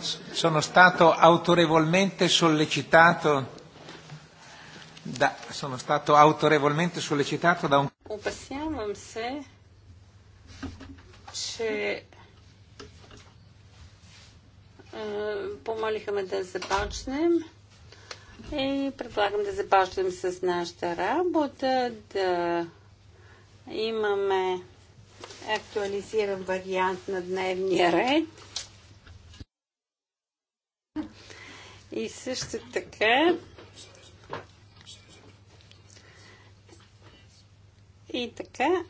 sono stato autorevolmente sollecitato da, sono stato autorevolmente sollecitato da un... Опасявам се, че помолиха да започнем и предлагам да започнем с нашата работа, да имаме актуализиран вариант на дневния ред. И също така и така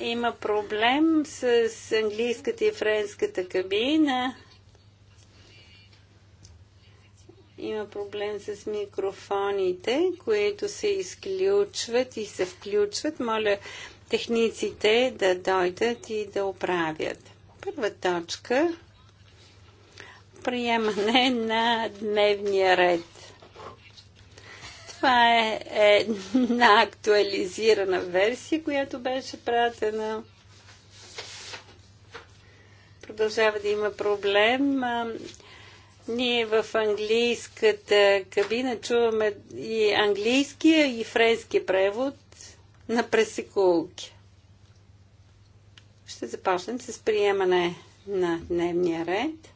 има проблем с английската и френската кабина. Има проблем с микрофоните, които се изключват и се включват. Моля техниците да дойдат и да оправят. Първа точка приемане на дневния ред. Това е една актуализирана версия, която беше пратена. Продължава да има проблем. Ние в английската кабина чуваме и английския, и френски превод на пресекулки. Ще започнем с приемане на дневния ред.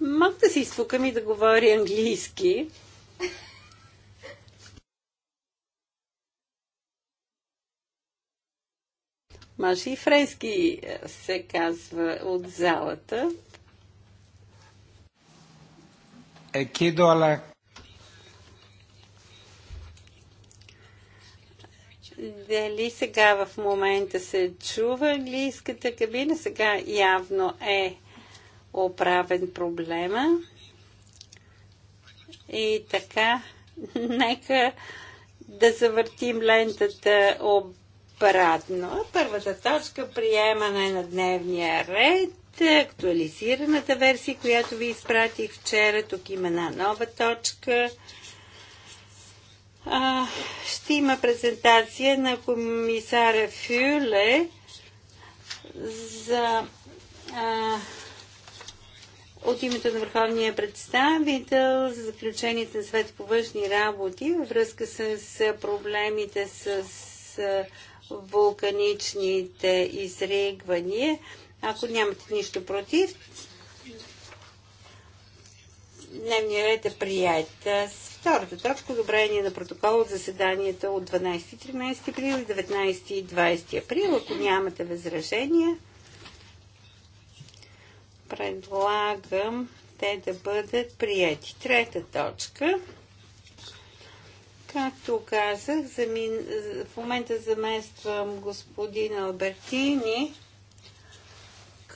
Мог да си изфукам и да говори английски. Може и френски е, се казва от залата. Chiedo е, alla дали сега в момента се чува английската кабина, сега явно е оправен проблема. И така, нека да завъртим лентата обратно. Първата точка приемане на дневния ред. Актуализираната версия, която ви изпратих вчера, тук има една нова точка. А, ще има презентация на комисаря Фюле за а, от името на Върховния представител за заключенията на Свет по външни работи във връзка с проблемите с вулканичните изригвания. Ако нямате нищо против, дневният ред е прият. Втората точка – одобрение на протокол от заседанията от 12-13 април и 19 20 април. Ако нямате възражения, Предлагам те да бъдат прияти. Трета точка. Както казах, в момента замествам господин Албертини,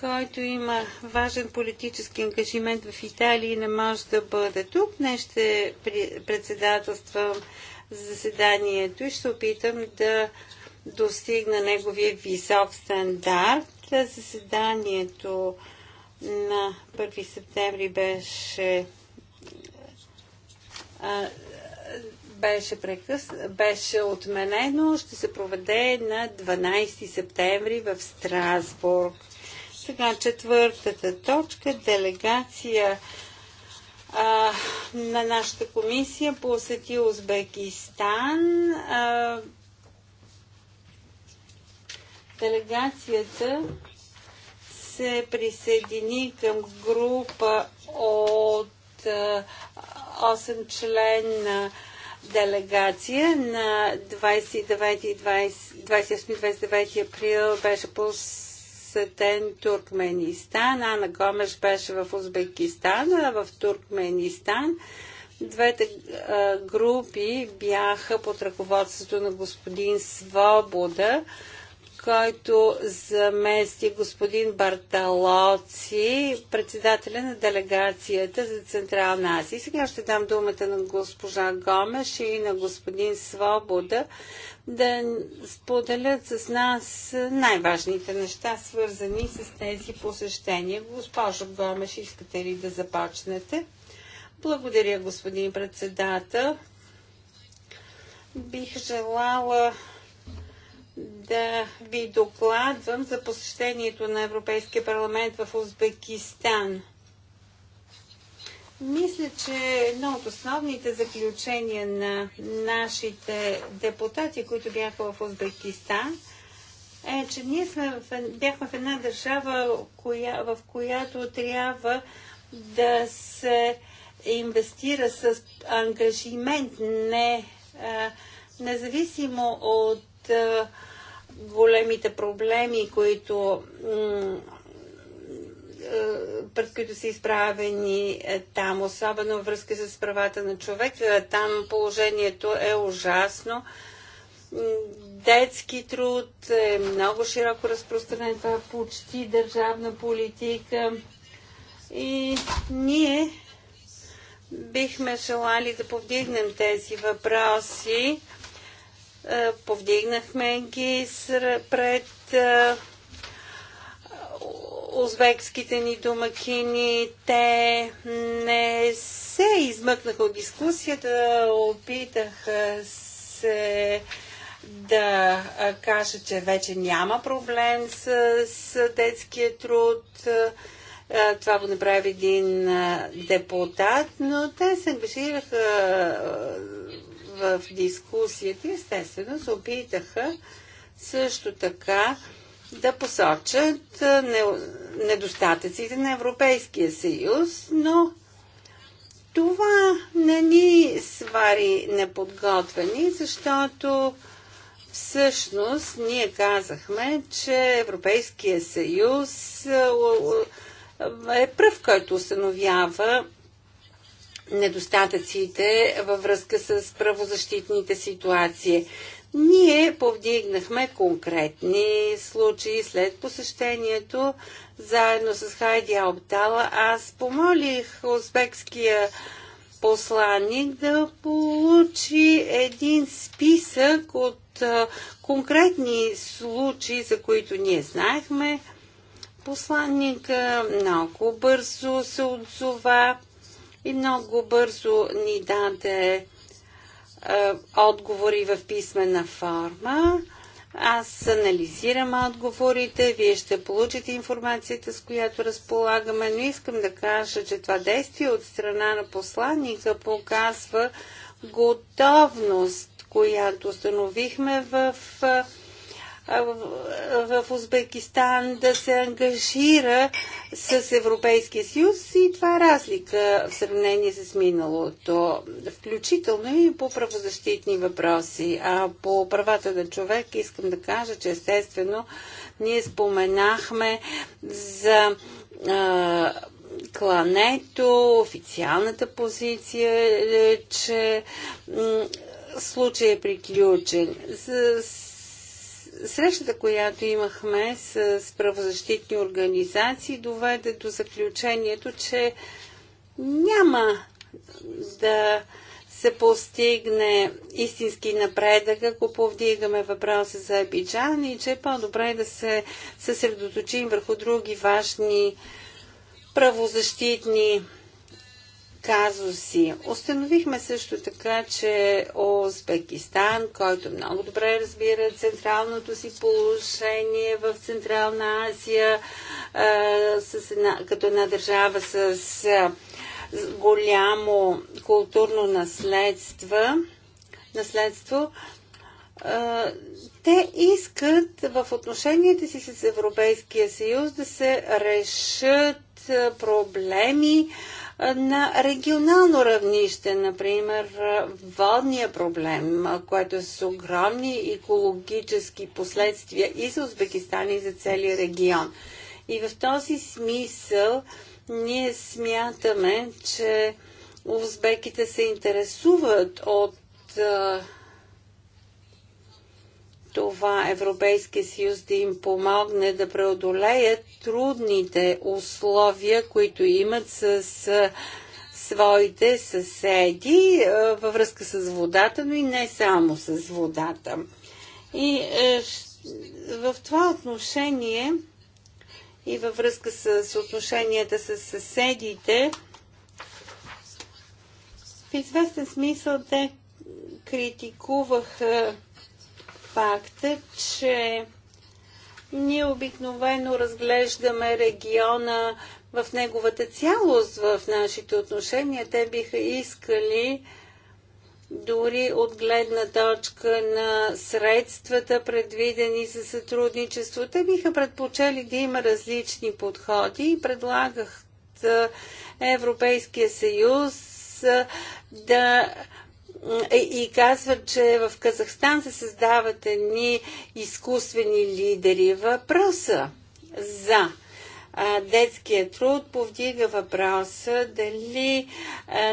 който има важен политически ангажимент в Италия и не може да бъде тук. Днес ще председателствам заседанието и ще опитам да достигна неговия висок стандарт. Заседанието на 1 септември беше беше, прекъс... беше отменено, ще се проведе на 12 септември в Страсбург. Сега четвъртата точка делегация а, на нашата комисия посети Узбекистан. А, делегацията се присъедини към група от 8 членна делегация на 29 и 28-29 април беше посетен Туркменистан. Ана Гомеш беше в Узбекистан, а в Туркменистан двете групи бяха под ръководството на господин Свобода който замести господин Барталоци, председателя на делегацията за Централна Азия. Сега ще дам думата на госпожа Гомеш и на господин Свобода да споделят с нас най-важните неща, свързани с тези посещения. Госпожо Гомеш, искате ли да започнете? Благодаря, господин председател. Бих желала да ви докладвам за посещението на Европейския парламент в Узбекистан. Мисля, че едно от основните заключения на нашите депутати, които бяха в Узбекистан, е, че ние сме в, бяхме в една държава, коя, в която трябва да се инвестира с ангажимент, не, а, независимо от големите проблеми, които пред които са изправени е, там, особено във връзка с правата на човек. Е, там положението е ужасно. Детски труд е много широко разпространен. Това е почти държавна политика. И ние бихме желали да повдигнем тези въпроси е, повдигнахме ги пред е, узбекските ни домакини. Те не се измъкнаха от дискусията, опитаха се да е, кажа, че вече няма проблем с, с детския труд. Това го направи един депутат, но те се ангажираха в дискусията, естествено, се опитаха също така да посочат недостатъците на Европейския съюз, но това не ни свари неподготвени, защото всъщност ние казахме, че Европейския съюз е пръв, който установява недостатъците във връзка с правозащитните ситуации. Ние повдигнахме конкретни случаи след посещението. Заедно с Хайди Алптала аз помолих узбекския посланник да получи един списък от конкретни случаи, за които ние знаехме. Посланника много бързо се отзова и много бързо ни даде е, отговори в писмена форма. Аз анализирам отговорите, вие ще получите информацията, с която разполагаме, но искам да кажа, че това действие от страна на посланника показва готовност, която установихме в е, в, в Узбекистан да се ангажира с Европейския съюз и това е разлика в сравнение с миналото, включително и по правозащитни въпроси. А по правата на човека искам да кажа, че естествено ние споменахме за а, клането, официалната позиция, е, че случай е приключен. С, Срещата, която имахме с правозащитни организации, доведе до заключението, че няма да се постигне истински напредък, ако повдигаме въпроса за Абиджан и че е по-добре да се съсредоточим върху други важни правозащитни казуси. Установихме също така, че Узбекистан, който много добре разбира централното си положение в Централна Азия, а, с една, като една държава с, с голямо културно наследство, наследство те искат в отношенията си с Европейския съюз да се решат проблеми, на регионално равнище, например водния проблем, което е с огромни екологически последствия и за Узбекистан и за целия регион. И в този смисъл ние смятаме, че узбеките се интересуват от това Европейския съюз да им помогне да преодолеят трудните условия, които имат с своите съседи е, във връзка с водата, но и не само с водата. И е, в това отношение и във връзка с отношенията с съседите, в известен смисъл те критикуваха е, че ние обикновено разглеждаме региона в неговата цялост в нашите отношения. Те биха искали дори от гледна точка на средствата, предвидени за сътрудничество. Те биха предпочели да има различни подходи и предлагах Европейския съюз да и казват, че в Казахстан се създават едни изкуствени лидери. Въпроса за детския труд повдига въпроса дали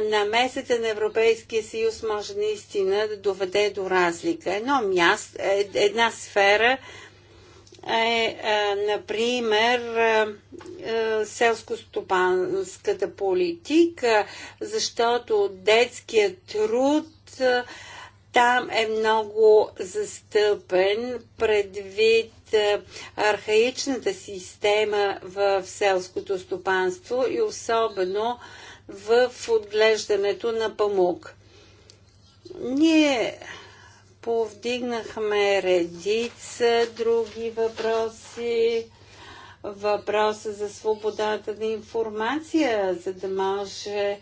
намесата на Европейския съюз може наистина да доведе до разлика. Едно място, е, една сфера е, например, селско-стопанската политика, защото детският труд там е много застъпен предвид архаичната система в селското стопанство и особено в отглеждането на памук. Ние повдигнахме редица други въпроси. Въпроса за свободата на информация, за да може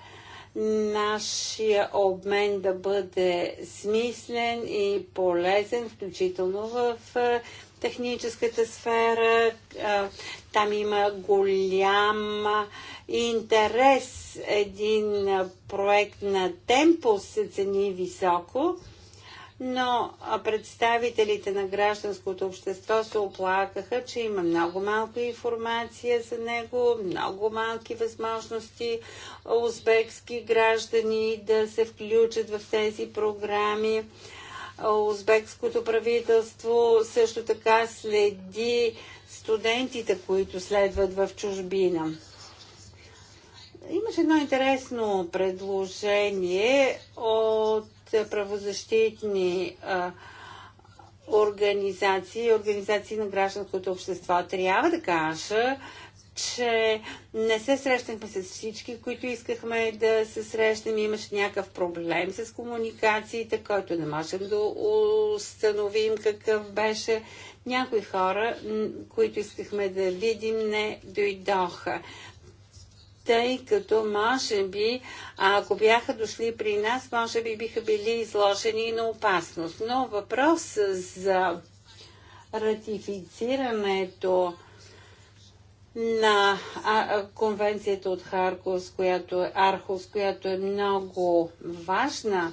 нашия обмен да бъде смислен и полезен, включително в е, техническата сфера. Е, там има голям интерес. Един проект на темпо се цени високо но представителите на гражданското общество се оплакаха, че има много малко информация за него, много малки възможности узбекски граждани да се включат в тези програми. Узбекското правителство също така следи студентите, които следват в чужбина. Имаше едно интересно предложение от правозащитни а, организации, организации на гражданското общество. Трябва да кажа, че не се срещнахме с всички, които искахме да се срещнем. Имаше някакъв проблем с комуникациите, който не можем да установим какъв беше. Някои хора, които искахме да видим, не дойдоха тъй като може би, ако бяха дошли при нас, може би биха били изложени на опасност. Но въпрос за ратифицирането на конвенцията от Харкус, която, е- Архус, която е много важна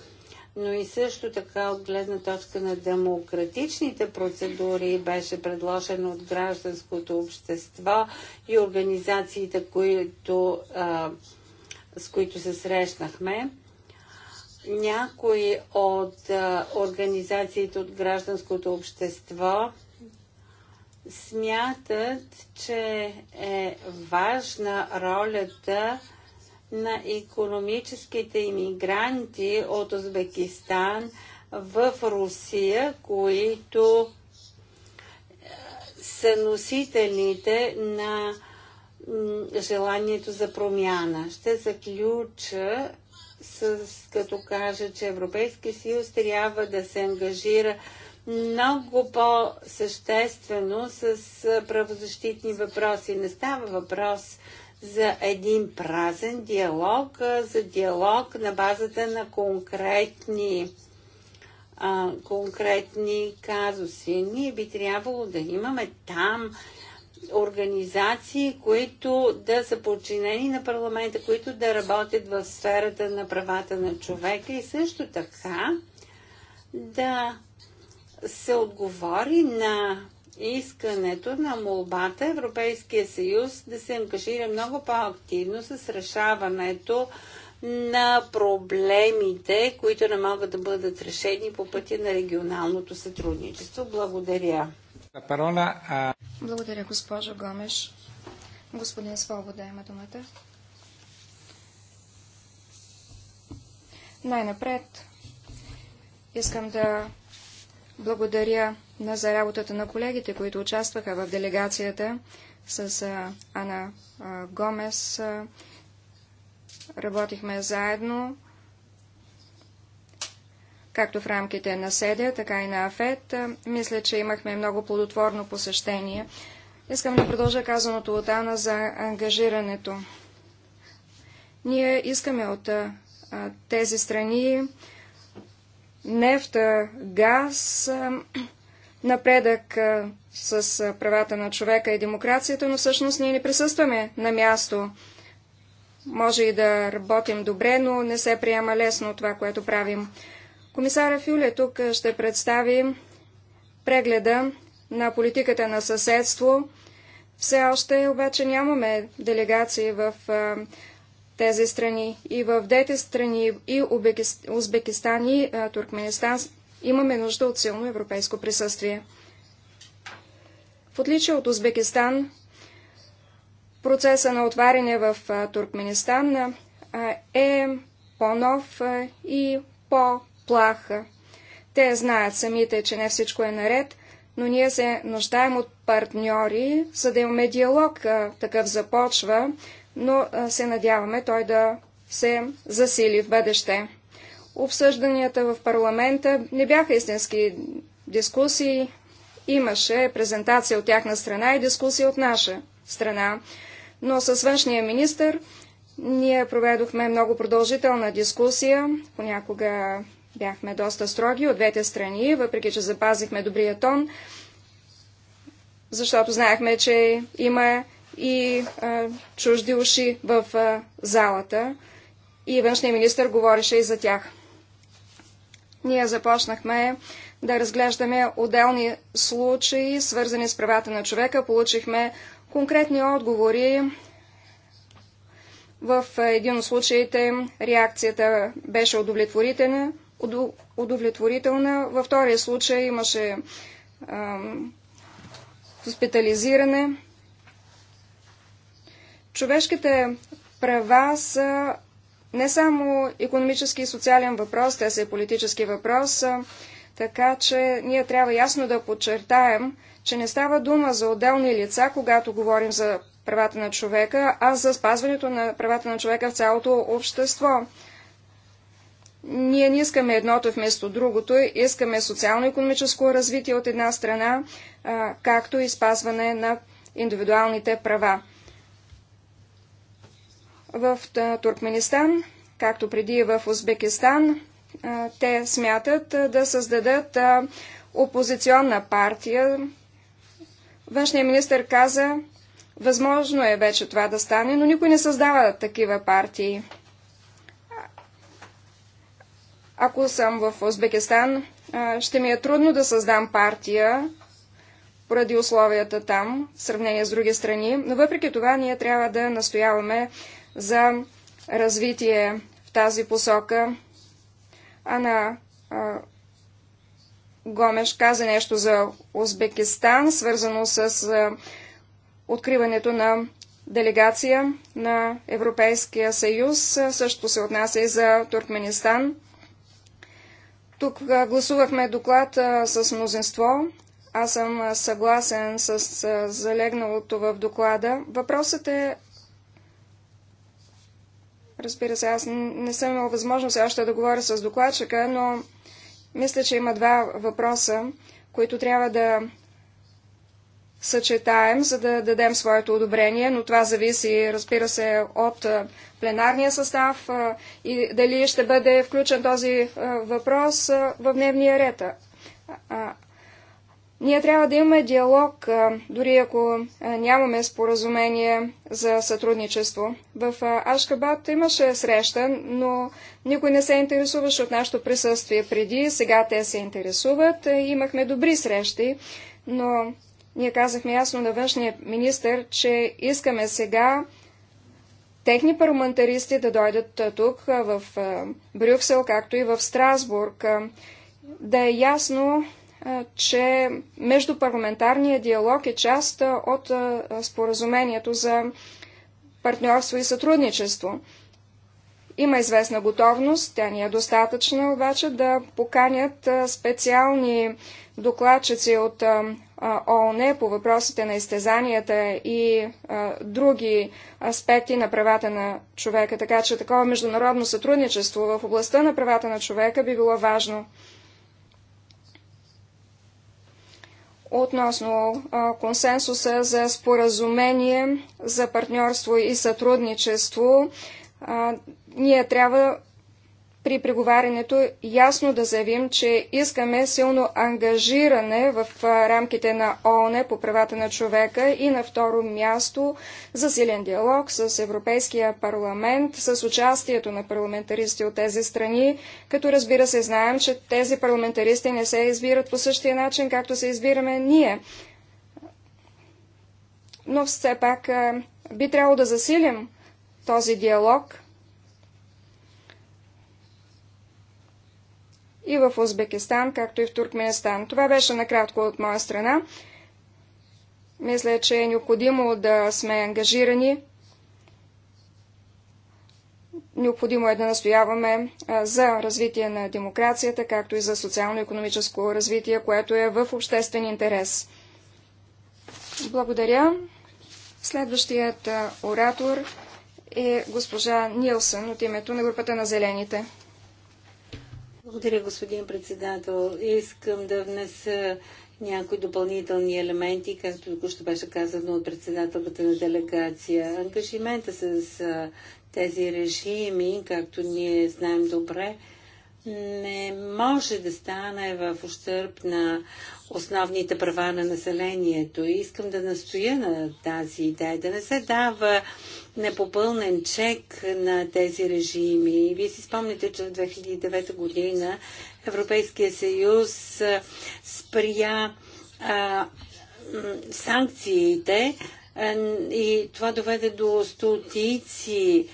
но и също така от гледна точка на демократичните процедури беше предложено от гражданското общество и организациите, които, а, с които се срещнахме. Някои от а, организациите от гражданското общество смятат, че е важна ролята на економическите иммигранти от Узбекистан в Русия, които е, са носителите на желанието за промяна. Ще заключа с, като кажа, че Европейския съюз трябва да се ангажира много по-съществено с е, правозащитни въпроси. Не става въпрос за един празен диалог, за диалог на базата на конкретни, а, конкретни казуси. Ние би трябвало да имаме там организации, които да са подчинени на парламента, които да работят в сферата на правата на човека и също така да се отговори на искането на молбата Европейския съюз да се ангажира много по-активно с решаването на проблемите, които не могат да бъдат решени по пътя на регионалното сътрудничество. Благодаря. Благодаря, госпожо Гомеш. Господин Свобода има думата. Най-напред искам да благодаря на за работата на колегите, които участваха в делегацията с а, Ана а, Гомес. А, работихме заедно, както в рамките на СЕДЕ, така и на АФЕТ. А, мисля, че имахме много плодотворно посещение. Искам да продължа казаното от Ана за ангажирането. Ние искаме от а, тези страни нефта, газ, а, напредък с правата на човека и демокрацията, но всъщност ние не присъстваме на място. Може и да работим добре, но не се приема лесно това, което правим. Комисара Фюле тук ще представи прегледа на политиката на съседство. Все още обаче нямаме делегации в а, тези страни. И в двете страни, и Узбекистан, и а, Туркменистан, Имаме нужда от силно европейско присъствие. В отличие от Узбекистан, процеса на отваряне в Туркменистан е по-нов и по-плах. Те знаят самите, че не всичко е наред, но ние се нуждаем от партньори, за да имаме диалог. Такъв започва, но се надяваме той да се засили в бъдеще. Обсъжданията в парламента не бяха истински дискусии. Имаше презентация от тяхна страна и дискусия от наша страна. Но с външния министр ние проведохме много продължителна дискусия. Понякога бяхме доста строги от двете страни, въпреки че запазихме добрия тон, защото знаехме, че има и а, чужди уши в а, залата и външния министр говореше и за тях ние започнахме да разглеждаме отделни случаи, свързани с правата на човека. Получихме конкретни отговори. В един от случаите реакцията беше удовлетворителна. удовлетворителна. Във втория случай имаше хоспитализиране. Човешките права са не само економически и социален въпрос, те са и политически въпрос, така че ние трябва ясно да подчертаем, че не става дума за отделни лица, когато говорим за правата на човека, а за спазването на правата на човека в цялото общество. Ние не искаме едното вместо другото, искаме социално-економическо развитие от една страна, както и спазване на индивидуалните права в Туркменистан, както преди в Узбекистан, те смятат да създадат опозиционна партия. Външният министр каза, възможно е вече това да стане, но никой не създава такива партии. Ако съм в Узбекистан, ще ми е трудно да създам партия, поради условията там, в сравнение с други страни, но въпреки това ние трябва да настояваме за развитие в тази посока. Ана Гомеш каза нещо за Узбекистан, свързано с откриването на делегация на Европейския съюз. Също се отнася и за Туркменистан. Тук гласувахме доклад с мнозинство. Аз съм съгласен с залегналото в доклада. Въпросът е Разбира се, аз не съм имал възможност още да говоря с докладчика, но мисля, че има два въпроса, които трябва да съчетаем, за да дадем своето одобрение, но това зависи, разбира се, от пленарния състав и дали ще бъде включен този въпрос в дневния ред. Ние трябва да имаме диалог, дори ако нямаме споразумение за сътрудничество. В Ашкабад имаше среща, но никой не се интересуваше от нашето присъствие преди. Сега те се интересуват. Имахме добри срещи, но ние казахме ясно на външния министр, че искаме сега техни парламентаристи да дойдат тук в Брюксел, както и в Страсбург. Да е ясно че междупарламентарният диалог е част от споразумението за партньорство и сътрудничество. Има известна готовност, тя ни е достатъчна обаче да поканят специални докладчици от ООН по въпросите на изтезанията и други аспекти на правата на човека, така че такова международно сътрудничество в областта на правата на човека би било важно. относно консенсуса за споразумение за партньорство и сътрудничество. Ние трябва при преговарянето ясно да заявим, че искаме силно ангажиране в рамките на ООН по правата на човека и на второ място за силен диалог с Европейския парламент, с участието на парламентаристи от тези страни, като разбира се знаем, че тези парламентаристи не се избират по същия начин, както се избираме ние. Но все пак би трябвало да засилим този диалог – и в Узбекистан, както и в Туркменистан. Това беше накратко от моя страна. Мисля, че е необходимо да сме ангажирани. Необходимо е да настояваме за развитие на демокрацията, както и за социално-економическо развитие, което е в обществен интерес. Благодаря. Следващият оратор е госпожа Нилсън от името на групата на Зелените. Благодаря, господин председател. Искам да внеса някои допълнителни елементи, както току-що беше казано от председателката на делегация. Ангажимента с тези режими, както ние знаем добре, не може да стане в ущърп на основните права на населението. И искам да настоя на тази идея, да не се дава непопълнен чек на тези режими. Вие си спомните, че в 2009 година Европейския съюз спря а, санкциите а, и това доведе до стотици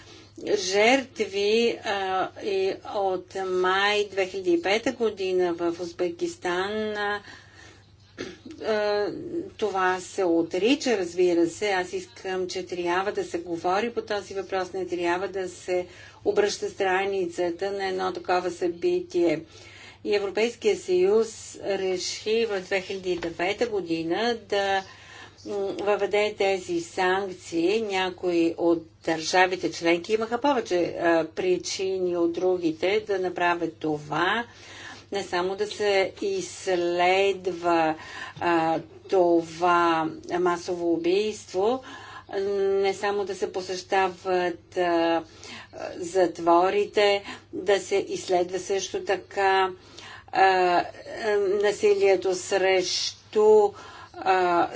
жертви а, и от май 2005 година в Узбекистан. А, това се отрича, разбира се. Аз искам, че трябва да се говори по този въпрос, не трябва да се обръща страницата на едно такова събитие. И Европейския съюз реши в 2009 година да въведе тези санкции. Някои от държавите членки имаха повече а, причини от другите да направят това не само да се изследва а, това масово убийство, не само да се посещават а, затворите, да се изследва също така а, насилието срещу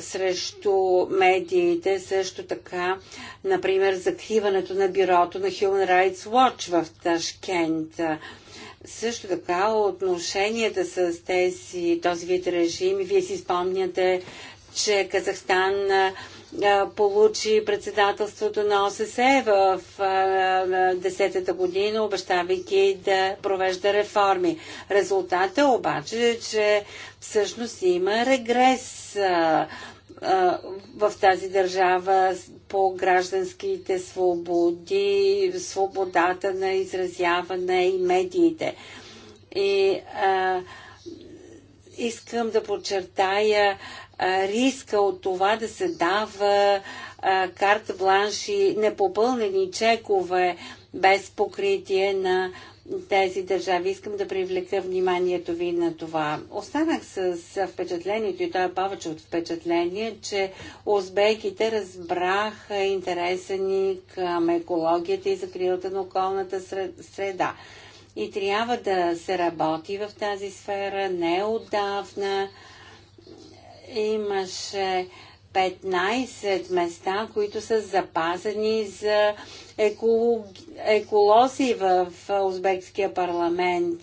срещу медиите, също така, например, закриването на бюрото на Human Rights Watch в Ташкент. Също така отношенията с тези, този вид режими, вие си спомняте, че Казахстан получи председателството на ОССЕ в 10-та година, обещавайки да провежда реформи. Резултата обаче е, че всъщност има регрес в тази държава по гражданските свободи, свободата на изразяване и медиите. И а, искам да подчертая а, риска от това да се дава а, карта бланши, непопълнени чекове без покритие на тези държави. Искам да привлека вниманието ви на това. Останах с впечатлението, и то е повече от впечатление, че узбеките разбраха интереса ни към екологията и закрилата на околната среда. И трябва да се работи в тази сфера. Не отдавна имаше 15 места, които са запазени за еколог... еколози в Узбекския парламент.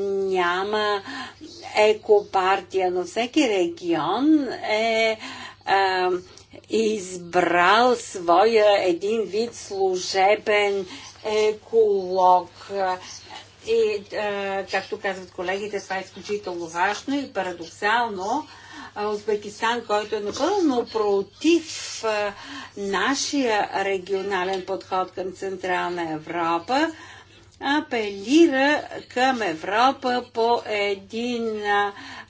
Няма екопартия, но всеки регион е а, избрал своя един вид служебен еколог. И, а, както казват колегите, това е изключително важно и парадоксално Узбекистан, който е напълно против нашия регионален подход към Централна Европа, апелира към Европа по един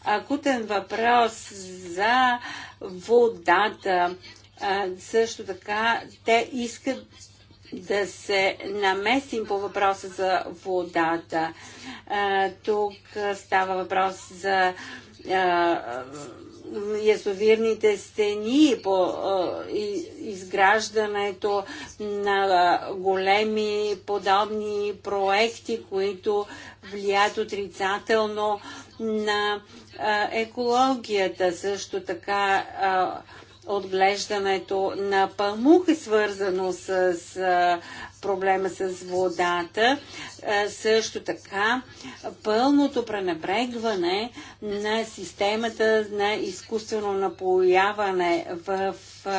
акутен въпрос за водата. Също така те искат да се намесим по въпроса за водата. Тук става въпрос за язовирните стени, по изграждането на големи подобни проекти, които влияят отрицателно на екологията. Също така отглеждането на памук е свързано с проблема с водата, е, също така пълното пренебрегване на системата на изкуствено напояване в е,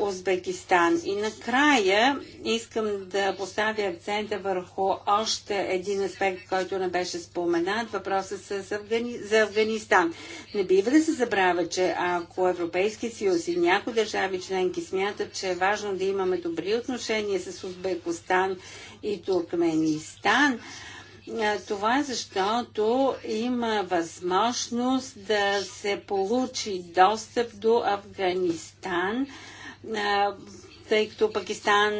Узбекистан. И накрая искам да поставя акцента върху още един аспект, който не беше споменат, въпросът с Афгани... за Афганистан. Не бива да се забравя, че ако Европейски съюз и някои държави членки смятат, че е важно да имаме добри отношения с Узбекистан и Туркменистан, това е защото има възможност да се получи достъп до Афганистан тъй като Пакистан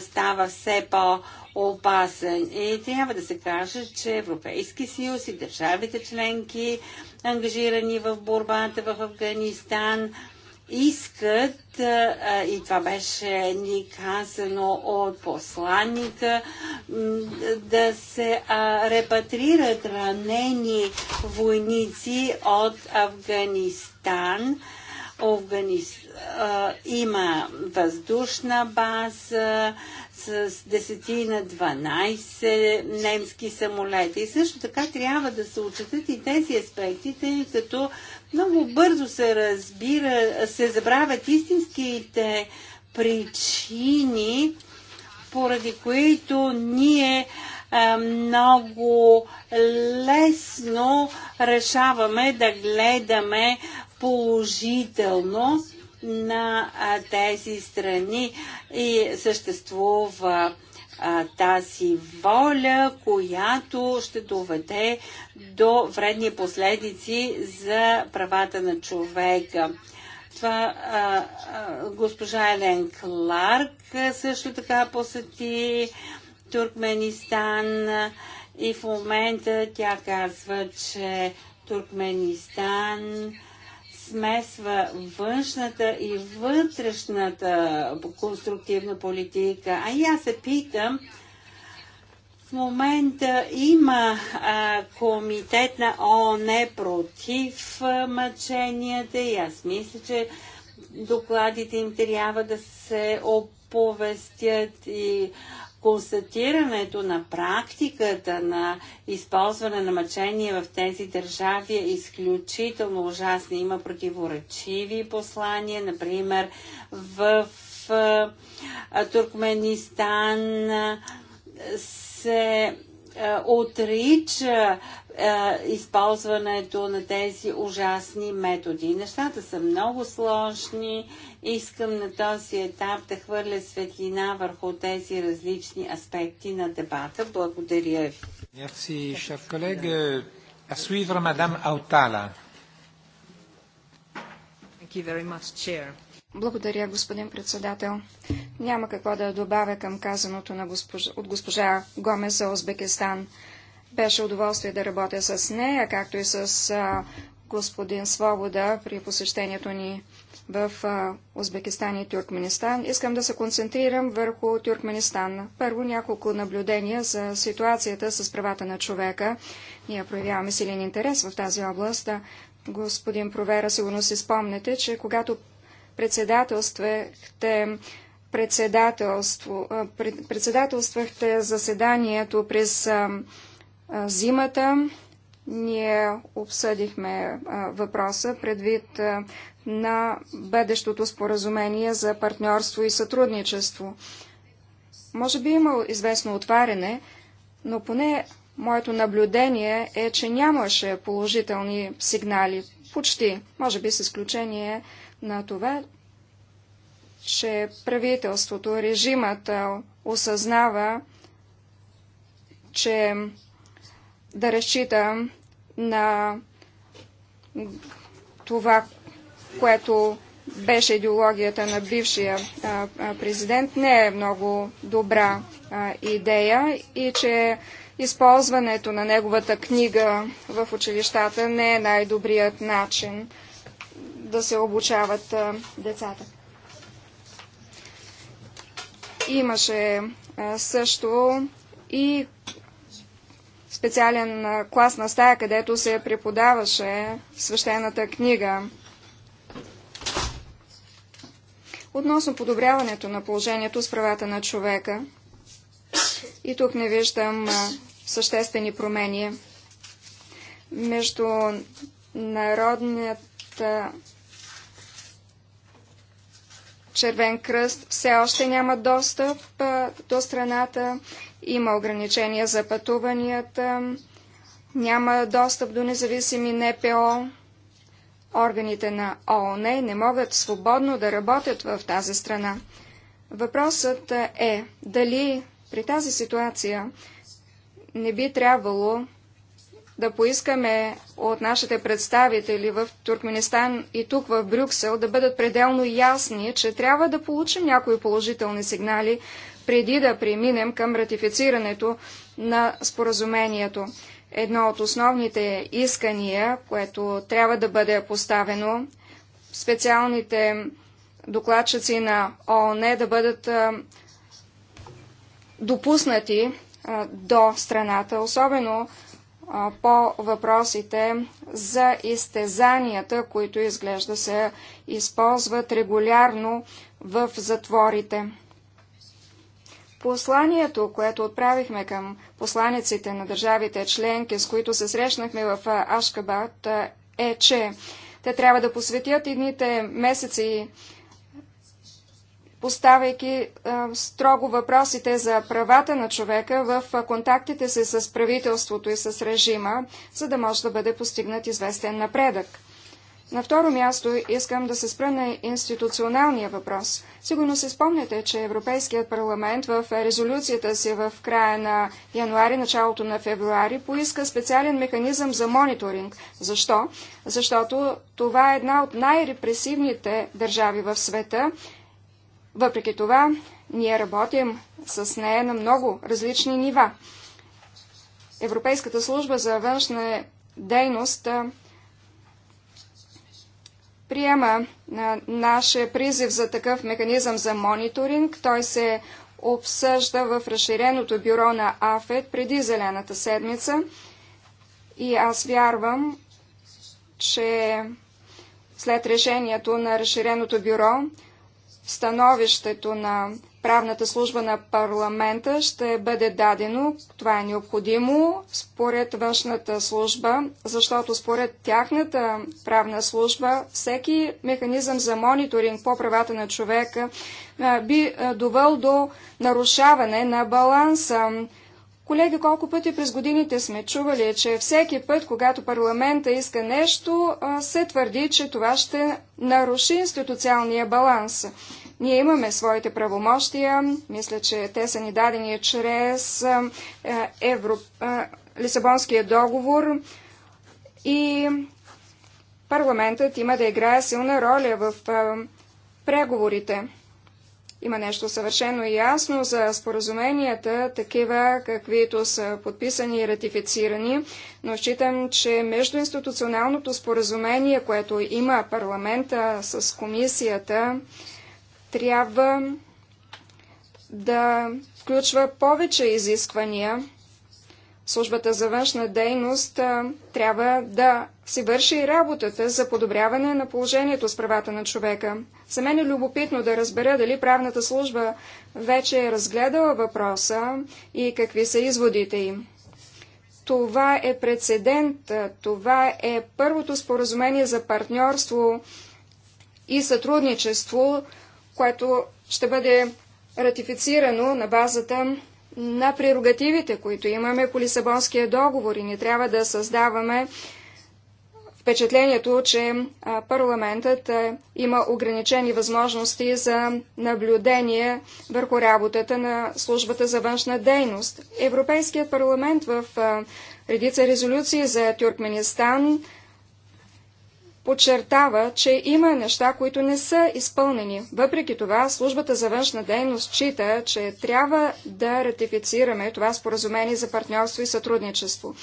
става все по-опасен. И трябва да се каже, че Европейски съюз и държавите членки, ангажирани в борбата в Афганистан, искат, и това беше ни казано от посланника, да се репатрират ранени войници от Афганистан Организ... а, има въздушна база с 10 на 12 немски самолета. И също така трябва да се отчитат и тези аспекти, тъй като много бързо се разбира, се забравят истинските причини, поради които ние много лесно решаваме да гледаме положително на тези страни и съществува тази воля, която ще доведе до вредни последици за правата на човека. Това а, а, госпожа Елен Кларк също така посети Туркменистан и в момента тя казва, че Туркменистан смесва външната и вътрешната конструктивна политика. А и аз се питам, в момента има а, комитет на ООН против мъченията и аз мисля, че докладите им трябва да се оповестят и констатирането на практиката на използване на мъчение в тези държави е изключително ужасно. Има противоречиви послания, например в Туркменистан се е, отрича е, използването на тези ужасни методи. Нещата са много сложни. Искам на този етап да хвърля светлина върху тези различни аспекти на дебата. Благодаря ви. Мерси, шеф колег. А suivre, Madame Thank you very much, Chair. Благодаря, господин председател. Няма какво да добавя към казаното на госпожа, от госпожа Гомес за Узбекистан. Беше удоволствие да работя с нея, както и с а, господин Свобода при посещението ни в а, Узбекистан и Тюркменистан. Искам да се концентрирам върху Тюркменистан. Първо няколко наблюдения за ситуацията с правата на човека. Ние проявяваме силен интерес в тази област. Господин Провера, сигурно си спомнете, че когато председателствахте председателство, председателствахте заседанието през зимата. Ние обсъдихме въпроса предвид на бъдещото споразумение за партньорство и сътрудничество. Може би има известно отваряне, но поне моето наблюдение е, че нямаше положителни сигнали. Почти, може би с изключение на това, че правителството, режимът осъзнава, че да разчита на това, което беше идеологията на бившия президент, не е много добра идея и че използването на неговата книга в училищата не е най-добрият начин да се обучават децата. Имаше също и специален клас на стая, където се преподаваше свещената книга. Относно подобряването на положението с правата на човека, и тук не виждам съществени промени. Между народният. Червен кръст все още няма достъп до страната, има ограничения за пътуванията, няма достъп до независими НПО. Органите на ООН не могат свободно да работят в тази страна. Въпросът е дали при тази ситуация не би трябвало да поискаме от нашите представители в Туркменистан и тук в Брюксел да бъдат пределно ясни, че трябва да получим някои положителни сигнали преди да преминем към ратифицирането на споразумението. Едно от основните искания, което трябва да бъде поставено, специалните докладчици на ООН е да бъдат допуснати до страната, особено по въпросите за изтезанията, които изглежда се използват регулярно в затворите. Посланието, което отправихме към посланиците на държавите членки, с които се срещнахме в Ашкабад, е, че те трябва да посветят едните месеци поставяйки а, е, строго въпросите за правата на човека в контактите си с правителството и с режима, за да може да бъде постигнат известен напредък. На второ място искам да се спра на институционалния въпрос. Сигурно се спомняте, че Европейският парламент в резолюцията си в края на януари, началото на февруари поиска специален механизъм за мониторинг. Защо? Защото това е една от най-репресивните държави в света въпреки това, ние работим с нея на много различни нива. Европейската служба за външна дейност приема на нашия призив за такъв механизъм за мониторинг. Той се обсъжда в разширеното бюро на АФЕД преди Зелената седмица. И аз вярвам, че след решението на разширеното бюро становището на правната служба на парламента ще бъде дадено. Това е необходимо според външната служба, защото според тяхната правна служба всеки механизъм за мониторинг по правата на човека би довел до нарушаване на баланса Колеги, колко пъти през годините сме чували, че всеки път, когато парламента иска нещо, се твърди, че това ще наруши институциалния баланс. Ние имаме своите правомощия, мисля, че те са ни дадени чрез е, Евро... Лисабонския договор и парламентът има да играе силна роля в преговорите. Има нещо съвършено ясно за споразуменията, такива каквито са подписани и ратифицирани, но считам, че междуинституционалното споразумение, което има парламента с комисията, трябва да включва повече изисквания. Службата за външна дейност трябва да си върши и работата за подобряване на положението с правата на човека. За мен е любопитно да разбера дали правната служба вече е разгледала въпроса и какви са изводите им. Това е прецедент, това е първото споразумение за партньорство и сътрудничество, което ще бъде ратифицирано на базата на прерогативите, които имаме по Лисабонския договор и не трябва да създаваме впечатлението, че парламентът има ограничени възможности за наблюдение върху работата на службата за външна дейност. Европейският парламент в редица резолюции за Тюркменистан подчертава, че има неща, които не са изпълнени. Въпреки това, службата за външна дейност чита, че трябва да ратифицираме това споразумение за партньорство и сътрудничество.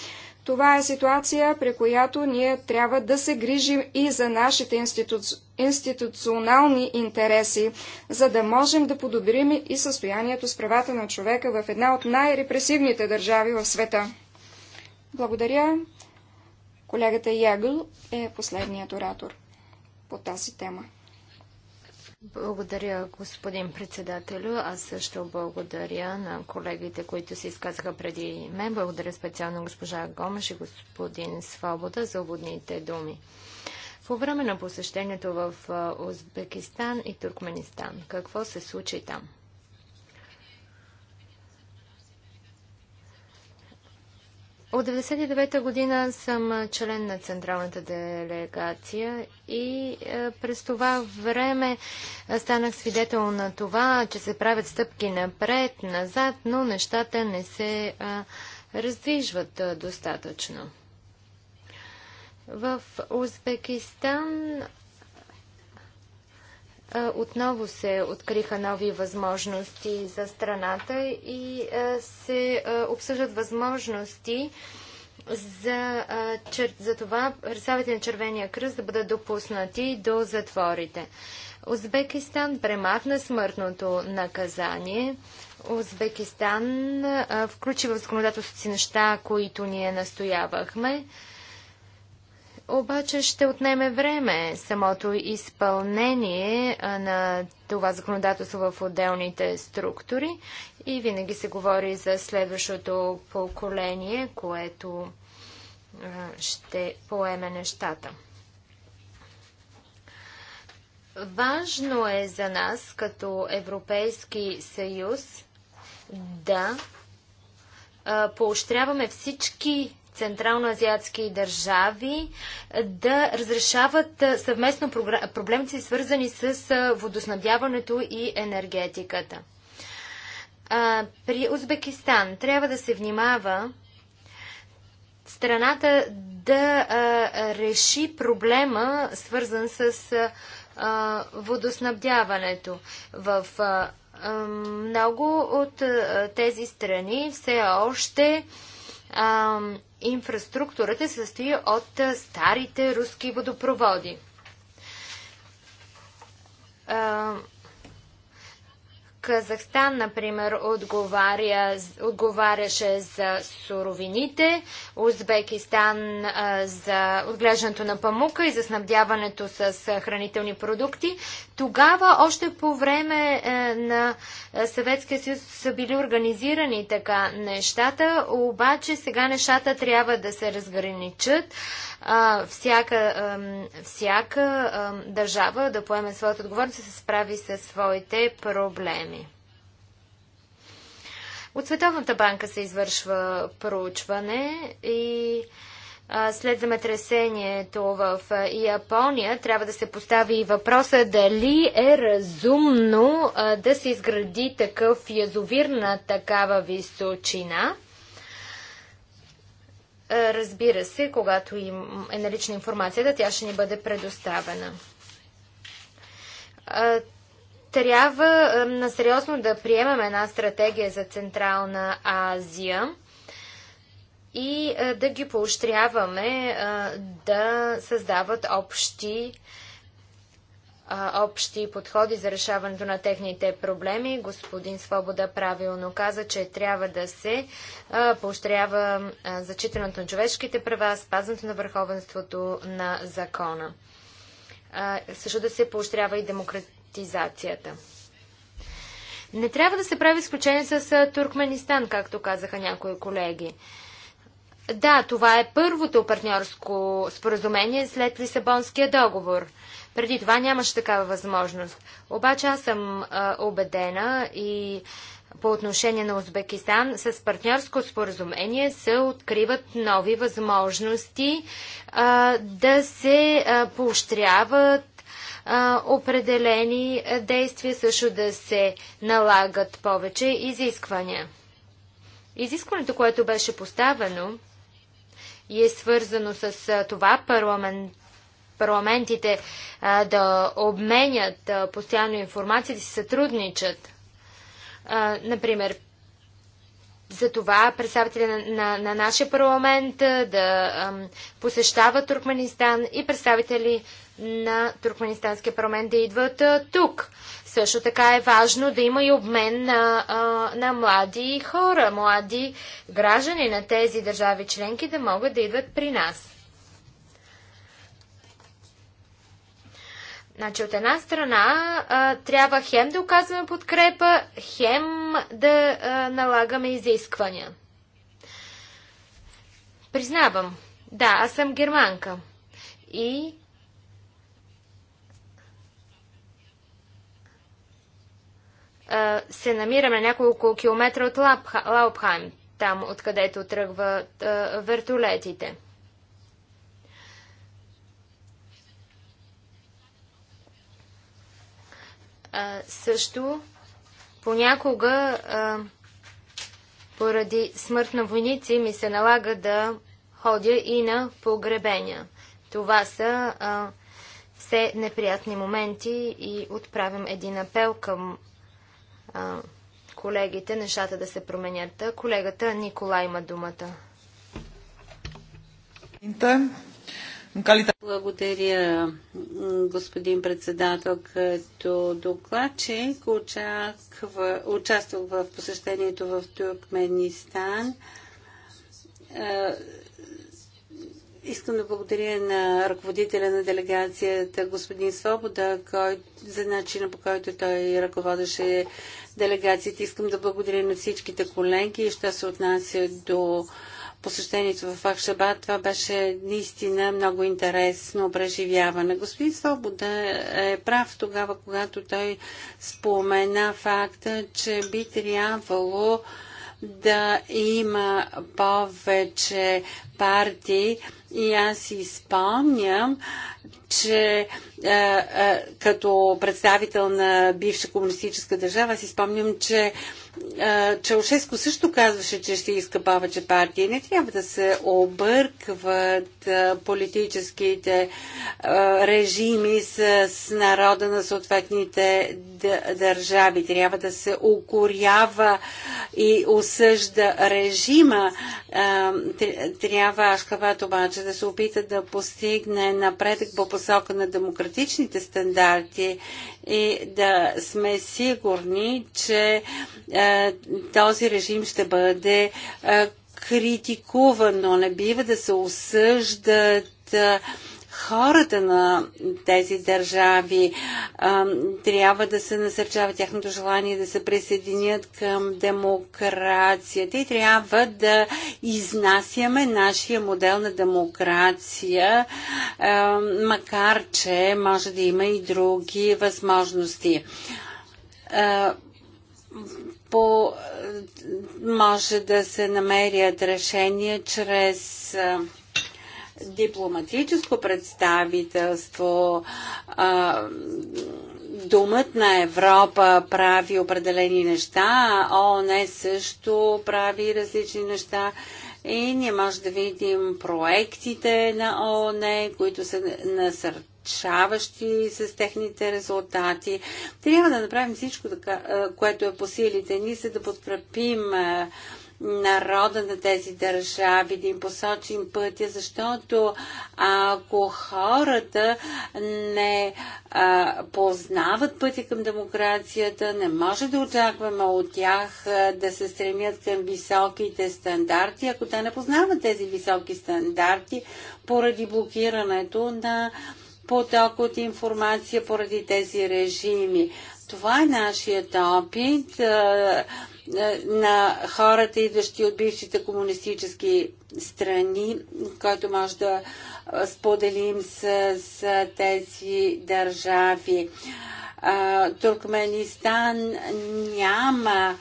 Това е ситуация, при която ние трябва да се грижим и за нашите институ... институционални интереси, за да можем да подобрим и състоянието с правата на човека в една от най-репресивните държави в света. Благодаря. Колегата Ягъл е последният оратор по тази тема. Благодаря, господин председателю. Аз също благодаря на колегите, които се изказаха преди мен. Благодаря специално госпожа Гомеш и господин Свобода за уводните думи. По време на посещението в Узбекистан и Туркменистан, какво се случи там? От 1999 година съм член на Централната делегация и е, през това време е, станах свидетел на това, че се правят стъпки напред, назад, но нещата не се е, раздвижват достатъчно. В Узбекистан отново се откриха нови възможности за страната и се обсъждат възможности за, за това представите на Червения кръст да бъдат допуснати до затворите. Узбекистан премахна смъртното наказание. Узбекистан включи в законодателството си неща, които ние настоявахме обаче ще отнеме време самото изпълнение на това законодателство в отделните структури и винаги се говори за следващото поколение, което ще поеме нещата. Важно е за нас като Европейски съюз да поощряваме всички централноазиатски държави е, да разрешават е, съвместно проблемите, свързани с е, водоснабдяването и енергетиката. При Узбекистан трябва да се внимава страната да реши проблема, свързан с водоснабдяването. В много от тези страни все още инфраструктурата се състои от старите руски водопроводи. Казахстан, например, отговаря, отговаряше за суровините, Узбекистан а, за отглеждането на памука и за снабдяването с хранителни продукти. Тогава, още по време а, е, на е, Съветския съюз са били организирани така нещата, обаче сега нещата трябва да се разграничат. А, всяка всяка държава да поеме своята отговорност и се справи с своите проблеми. От Световната банка се извършва проучване и а, след земетресението в Япония трябва да се постави въпроса дали е разумно а, да се изгради такъв язовир на такава височина. Разбира се, когато им е налична информацията, тя ще ни бъде предоставена трябва е, насериозно да приемем една стратегия за Централна Азия и да ги поощряваме да създават общи общи подходи за решаването на техните проблеми. Господин Свобода правилно каза, че трябва да се поощрява зачитането на човешките права, спазването на върховенството на закона. А, също да се поощрява и демократ приватизацията. Не трябва да се прави изключение с Туркменистан, както казаха някои колеги. Да, това е първото партньорско споразумение след Лисабонския договор. Преди това нямаше такава възможност. Обаче аз съм а, убедена и по отношение на Узбекистан с партньорско споразумение се откриват нови възможности а, да се а, поощряват определени действия, също да се налагат повече изисквания. Изискването, което беше поставено и е свързано с това парламент, парламентите а, да обменят а, постоянно информация, да се сътрудничат. А, например, за това представители на, на, на нашия парламент да ам, посещават Туркменистан и представители на Туркменистанския парламент да идват а, тук. Също така е важно да има и обмен на, а, на млади хора, млади граждани на тези държави членки да могат да идват при нас. Значи, от една страна а, трябва хем да оказваме подкрепа, хем да а, налагаме изисквания. Признавам, да, аз съм германка. И а, се намираме няколко километра от Лаупхайм, там откъдето тръгват а, вертолетите. А, също понякога а, поради смърт на войници ми се налага да ходя и на погребения. Това са а, все неприятни моменти и отправям един апел към а, колегите, нещата да се променят. Колегата Николай има думата. Благодаря, господин председател. Като докладчик участвах в посещението в Туркменистан. Е, искам да благодаря на ръководителя на делегацията, господин Свобода, кой, за начина по който той ръководеше делегацията. Искам да благодаря на всичките колеги, що се отнася до посещението в Ахшабад. Това беше наистина много интересно преживяване. Господин Свобода е прав тогава, когато той спомена факта, че би трябвало да има повече партии и аз си спомням, че е, е, като представител на бивша комунистическа държава си спомням, че е, Чаушеско също казваше, че ще иска повече партии. Не трябва да се объркват е, политическите е, режими с, с народа на съответните държави. Трябва да се укорява и осъжда режима. Е, трябва трябва Ашхабад обаче да се опита да постигне напредък по посока на демократичните стандарти и да сме сигурни, че е, този режим ще бъде е, критикуван, но не бива да се осъждат е, хората на тези държави. А, трябва да се насърчава тяхното желание да се присъединят към демокрацията и трябва да изнасяме нашия модел на демокрация, а, макар че може да има и други възможности. А, по, може да се намерят решения чрез дипломатическо представителство, а, Думът на Европа прави определени неща, а ООН също прави различни неща и ние може да видим проектите на ООН, които са насърчаващи с техните резултати. Трябва да направим всичко, което е по силите ни, за да подкрепим народа на тези държави, да им посочим пътя, защото ако хората не а, познават пътя към демокрацията, не може да очакваме от тях да се стремят към високите стандарти, ако те не познават тези високи стандарти поради блокирането на поток от информация поради тези режими. Това е нашият опит. А, е, на хората, идващи от бившите комунистически страни, който може да е, споделим с, с тези държави. Туркменистан няма,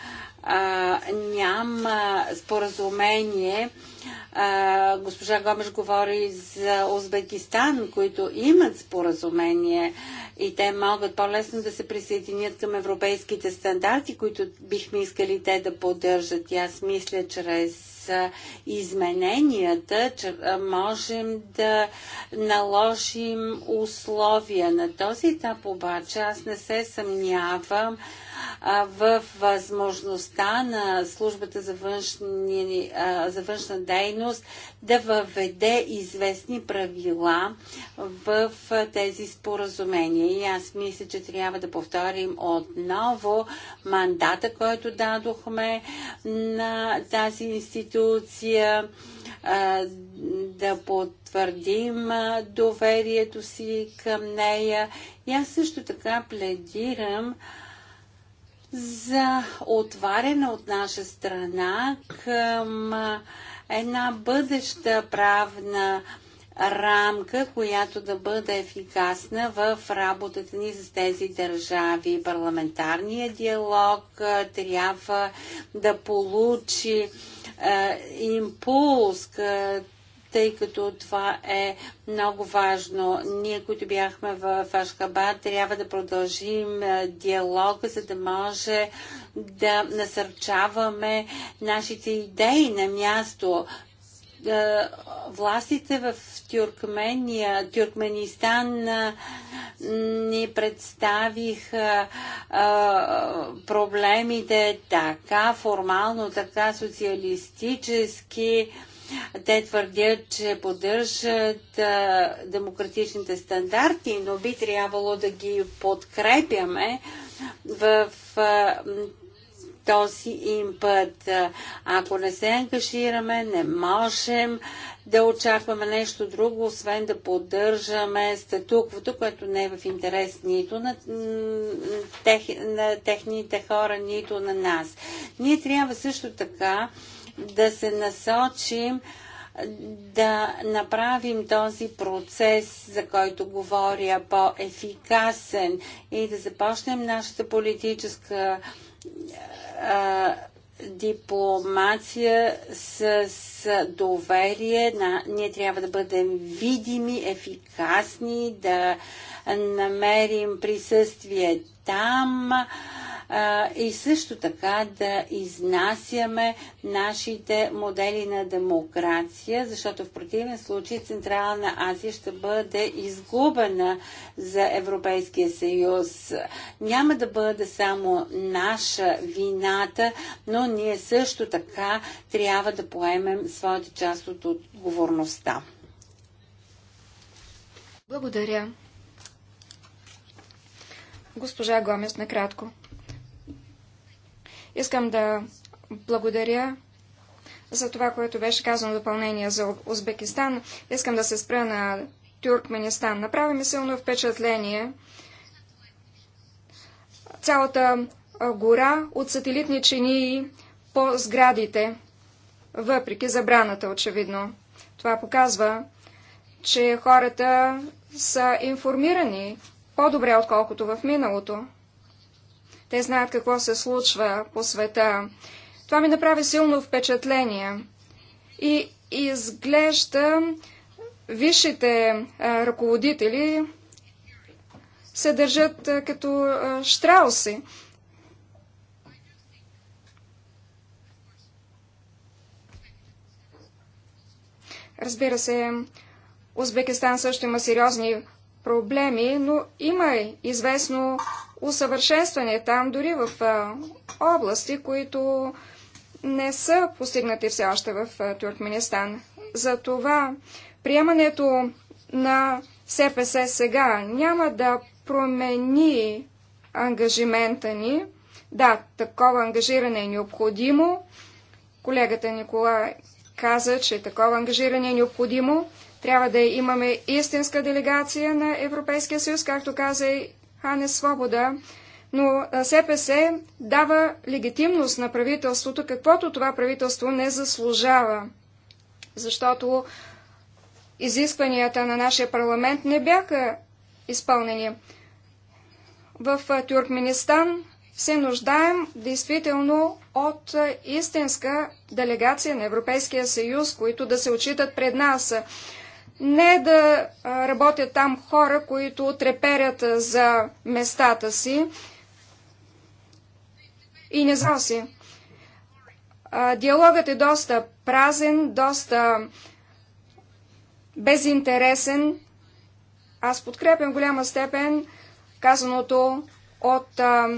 няма споразумение госпожа Гомеш говори за Узбекистан, които имат споразумение и те могат по-лесно да се присъединят към европейските стандарти, които бихме искали те да поддържат. И аз мисля, чрез измененията, че можем да наложим условия. На този етап обаче аз не се съмнявам, в възможността на службата за, външни, за външна дейност да въведе известни правила в тези споразумения. И аз мисля, че трябва да повторим отново мандата, който дадохме на тази институция да потвърдим доверието си към нея. И аз също така пледирам за отваряне от наша страна към една бъдеща правна рамка, която да бъде ефикасна в работата ни с тези държави. Парламентарният диалог трябва да получи импулс, като тъй като това е много важно. Ние, които бяхме в Ашкабад, трябва да продължим е, диалога, за да може да насърчаваме нашите идеи на място е, властите в Тюркмения, Тюркменистан е, ни представиха проблемите така формално, така социалистически те твърдят, че поддържат а, демократичните стандарти, но би трябвало да ги подкрепяме в а, този им път. Ако не се ангажираме, не можем да очакваме нещо друго, освен да поддържаме статуквото, което не е в интерес нито на, тех, на техните хора, нито на нас. Ние трябва също така да се насочим да направим този процес, за който говоря, по-ефикасен и да започнем нашата политическа а, дипломация с, с доверие. На, ние трябва да бъдем видими, ефикасни, да намерим присъствие там. А, а, и също така да изнасяме нашите модели на демокрация, защото в противен случай Централна Азия ще бъде изгубена за Европейския съюз. Няма да бъде само наша вината, но ние също така трябва да поемем своята част от отговорността. Благодаря. Госпожа Гомес, накратко. Искам да благодаря за това, което беше казано допълнение за Узбекистан. Искам да се спра на Тюркменистан. Направи ми силно впечатление цялата гора от сателитни чинии по сградите, въпреки забраната, очевидно. Това показва, че хората са информирани по-добре, отколкото в миналото. Те знаят какво се случва по света. Това ми направи силно впечатление. И изглежда висшите ръководители се държат като штрауси. Разбира се, Узбекистан също има сериозни проблеми, но има известно усъвършенстване там, дори в области, които не са постигнати все още в Туркменистан. Затова приемането на СПС сега няма да промени ангажимента ни. Да, такова ангажиране е необходимо. Колегата Никола каза, че такова ангажиране е необходимо. Трябва да имаме истинска делегация на Европейския съюз, както каза Хане Свобода, но СПС дава легитимност на правителството, каквото това правителство не заслужава, защото изискванията на нашия парламент не бяха изпълнени. В Тюркменистан се нуждаем действително от истинска делегация на Европейския съюз, които да се очитат пред нас не да работят там хора, които треперят за местата си и не знам си. Диалогът е доста празен, доста безинтересен. Аз подкрепям голяма степен казаното от а,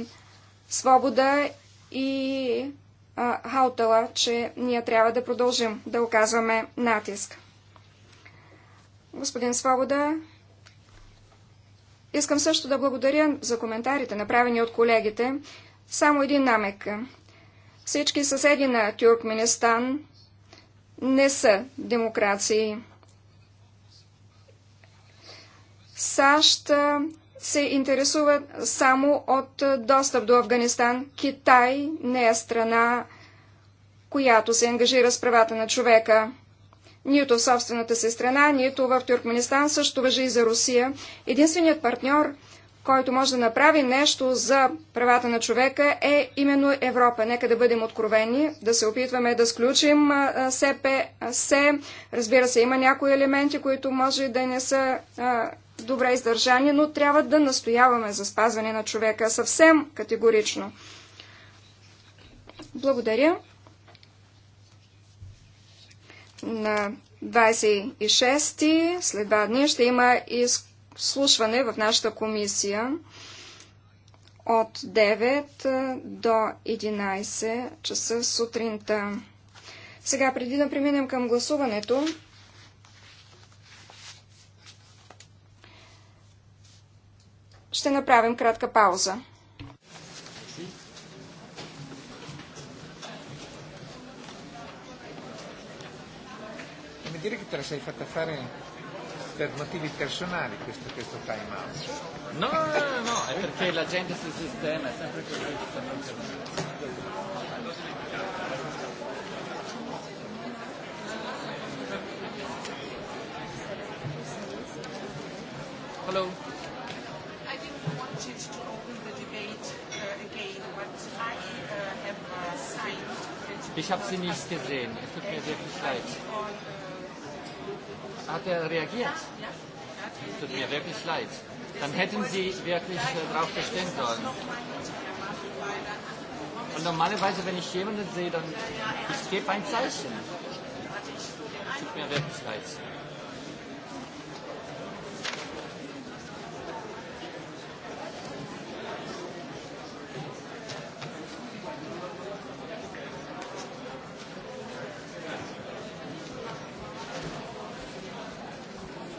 Свобода и а, Хаутала, че ние трябва да продължим да оказваме натиск. Господин Свобода, искам също да благодаря за коментарите, направени от колегите. Само един намек. Всички съседи на Тюркменистан не са демокрации. САЩ се интересуват само от достъп до Афганистан. Китай не е страна, която се ангажира с правата на човека нито в собствената си страна, нито в Тюркменистан, също въжи и за Русия. Единственият партньор, който може да направи нещо за правата на човека е именно Европа. Нека да бъдем откровени, да се опитваме да сключим СПС. Разбира се, има някои елементи, които може да не са добре издържани, но трябва да настояваме за спазване на човека съвсем категорично. Благодаря на 26 след два дни ще има изслушване в нашата комисия от 9 до 11 часа сутринта. Сега, преди да преминем към гласуването, ще направим кратка пауза. dire che te la sei fatta fare per motivi personali questo, questo time out. No, no, no, no, no, è perché la gente si sistema è sempre così. Hello. I didn't want it to open the debate uh, again, but I uh, have uh, signed. Ich habe sie nicht gesehen. Es tut mir sehr viel leid. Hat er reagiert? Tut mir wirklich leid. Dann hätten Sie wirklich darauf bestehen sollen. Und normalerweise, wenn ich jemanden sehe, dann ich gebe ein Zeichen. Tut mir wirklich leid.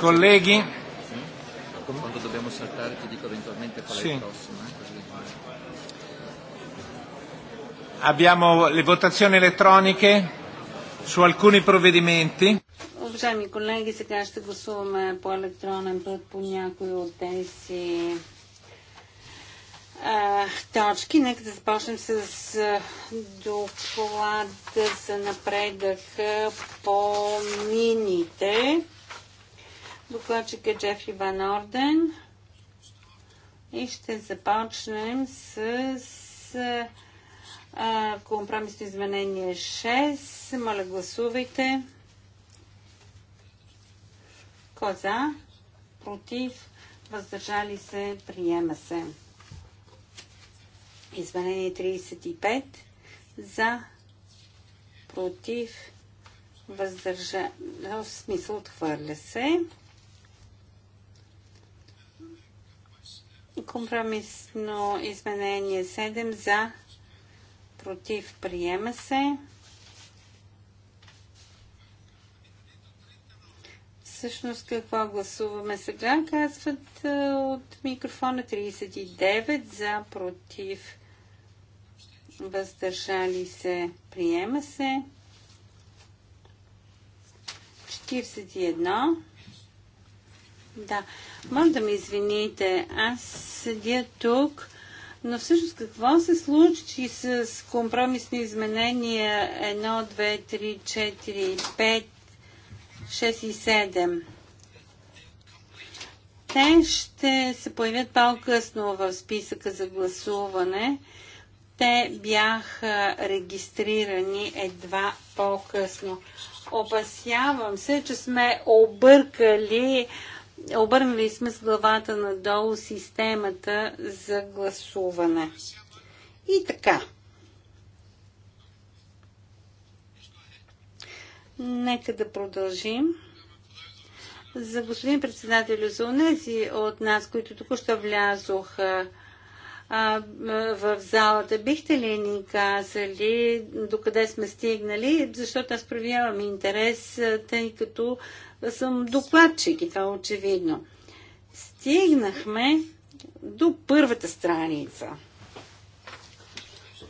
colleghi. Quando dobbiamo saltare ti dico eventualmente qual è sì. il prossimo. Eh? Abbiamo le votazioni elettroniche su alcuni provvedimenti. Уважаеми колеги, сега ще гласуваме по електронен път по някои от тези точки. Нека да започнем с доклада за напредък по мините. Докладчик е Джефри Ван Орден. И ще започнем с, с компромисно изменение 6. Моля, гласувайте. Коза, против, въздържали се, приема се. Изменение 35 за, против, въздържа, в смисъл отхвърля се. Компромисно изменение 7 за, против, приема се. Всъщност какво гласуваме сега, казват е, от микрофона 39 за, против, въздържали се, приема се. 41 да, може да ме извините. Аз седя тук, но всъщност какво се случи с компромисни изменения 1, 2, 3, 4, 5, 6 и 7? Те ще се появят по-късно в списъка за гласуване. Те бяха регистрирани едва по-късно. Опасявам се, че сме объркали обърнали сме с главата надолу системата за гласуване. И така. Нека да продължим. За господин председател, за унези от нас, които току-що влязоха а, в залата. Бихте ли ни казали докъде сме стигнали? Защото аз проявявам интерес, тъй като съм докладчик и това е очевидно. Стигнахме до първата страница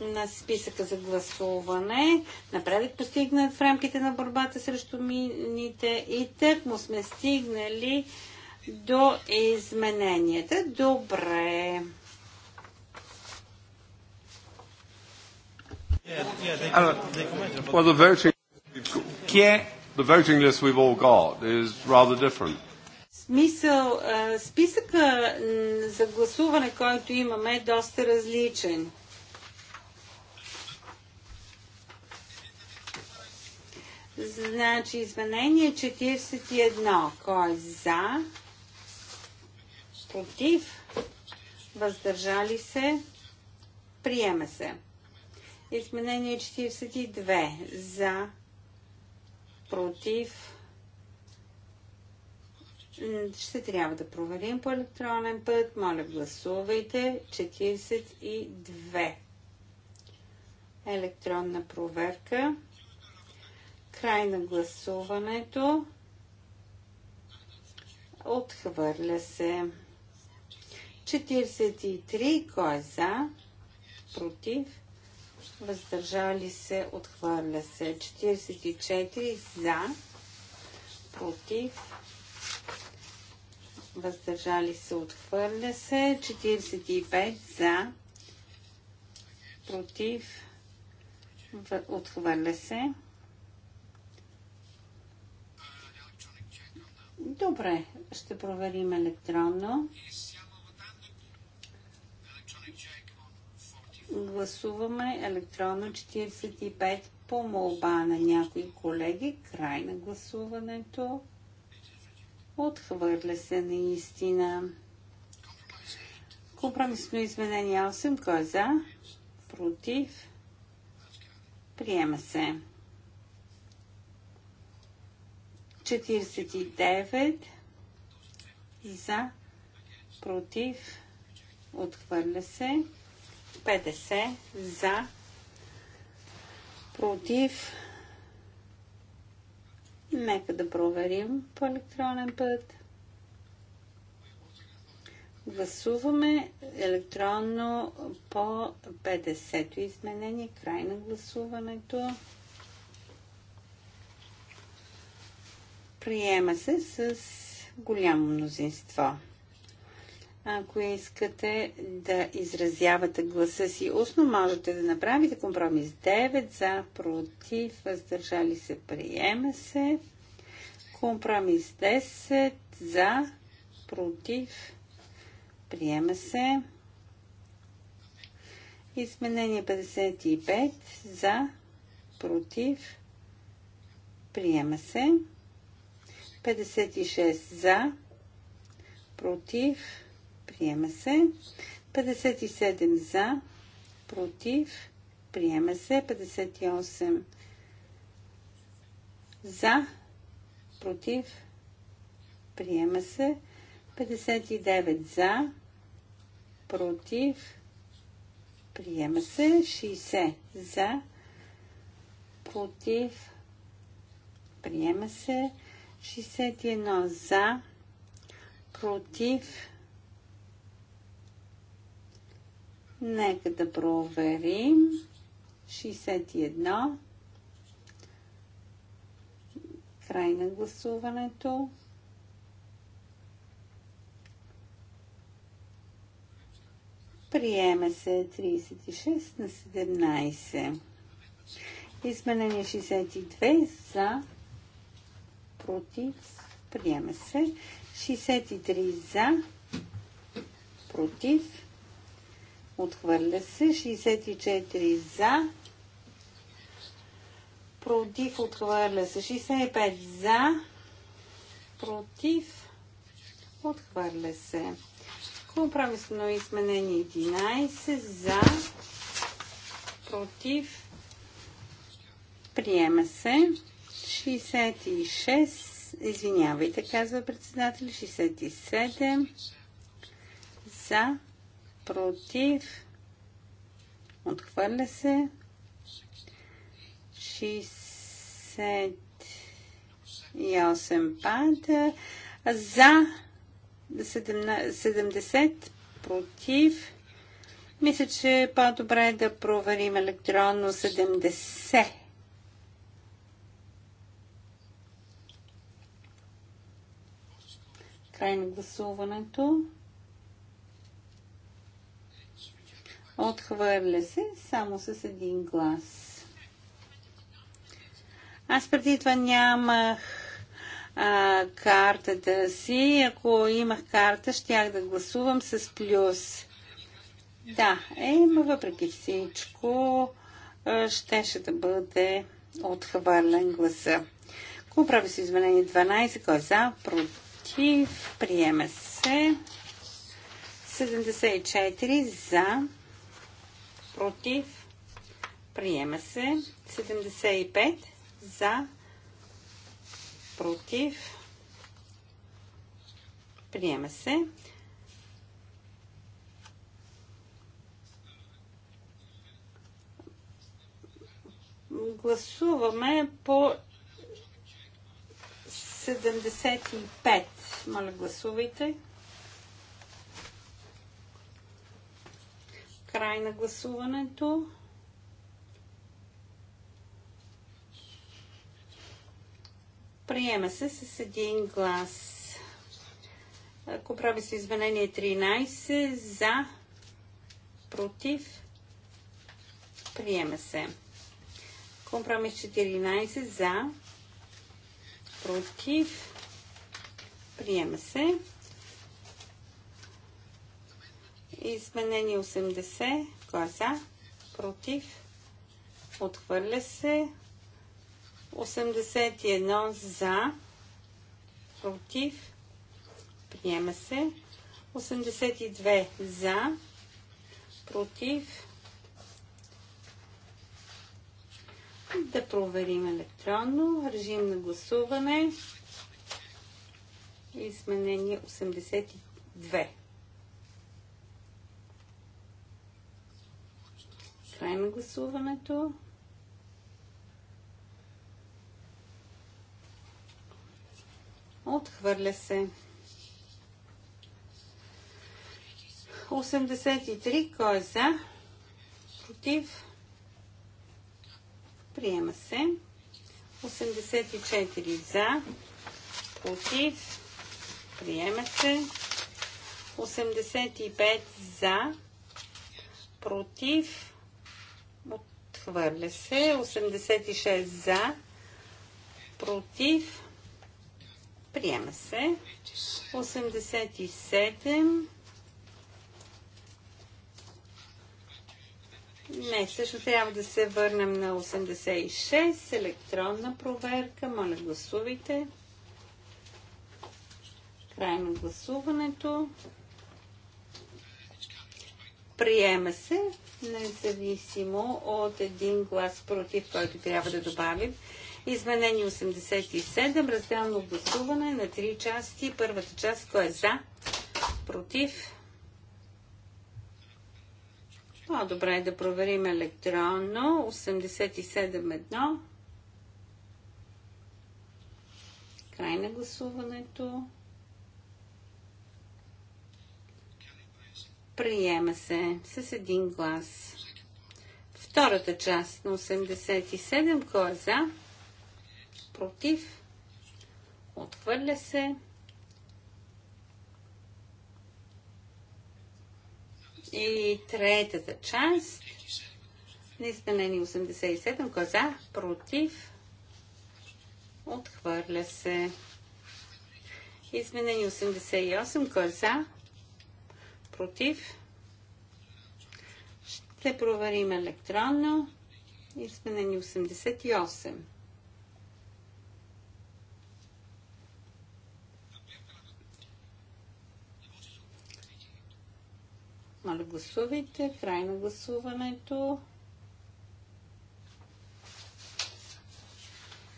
на списъка за гласуване. Напредък постигнат в рамките на борбата срещу мините и тък му сме стигнали до измененията. Добре. well, the voting, chi è? The voting list we've all got is rather different. Смисъл, списъка за гласуване, който имаме, е доста различен. Значи, изменение 41. Кой е за? Против? Въздържали се? Приема се. Изменение 42 за, против. Ще трябва да проверим по електронен път. Моля, гласувайте. 42. Електронна проверка. Край на гласуването. Отхвърля се. 43. Кой е за? Против? въздържали се, отхвърля се. 44 за, против, въздържали се, отхвърля се. 45 за, против, отхвърля се. Добре, ще проверим електронно. Гласуваме електронно 45 по молба на някои колеги. Край на гласуването. Отхвърля се наистина. Компромисно изменение 8. Кой е за? Против? Приема се. 49 за, против, отхвърля се. 50 за, против. Нека да проверим по електронен път. Гласуваме електронно по 50-то изменение, край на гласуването. Приема се с голямо мнозинство. Ако искате да изразявате гласа си устно, можете да направите компромис 9 за, против, въздържали се, приема се. Компромис 10 за, против, приема се. Изменение 55 за, против, приема се. 56 за, против, Приема се. 57 за. Против. Приема се. 58 за. Против. Приема се. 59 за. Против. Приема се. 60 за. Против. Приема се. 61 за. Против. Нека да проверим. 61. Край на гласуването. Приема се 36 на 17. Изменение 62 за против. Приема се. 63 за против. Отхвърля се. 64 за. Против. Отхвърля се. 65 за. Против. Отхвърля се. Компромисно изменение 11 за. Против. Приема се. 66. Извинявайте, казва председател. 67. За против, отхвърля се. 68 пада. За 70 против. Мисля, че е по-добре е да проверим електронно 70. Край на гласуването. Отхвърля се само с един глас. Аз преди това нямах а, картата си. Ако имах карта, щях да гласувам с плюс. Да, е, но въпреки всичко а, щеше да бъде отхвърлен гласа. Ако прави се изменение 12, кой е за, против, приема се. 74 за, против, приема се. 75 за, против, приема се. Гласуваме по 75. Моля, гласувайте. Край на гласуването. Приема се с един глас. Ако прави се изменение 13 за, против, приема се. Компромис 14 за, против, приема се. Изменени 80. гласа, за? Против. Отхвърля се. 81 за. Против. Приема се. 82 за. Против. Да проверим електронно. Режим на гласуване. Изменение 82. Край на гласуването. Отхвърля се. 83. Кой е за? Против? Приема се. 84 за. Против? Приема се. 85 за. Против? Отхвърля се. 86 за. Против. Приема се. 87. Не, също трябва да се върнем на 86. Електронна проверка. Моля, гласувайте. Край на гласуването. Приема се независимо от един глас против, който трябва да добавим. Изменение 87, разделно гласуване на три части. Първата част, кой е за, против. По-добре е да проверим електронно. 87 1, Край на гласуването. Приема се с един глас. Втората част на 87. Кой е за? Против? Отхвърля се. И третата част на изменени 87. Кой е за? Против? Отхвърля се. Изменени 88. Кой е за? Против? Ще проверим електронно. ни 88. Моля, гласувайте. Край на гласуването.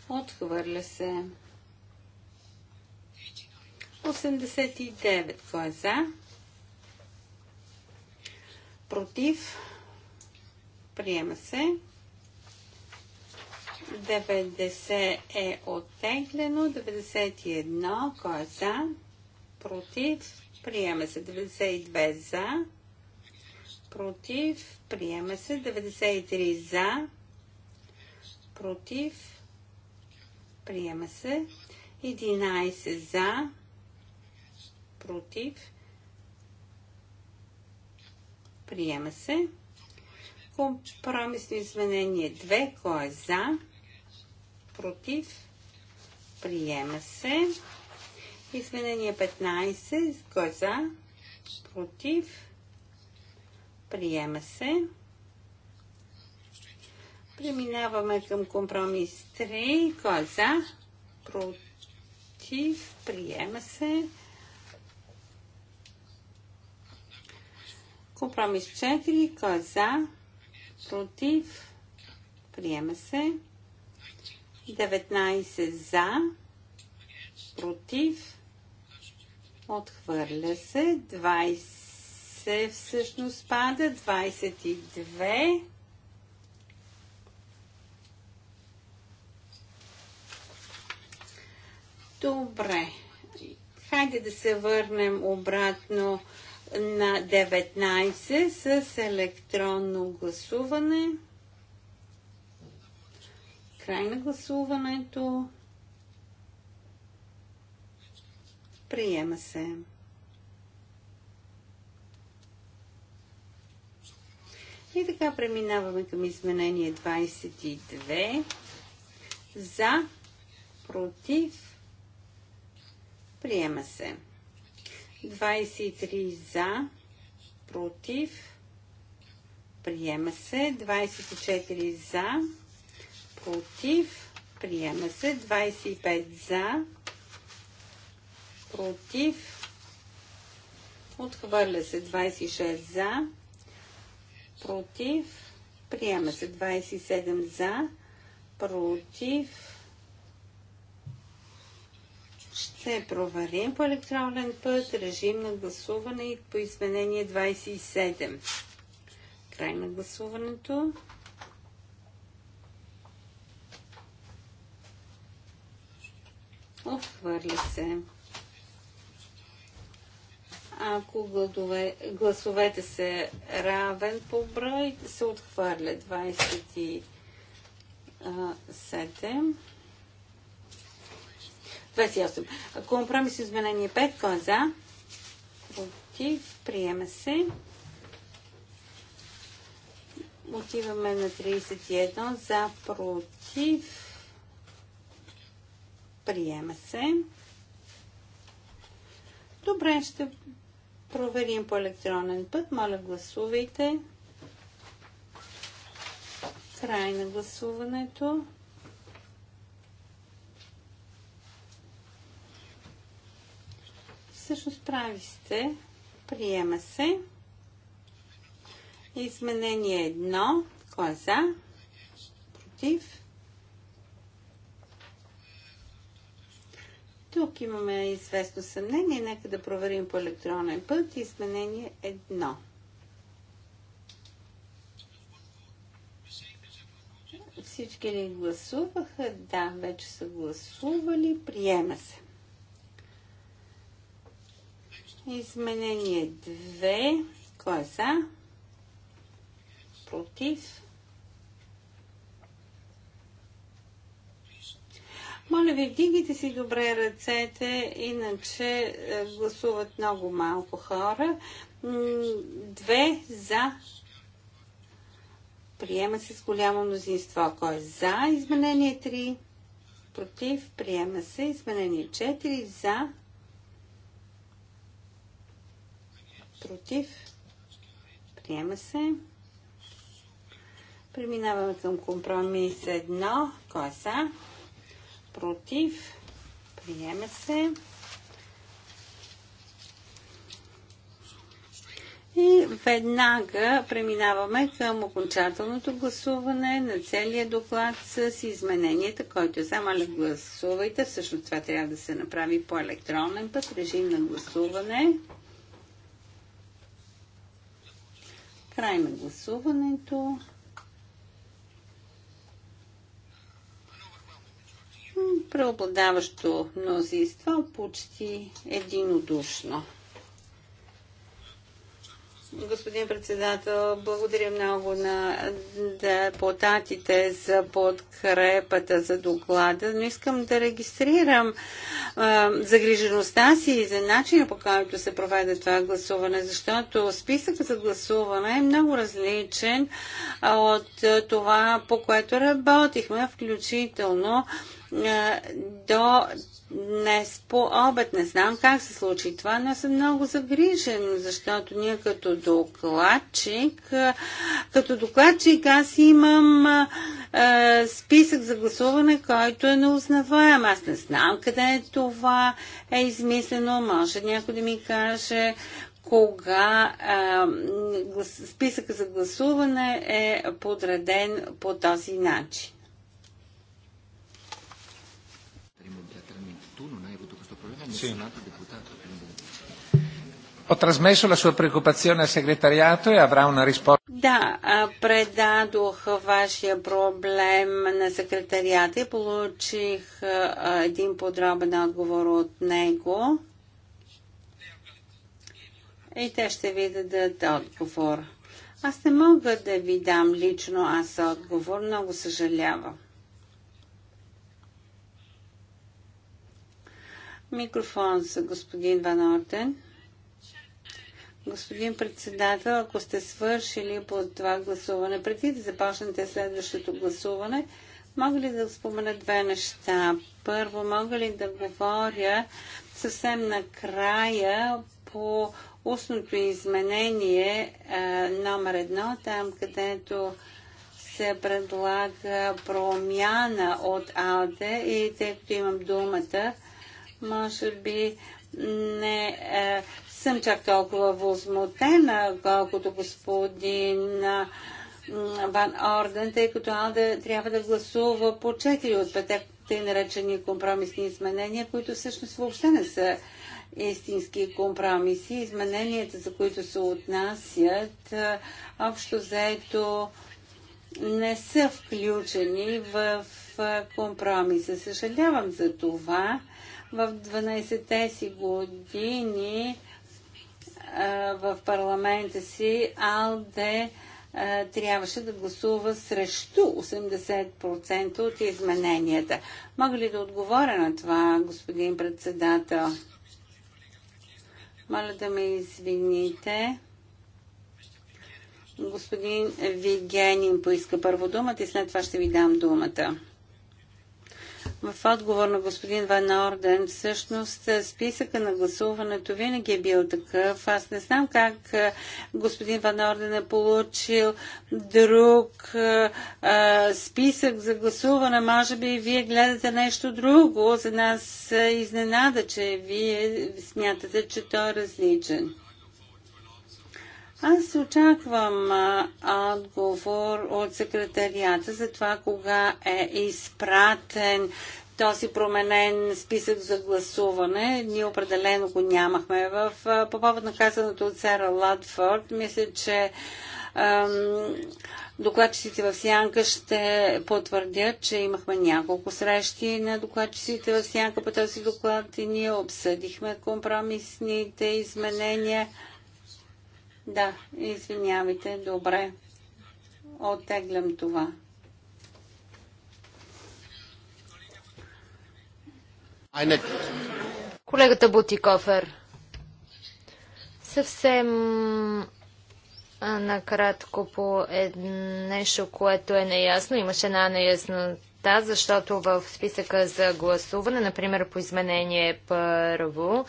Отхвърля се. 89. Кой е за? Против? Приема се. 90 е оттеглено. 91. Кой е за? Против. Приема се. 92 за. Против. Приема се. 93 за. Против. Приема се. 11 за. Против. Приема се. Компромисно изменение 2. Кой е за? Против? Приема се. Изменение 15. Кой е за? Против? Приема се. Преминаваме към компромис 3. Кой е за? Против? Приема се. Компромис 4. Кой е за? против, приема се. 19 за, против, отхвърля се. 20 всъщност пада, 22. Добре. Хайде да се върнем обратно на 19 с електронно гласуване. Край на гласуването. Приема се. И така преминаваме към изменение 22. За, против, приема се. 23 за, против, приема се. 24 за, против, приема се. 25 за, против, отхвърля се. 26 за, против, приема се. 27 за, против, ще проверим по електронен път режим на гласуване и по изменение 27. Край на гласуването. Отхвърля се. Ако гладове, гласовете се равен по брой, се отхвърля 27. 28. Компромис изменение 5. Кой е за? Против. Приема се. Отиваме на 31. За. Против. Приема се. Добре, ще проверим по електронен път. Моля, гласувайте. Край на гласуването. Всъщност прави сте. Приема се. Изменение едно. Кой е за? Против. Тук имаме известно съмнение. Нека да проверим по електронен път. Изменение едно. Всички ли гласуваха? Да, вече са гласували. Приема се. Изменение 2. Кой е за? Против. Моля ви, вдигайте си добре ръцете, иначе е, гласуват много малко хора. Две за. Приема се с голямо мнозинство. Кой е за? Изменение 3. Против. Приема се. Изменение 4. За. против, приема се. Преминаваме към компромис 1, кой е против, приема се. И веднага преминаваме към окончателното гласуване на целия доклад с измененията, който е за моля гласувайте. Всъщност това трябва да се направи по електронен път. Режим на гласуване. Край на гласуването. Преобладаващо мнозинство почти единодушно господин председател. Благодаря много на депутатите за подкрепата за доклада, но искам да регистрирам загрижеността си и за начина по който се проведе това гласуване, защото списъкът за гласуване е много различен от това, по което работихме, включително до днес по обед. Не знам как се случи това, но съм много загрижен, защото ние като докладчик, като докладчик аз имам е, списък за гласуване, който е неузнаваем. Аз не знам къде е това е измислено. Може някой да ми каже кога а, е, списъка за гласуване е подреден по този начин. Ho trasmesso la sua preoccupazione al segretariato e avrà una risposta. Да, предадох вашия проблем на секретарията и получих един подробен отговор от него. И те ще ви дадат отговор. Аз не мога да ви дам лично аз отговор, много съжалявам. Микрофон за господин Ван Орден. Господин председател, ако сте свършили по това гласуване, преди да започнете следващото гласуване, мога ли да спомена две неща? Първо, мога ли да говоря съвсем накрая по устното изменение е, номер едно, там където се предлага промяна от АЛДЕ и тъй като имам думата, може би не е, съм чак толкова възмутена, колкото господин е, Ван Орден, тъй като Алда трябва да гласува по четири от пете тъй наречени компромисни изменения, които всъщност въобще не са истински компромиси. Измененията, за които се отнасят, е, общо заето не са включени в е, компромиса. Съжалявам за това. В 12-те си години в парламента си Алде трябваше да гласува срещу 80% от измененията. Мога ли да отговоря на това, господин председател? Моля да ме извините. Господин Вигенин поиска първо думата и след това ще ви дам думата в отговор на господин Ван Орден, всъщност е, списъка на гласуването винаги е бил такъв. Аз не знам как е, господин Ван Орден е получил друг а, е, списък за гласуване. Може би вие гледате нещо друго. За нас изненада, че вие смятате, че той е различен. Аз очаквам отговор от секретарията за това кога е изпратен този променен списък за гласуване. Ние определено го нямахме. В, по повод на казаното от Сера Ладфорд, мисля, че ам, докладчиците в Сянка ще потвърдят, че имахме няколко срещи на докладчиците в Сянка по този доклад и ние обсъдихме компромисните изменения. Да, извинявайте, добре. Оттеглям това. Колегата Бутикофер. Съвсем накратко по нещо, което е неясно. Имаше една неяснота, защото в списъка за гласуване, например по изменение първо,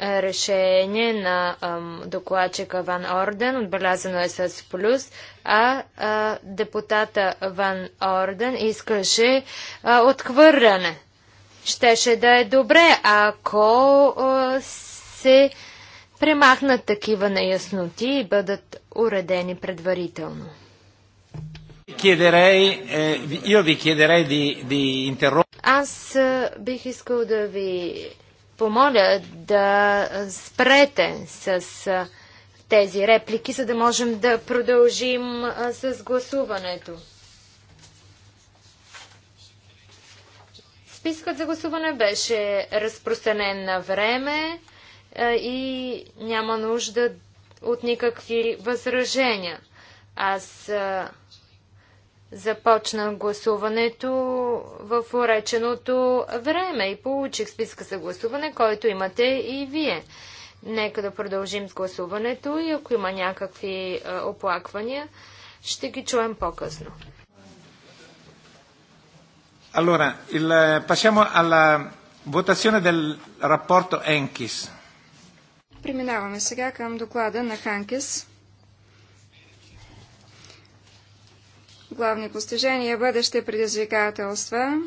решение на ам, докладчика Ван Орден, отбелязано е с плюс, а, а депутата Ван Орден искаше а, отхвърляне. Щеше да е добре, ако а, се премахнат такива неясноти и бъдат уредени предварително. Eh, Аз бих искал да ви помоля да спрете с тези реплики, за да можем да продължим с гласуването. Спискът за гласуване беше разпространен на време и няма нужда от никакви възражения. Аз Започна гласуването в уреченото време и получих списка за гласуване, който имате и вие. Нека да продължим с гласуването и ако има някакви оплаквания, ще ги чуем по-късно. Allora, il, е, passiamo alla votazione del rapporto Enkis. Преминаваме сега към доклада на Ханкис. главни постижения, бъдещи предизвикателства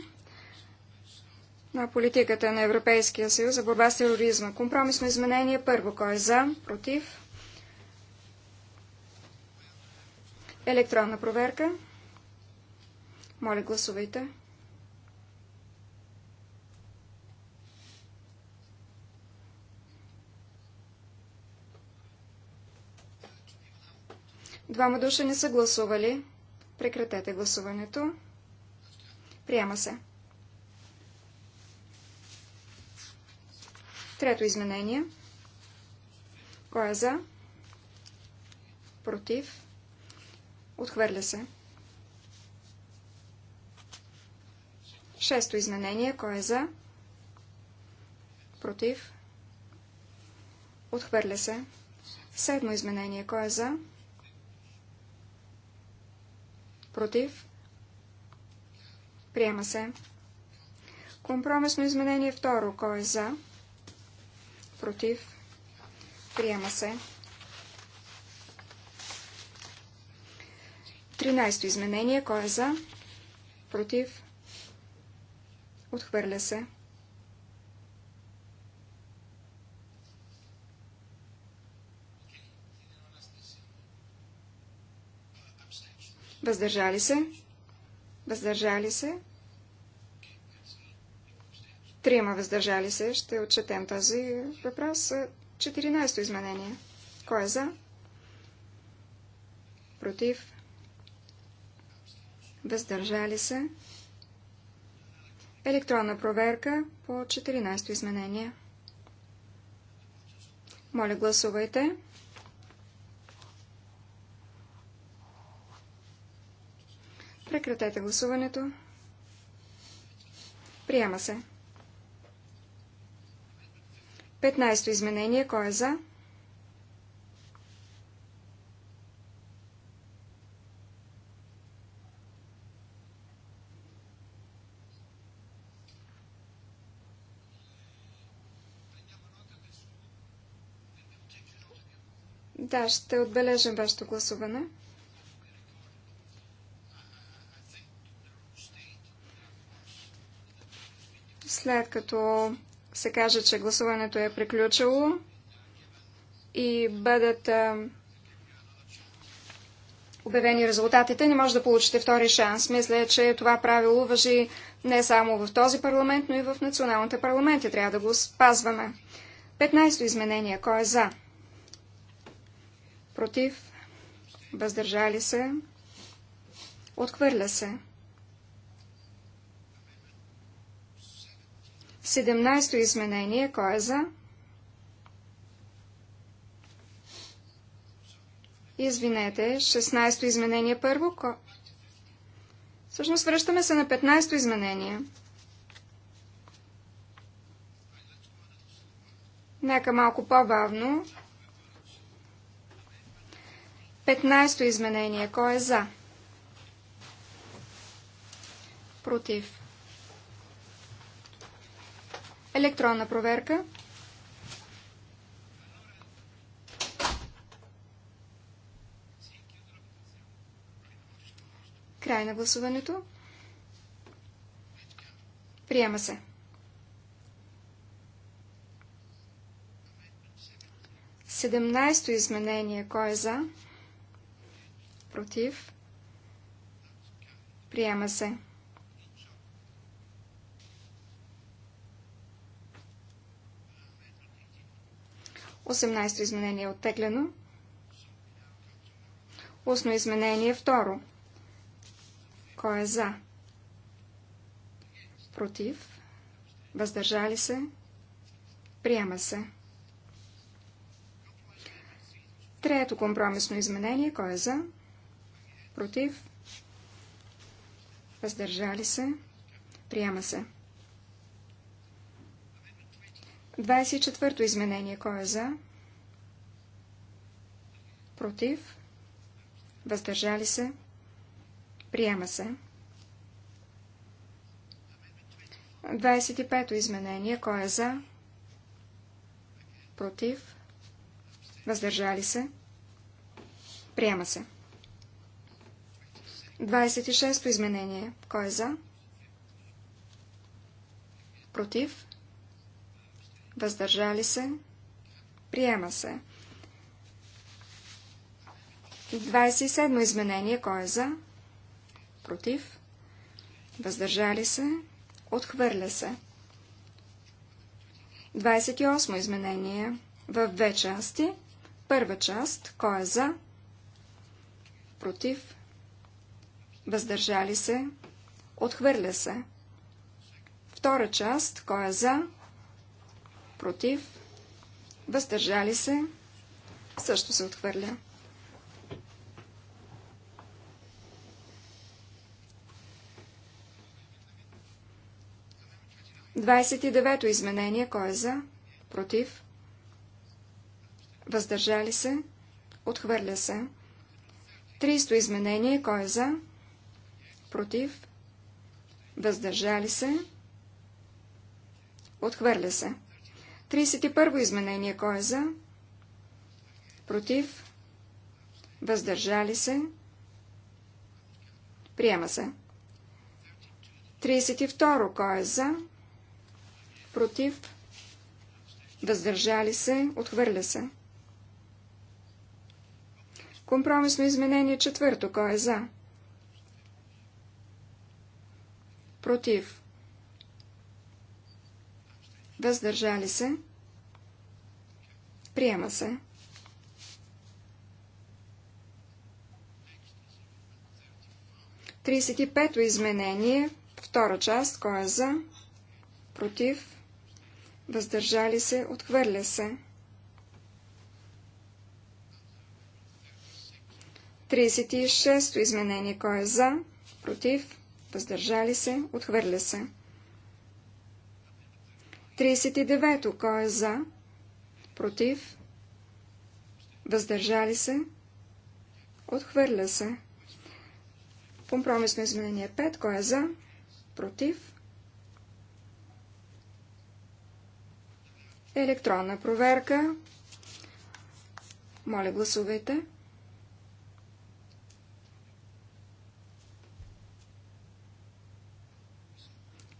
на политиката на Европейския съюз за борба с тероризма. Компромисно изменение първо. Кой е за? Против? Електронна проверка. Моля, гласувайте. Двама души не са гласували. Прекратете гласуването. Приема се. Трето изменение. Кой е за? Против? Отхвърля се. Шесто изменение. Кой е за? Против? Отхвърля се. Седмо изменение. Кой е за? Против? Против. Приема се. Компромисно изменение второ. Кой е за? Против. Приема се. Тринайсто изменение. Кой е за? Против. Отхвърля се. Въздържали се? Въздържали се? Трима въздържали се. Ще отчетем този въпрос. 14-то изменение. Кой е за? Против? Въздържали се? Електронна проверка по 14-то изменение. Моля, гласувайте. Гласувайте. Прекратете гласуването. Приема се. 15-то изменение. Кой е за? Да, ще отбележим вашето гласуване. След като се каже, че гласуването е приключило и бъдат обявени резултатите, не може да получите втори шанс. Мисля, че това правило въжи не само в този парламент, но и в националните парламенти. Трябва да го спазваме. 15-то изменение. Кой е за? Против? Въздържали се? Отхвърля се. 17-то изменение, кой е за? Извинете, 16-то изменение първо. Ко... Всъщност връщаме се на 15-то изменение. Нека малко по-бавно. 15-то изменение. Кой е за? Против. Електронна проверка. Край на гласуването. Приема се. Седемнайсто изменение. Кой е за? Против? Приема се. 18 изменение е оттеглено. Устно изменение е второ. Кой е за? Против? Въздържали се? Приема се. Трето компромисно изменение. Кой е за? Против? Въздържали се? Приема се. 24-то изменение. Кой е за? Против? Въздържали се? Приема се. 25-то изменение. Кой е за? Против? Въздържали се? Приема се. 26-то изменение. Кой е за? Против? въздържали се, приема се. 27 изменение, кой е за, против, въздържали се, отхвърля се. 28 изменение в две части. Първа част, кой е за, против, въздържали се, отхвърля се. Втора част, кой е за, против, въздържали се, също се отхвърля. Двадесет и девето изменение, кой е за, против, въздържали се, отхвърля се. Тристо изменение, кой е за, против, въздържали се, отхвърля се. 31 изменение. Кой е за? Против? Въздържали се? Приема се. 32. Кой е за? Против? Въздържали се? Отхвърля се. Компромисно изменение четвърто. Кой е за? Против. Въздържали се. Приема се. Тридесет и пето изменение. Втора част. Кой е за? Против. Въздържали се. Отхвърля се. 36-то изменение. Кой е за? Против? Въздържали се? Отхвърля се. 39. Кой е за? Против? Въздържали се? Отхвърля се. Компромисно изменение 5. Кой е за? Против? Електронна проверка. Моля, гласувайте.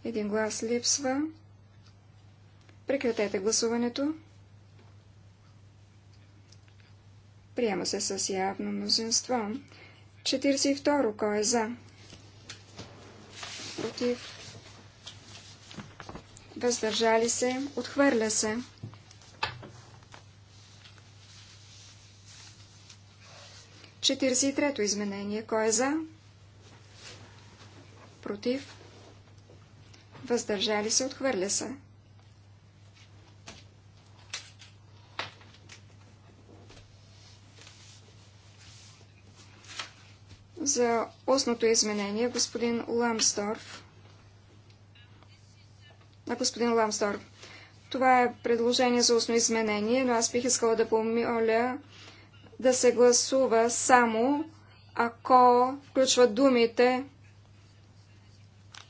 Един глас липсва. Прекратете гласуването. Приема се с явно мнозинство. 42. Кой е за? Против. Въздържали се. Отхвърля се. Четиридесет трето изменение. Кой е за? Против. Въздържали се. Отхвърля се. за устното изменение, господин Ламсторф. На господин Ламсторф. Това е предложение за устно изменение, но аз бих искала да помоля да се гласува само ако включва думите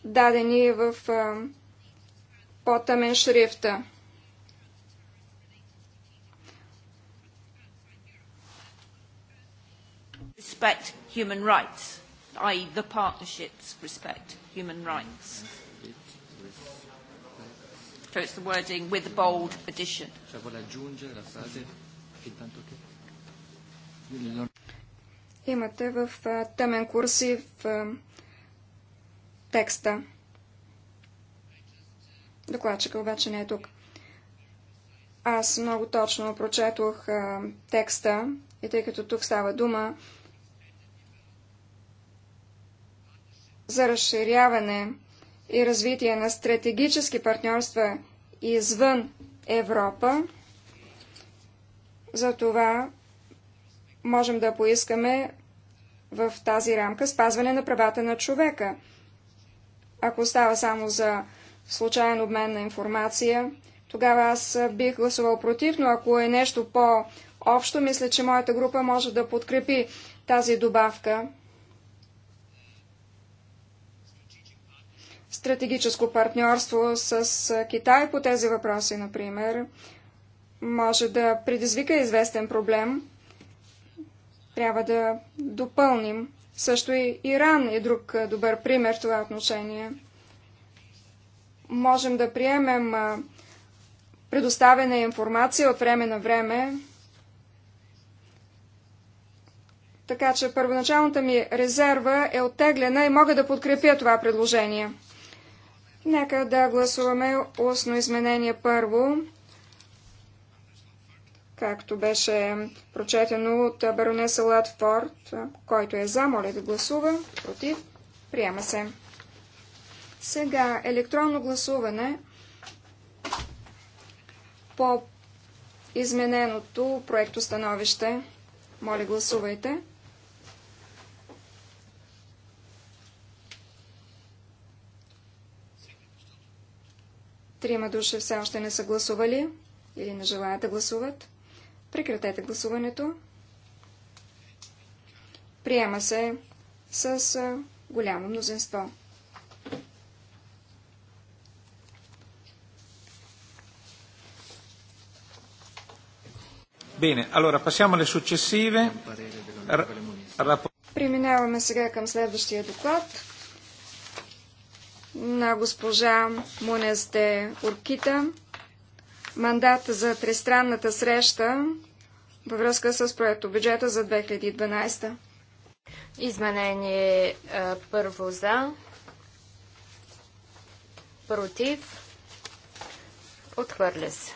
дадени в по-тъмен шрифта. respect human rights, i.e. the partnerships respect human rights. So it's the wording with the bold addition. Имате в тъмен курсив текста. Докладчика обаче не е тук. Аз много точно прочетох а, текста и тъй като тук става дума за разширяване и развитие на стратегически партньорства извън Европа. За това можем да поискаме в тази рамка спазване на правата на човека. Ако става само за случайен обмен на информация, тогава аз бих гласувал против, но ако е нещо по-общо, мисля, че моята група може да подкрепи тази добавка. стратегическо партньорство с Китай по тези въпроси, например, може да предизвика известен проблем. Трябва да допълним. Също и Иран е друг добър пример в това отношение. Можем да приемем предоставена информация от време на време. Така че първоначалната ми резерва е оттеглена и мога да подкрепя това предложение. Нека да гласуваме устно изменение първо, както беше прочетено от баронеса Латфорд, който е за, моля да гласува, против, приема се. Сега електронно гласуване по измененото проекто становище. Моля, гласувайте. Трима души все още не са гласували или не желаят да гласуват. Прекратете гласуването. Приема се с голямо мнозинство. Bene, allora passiamo alle successive. Преминаваме сега към следващия доклад на госпожа Мунесте Уркита мандат за тристранната среща във връзка с проекто бюджета за 2012. Изменение първо за, против, отхвърля се.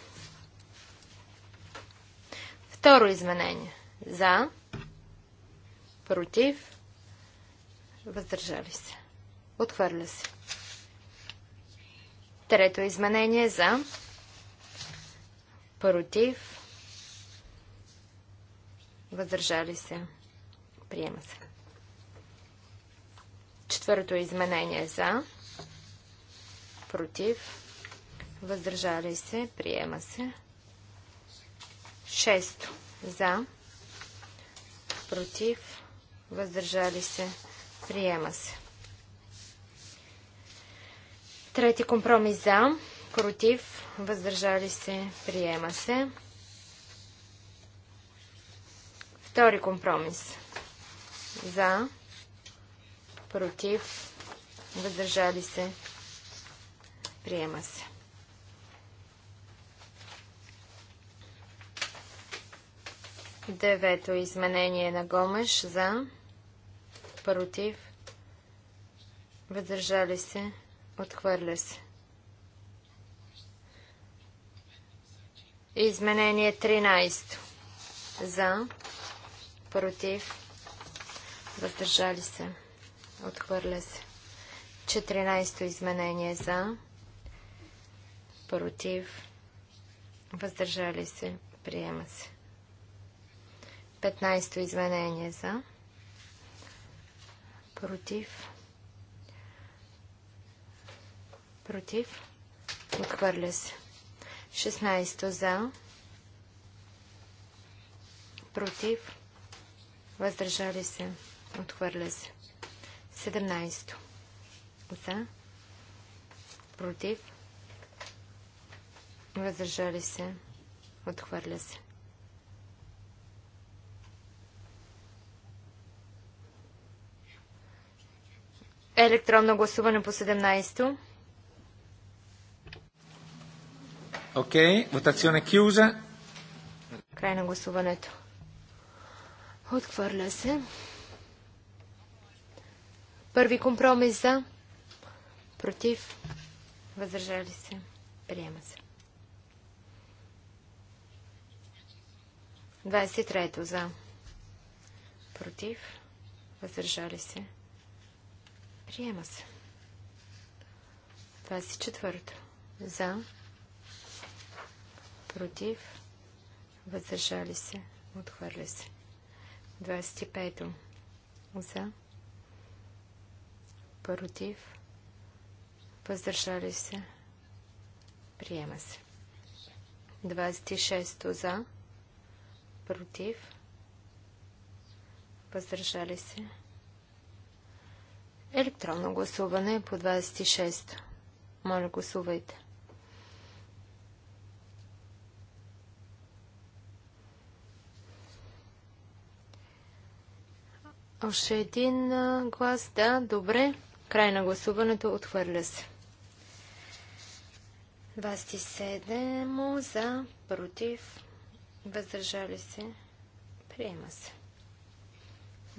Второ изменение за, против, въздържали се, отхвърля се. Трето изменение за против въздържали се. Приема се. Четвърто изменение за против въздържали се. Приема се. Шесто за против въздържали се. Приема се. Трети компромис за, против, въздържали се, приема се. Втори компромис за, против, въздържали се, приема се. Девето изменение на Гомеш за, против, въздържали се, приема се. Отхвърля се. Изменение 13. За. Против. Въздържали се. Отхвърля се. 14 то изменение за. Против. Въздържали се. Приема се. 15 то изменение за. Против. против, отхвърля се. 16 за, против, въздържали се, отхвърля се. 17 за, против, въздържали се, отхвърля се. Електронно гласуване по 17-то. Окей, okay. вотационе кюза. Край на гласуването. Отхвърля се. Първи компромис за. Против. Въздържали се. Приема се. 23-то за. Против. Въздържали се. Приема се. 24-то за против, въздържали се, отхвърля се. 25 за, против, въздържали се, приема се. 26 за, против, въздържали се. Електронно гласуване по 26. Моля, гласувайте. Още един глас. Да, добре. Край на гласуването. Отхвърля се. 27 за, против, въздържали се, приема се.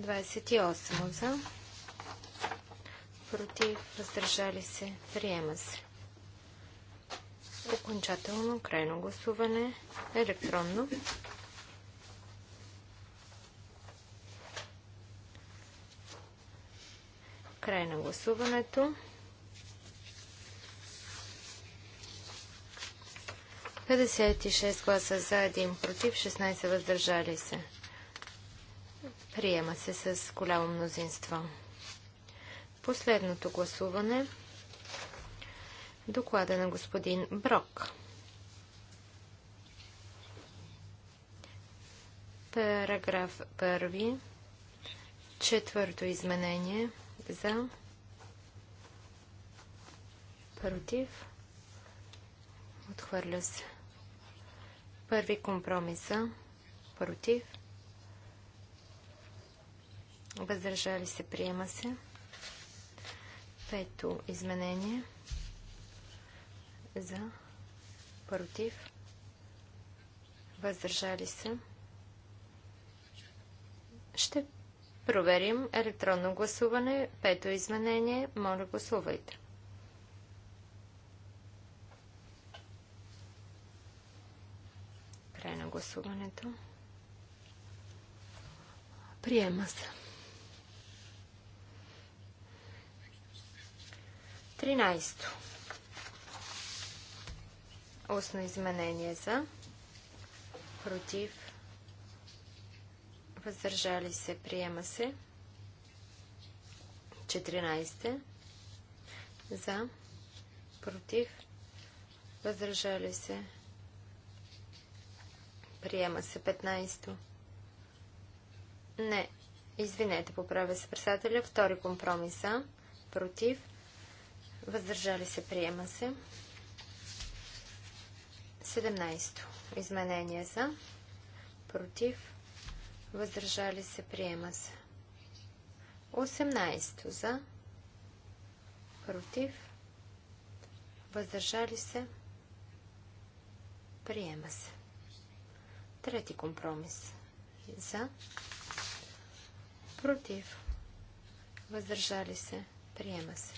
28 за, против, въздържали се, приема се. Окончателно крайно гласуване електронно. Край на гласуването. Петдесет и шест гласа за, един против, 16 въздържали се. Приема се с голямо мнозинство. Последното гласуване. Доклада на господин Брок. Параграф първи. Четвърто изменение за, против, отхвърля се. Първи компромис за, против, въздържали се, приема се. Пето изменение за, против, въздържали се. Ще проверим електронно гласуване. Пето изменение. Моля, гласувайте. Край на гласуването. Приема се. 13. Устно изменение за против въздържали се, приема се. 14 за, против, въздържали се, приема се. 15 не, извинете, поправя се председателя. Втори компромиса, против, въздържали се, приема се. 17 изменение за, против, въздържали се, приема се. 18 за, против, въздържали се, приема се. Трети компромис за, против, въздържали се, приема се.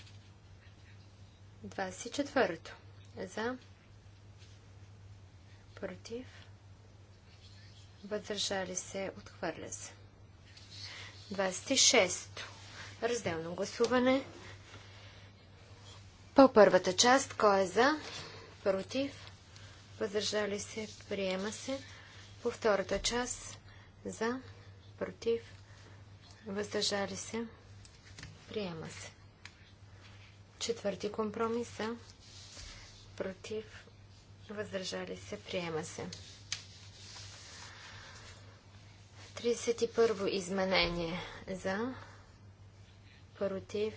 24 за, против, въздържали се, отхвърля се. 26. Разделно гласуване. По първата част, кой е за? Против. Въздържали се, приема се. По втората част, за, против, въздържали се, приема се. Четвърти компромис за, против, въздържали се, приема се. 31 изменение за, против,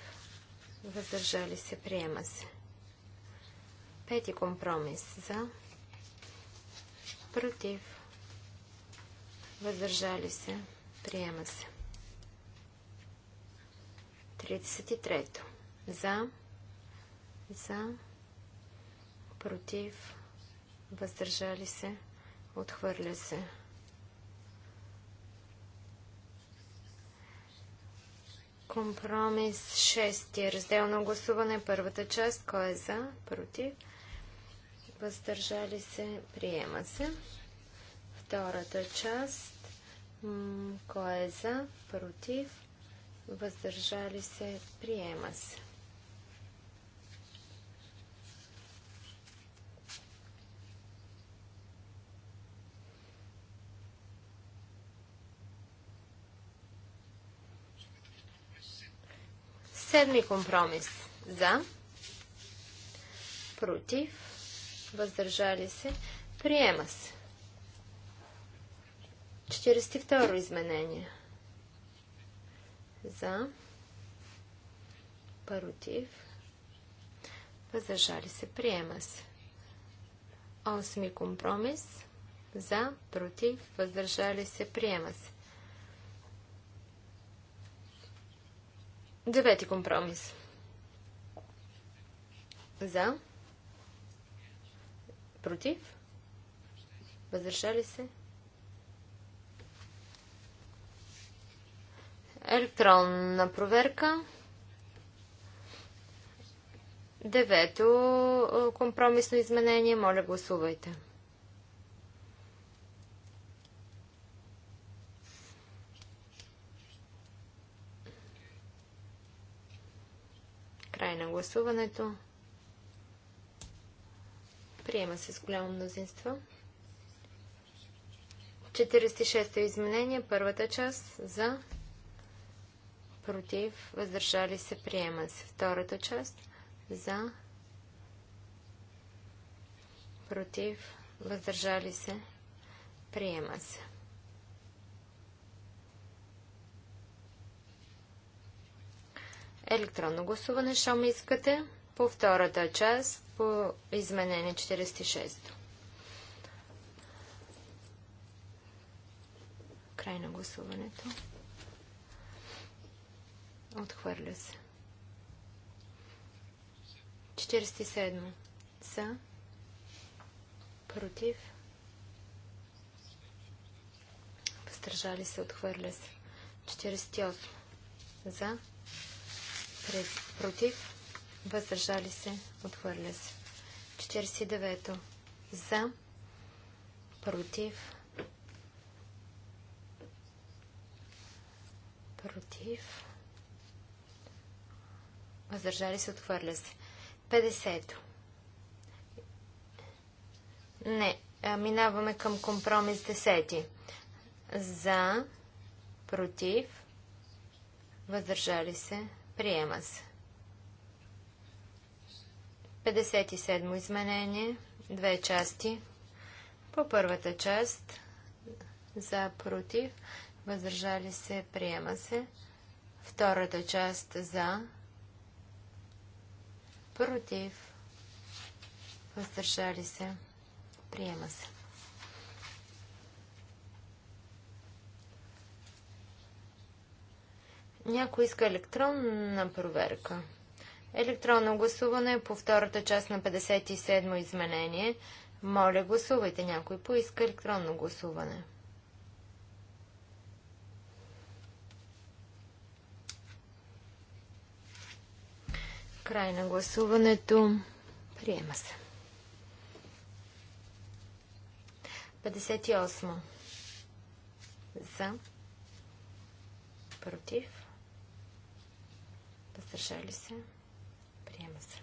въздържали се, приема се. Пети компромис за, против, въздържали се, приема се. 33 за, за, против, въздържали се, отхвърля се. Компромис 6. Разделно гласуване. Първата част. Кой е за? Против? Въздържали се? Приема се. Втората част. Кой е за? Против? Въздържали се? Приема се. Седми компромис. За. Против. Въздържали се. Приема се. 42 изменение. За. Против. Въздържали се. Приема се. Осми компромис. За. Против. Въздържали се. Приема се. Девети компромис. За. Против. Въздържали се. Електронна проверка. Девето компромисно изменение. Моля, гласувайте. гласуването. Приема се с голямо мнозинство. 46-то изменение, първата част за против, въздържали се, приема се. Втората част за против, въздържали се, приема се. електронно гласуване, ме искате, по втората част, по изменение 46. Край на гласуването. Отхвърля се. 47. са. Против. Въздържали се. Отхвърля се. 48. За против, въздържали се, отхвърля се. 49. За, против, против, въздържали се, отхвърля се. 50. Не, минаваме към компромис 10. За, против, въздържали се, Приема се. 57 изменение. Две части. По първата част за против, въздържали се, приема се. Втората част за против, въздържали се, приема се. Някой иска електронна проверка. Електронно гласуване по втората част на 57 изменение. Моля, гласувайте. Някой поиска електронно гласуване. Край на гласуването. Приема се. 58. За. Против въздържали се, приема се.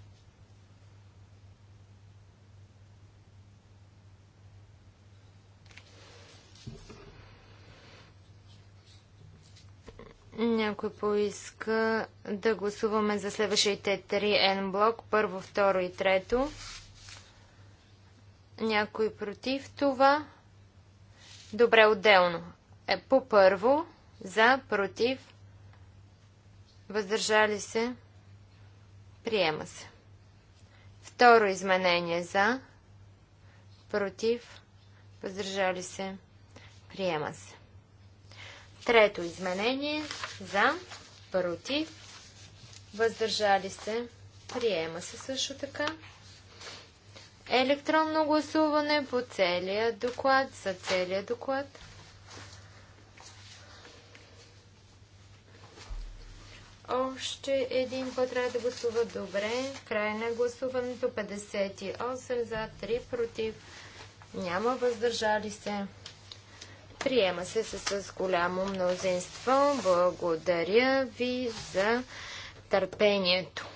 Някой поиска да гласуваме за следващите три N блок, първо, второ и трето. Някой против това? Добре, отделно. Е, по първо, за, против, въздържали се, приема се. Второ изменение за, против, въздържали се, приема се. Трето изменение за, против, въздържали се, приема се също така. Електронно гласуване по целия доклад, за целия доклад. Още един път трябва да гласува добре. Край на гласуването 58 за 3 против. Няма въздържали се. Приема се с, голямо мнозинство. Благодаря ви за търпението.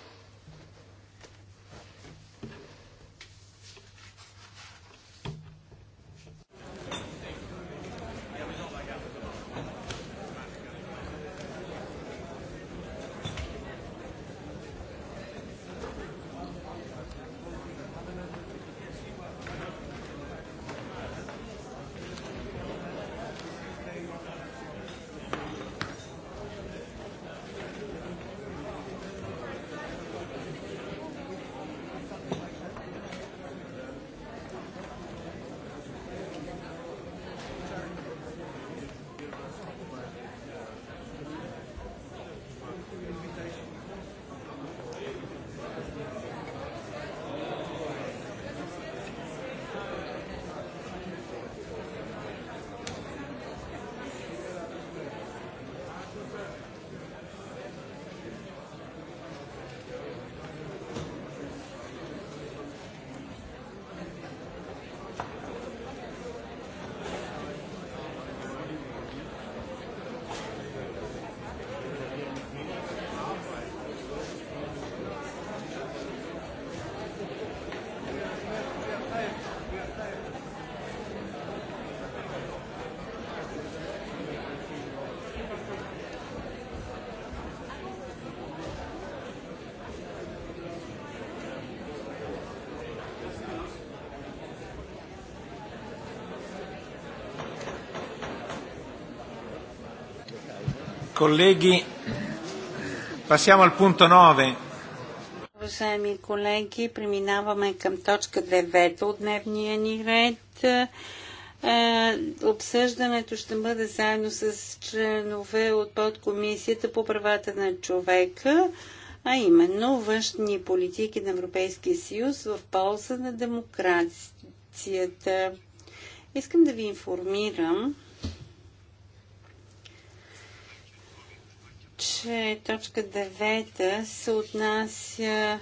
Колеги, passiamo al punto 9. Уважаеми колеги, преминаваме към точка 9 от дневния ни ред. Е, обсъждането ще бъде заедно с членове от подкомисията по правата на човека, а именно външни политики на Европейския съюз в полза на демокрацията. Искам да ви информирам, че точка 9 се отнася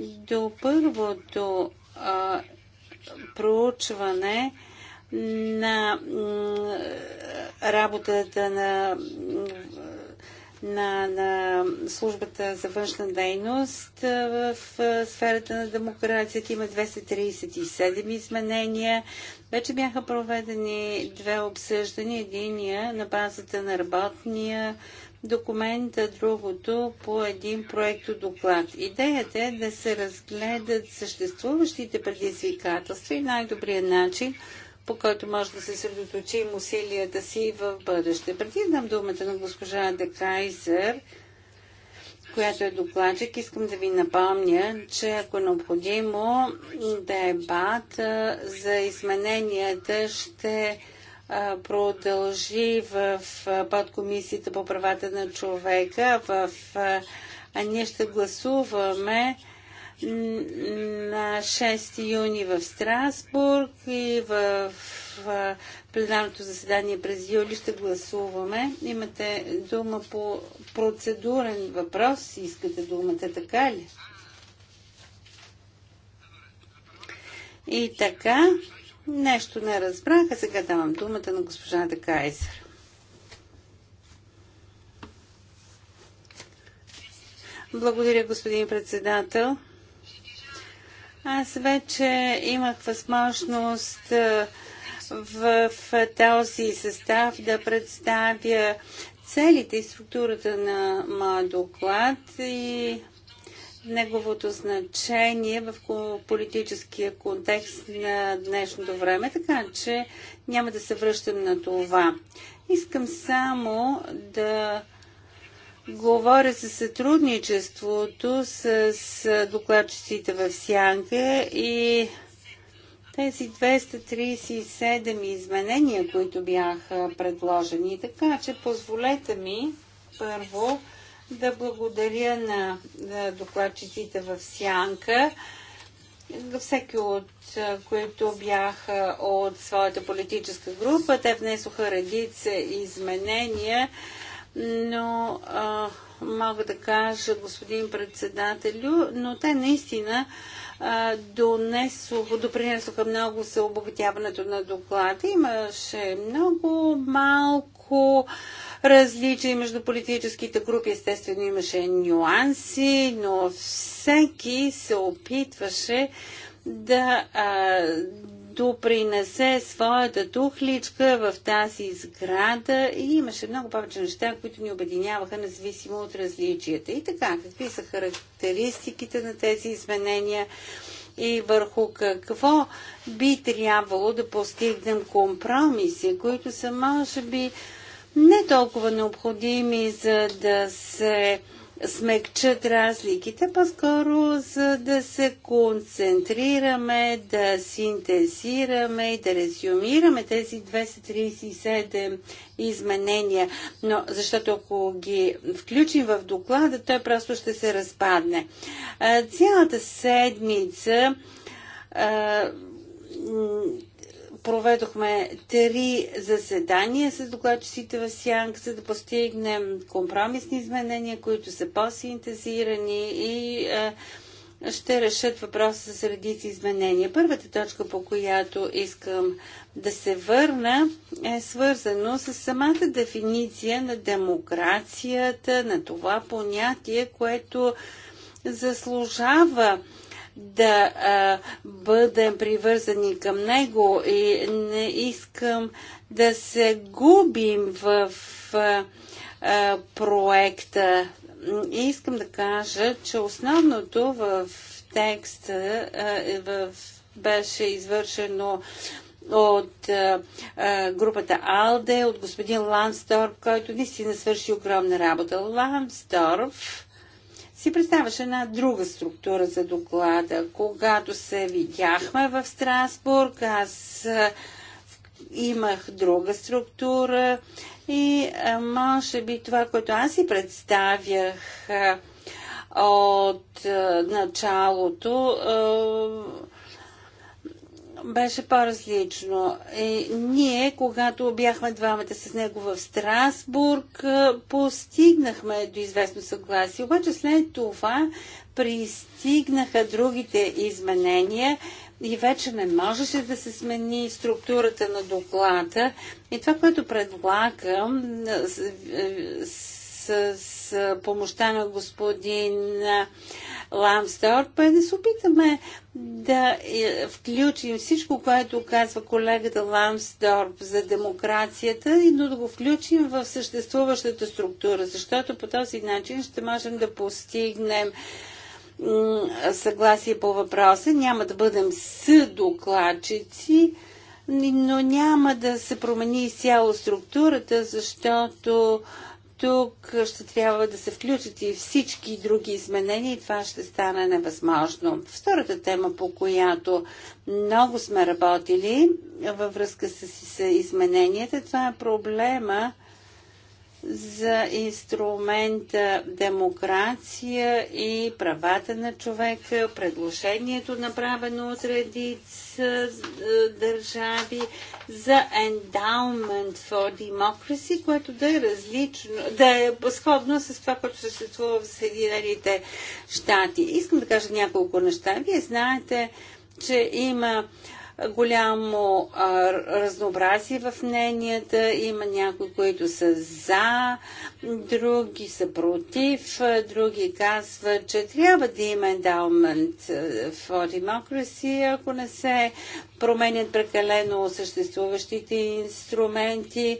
до първото а, проучване на работата на, на, на службата за външна дейност в сферата на демокрацията. Има 237 изменения. Вече бяха проведени две обсъждания. Единия на базата на работния документа, другото по един проекто доклад. Идеята е да се разгледат съществуващите предизвикателства и най-добрият начин, по който може да се съсредоточим усилията си в бъдеще. Преди дам думата на госпожа Декайзер, която е докладчик, искам да ви напомня, че ако е необходимо, дебат за измененията ще продължи в подкомисията по правата на човека. В, а ние ще гласуваме на 6 юни в Страсбург и в, в пленарното заседание през юли ще гласуваме. Имате дума по процедурен въпрос. Искате думата така ли? И така, Нещо не разбрах, а сега давам думата на госпожата Кайзер. Благодаря, господин председател. Аз вече имах възможност в този състав да представя целите и структурата на моя доклад и неговото значение в политическия контекст на днешното време, така че няма да се връщам на това. Искам само да говоря за сътрудничеството с докладчиците в Сянка и тези 237 изменения, които бяха предложени. Така че позволете ми първо да благодаря на, докладчиците в Сянка, всеки от които бяха от своята политическа група. Те внесоха редица изменения, но а, мога да кажа, господин председателю, но те наистина допринесоха много за обогатяването на доклада. Имаше много малко различия между политическите групи. Естествено имаше нюанси, но всеки се опитваше да а, допринесе своята тухличка в тази сграда и имаше много повече неща, които ни обединяваха, независимо от различията. И така, какви са характеристиките на тези изменения и върху какво би трябвало да постигнем компромиси, които са, може би, не толкова необходими, за да се смекчат разликите, по-скоро за да се концентрираме, да синтезираме и да резюмираме тези 237 изменения. Но защото ако ги включим в доклада, той просто ще се разпадне. Цялата седмица проведохме три заседания с докладчиците в Сянг, за да постигнем компромисни изменения, които са по-синтезирани и е, ще решат въпроса с редици изменения. Първата точка, по която искам да се върна, е свързано с самата дефиниция на демокрацията, на това понятие, което заслужава да а, бъдем привързани към него и не искам да се губим в а, а, проекта. Искам да кажа, че основното в текста а, е в, беше извършено от а, групата АЛДЕ, от господин Лансторф, който наистина свърши огромна работа. Лансторф си представяш една друга структура за доклада. Когато се видяхме в Страсбург, аз имах друга структура и може би това, което аз си представях от началото, беше по-различно. И е, ние, когато бяхме двамата с него в Страсбург, е, постигнахме до известно съгласие. Обаче след това пристигнаха другите изменения и вече не можеше да се смени структурата на доклада. И това, което предлагам е, с, с помощта на господин Ламсторп е да се опитаме да е, включим всичко, което казва колегата Ламсдорп за демокрацията, но да го включим в съществуващата структура, защото по този начин ще можем да постигнем съгласие по въпроса. Няма да бъдем съдокладчици, но няма да се промени изцяло структурата, защото тук ще трябва да се включат и всички други изменения и това ще стане невъзможно. Втората тема, по която много сме работили във връзка с измененията, това е проблема за инструмента демокрация и правата на човека, предложението направено от редица е, държави за Endowment for Democracy, което да е различно, да е сходно с това, което съществува в Съединените щати. Искам да кажа няколко неща. Вие знаете, че има голямо а, разнообразие в мненията. Има някои, които са за, други са против, други казват, че трябва да има endowment for democracy, ако не се променят прекалено съществуващите инструменти.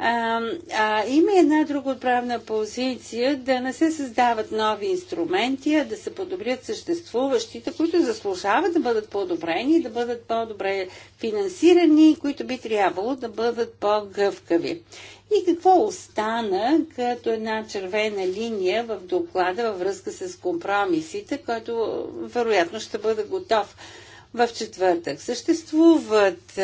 А, а, има една друга отправна позиция да не се създават нови инструменти, а да се подобрят съществуващите, които заслужават да бъдат по-добрени, да бъдат по-добре финансирани, които би трябвало да бъдат по-гъвкави. И какво остана като една червена линия в доклада във връзка с компромисите, който вероятно ще бъде готов в четвъртък. Съществуват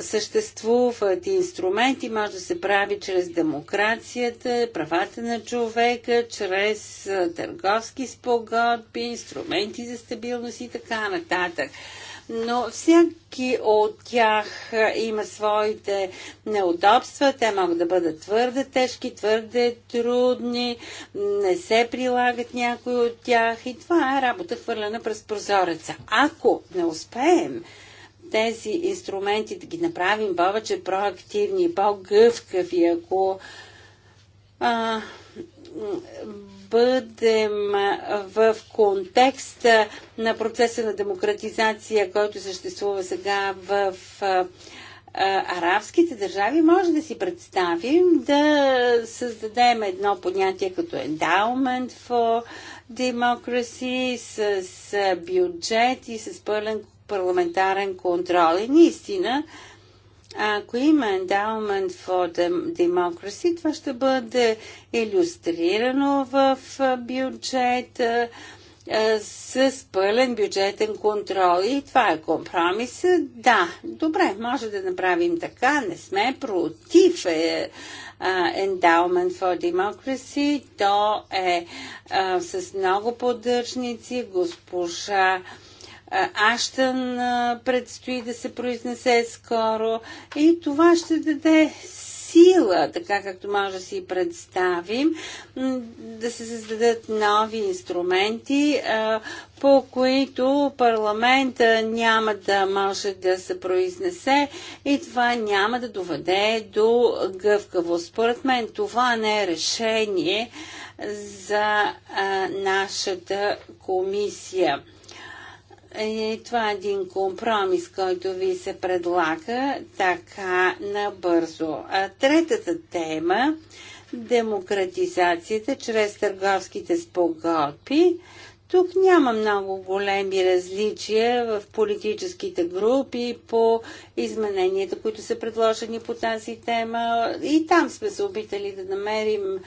съществуват инструменти, може да се прави чрез демокрацията, правата на човека, чрез търговски спогодби, инструменти за стабилност и така нататък но всяки от тях има своите неудобства. Те могат да бъдат твърде тежки, твърде трудни, не се прилагат някои от тях и това е работа хвърлена през прозореца. Ако не успеем тези инструменти да ги направим повече проактивни, по-гъвкави, ако а, бъдем в контекста на процеса на демократизация, който съществува сега в а, арабските държави, може да си представим да създадем едно понятие като endowment for democracy с бюджет и с пълен парламентарен контрол. И наистина, ако има Endowment for Democracy, това ще бъде иллюстрирано в бюджета с пълен бюджетен контрол. И това е компромис. Да, добре, може да направим така. Не сме против е, Endowment for Democracy. То е, с много поддръжници. Госпожа Аштън предстои да се произнесе скоро и това ще даде сила, така както може да си представим, да се създадат нови инструменти, по които парламента няма да може да се произнесе и това няма да доведе до гъвкавост. Според мен това не е решение за нашата комисия. И е, това е един компромис, който ви се предлага така набързо. А третата тема демократизацията чрез търговските спогодби. Тук няма много големи различия в политическите групи по измененията, които са предложени по тази тема. И там сме се опитали да намерим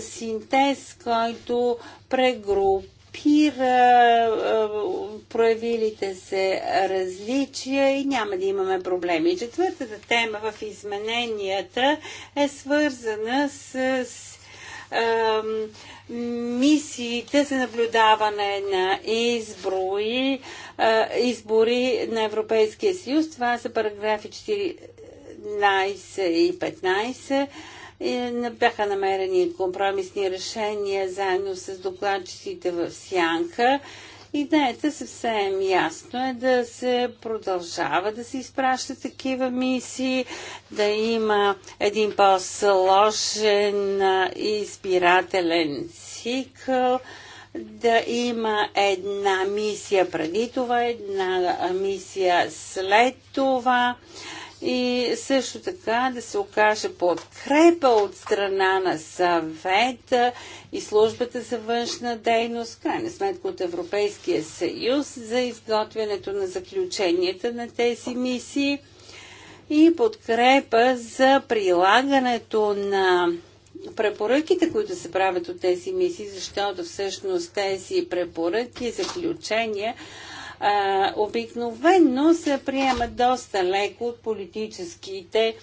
синтез, който прегруп спира проявилите се различия и няма да имаме проблеми. четвъртата тема в измененията е свързана с, мисиите за наблюдаване на избори, избори на Европейския съюз. Това са параграфи 14 и 15 е, бяха намерени компромисни решения заедно с докладчиците в Сянка. Идеята съвсем ясно е да се продължава да се изпраща такива мисии, да има един по-сложен избирателен цикъл, да има една мисия преди това, една мисия след това и също така да се окаже подкрепа от страна на съвета и службата за външна дейност, крайна сметка от Европейския съюз за изготвянето на заключенията на тези мисии и подкрепа за прилагането на препоръките, които се правят от тези мисии, защото всъщност тези препоръки, и заключения а, обикновенно се приема доста леко от политическите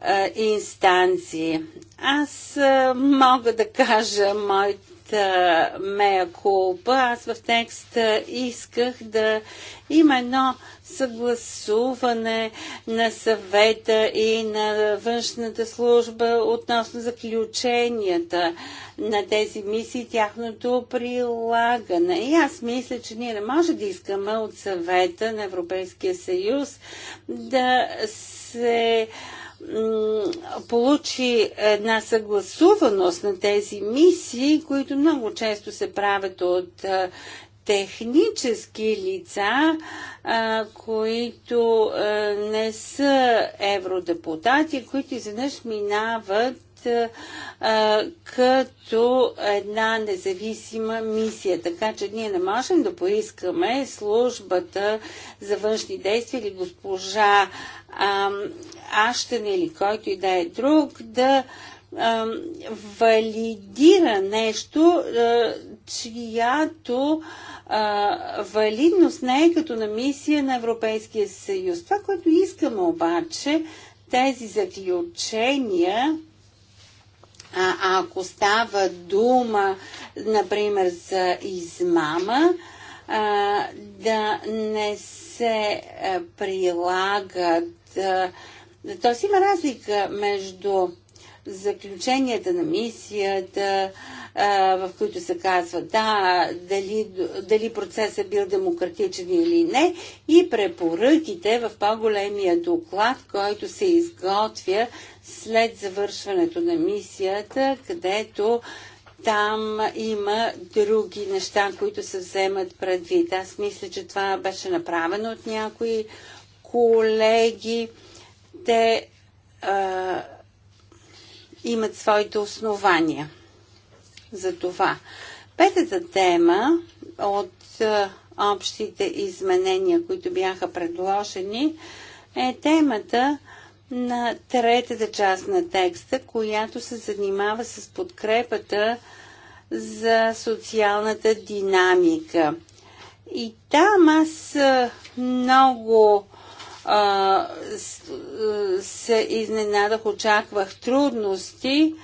а, инстанции. Аз а, мога да кажа моята мея кулпа. Аз в текста исках да има едно съгласуване на съвета и на външната служба относно заключенията на тези мисии, тяхното прилагане. И аз мисля, че ние не може да искаме от съвета на Европейския съюз да се получи една съгласуваност на тези мисии, които много често се правят от е, технически лица, а, които а, не са евродепутати, които изведнъж минават а, като една независима мисия. Така че ние не можем да поискаме службата за външни действия или госпожа а, Аштен или който и да е друг да валидира нещо, чиято а, валидност не е като на мисия на Европейския съюз. Това, което искаме обаче, тези заключения а, ако става дума, например, за измама, а, да не се а, прилагат. А, Тоест има разлика между заключенията на мисията, в които се казва да, дали, дали процесът е бил демократичен или не, и препоръките в по-големия доклад, който се изготвя след завършването на мисията, където там има други неща, които се вземат предвид. Аз мисля, че това беше направено от някои колеги. Те а, имат своите основания за това. Петата тема от е, общите изменения, които бяха предложени, е темата на третата част на текста, която се занимава с подкрепата за социалната динамика. И там аз е, много а, е, се изненадах, очаквах трудности,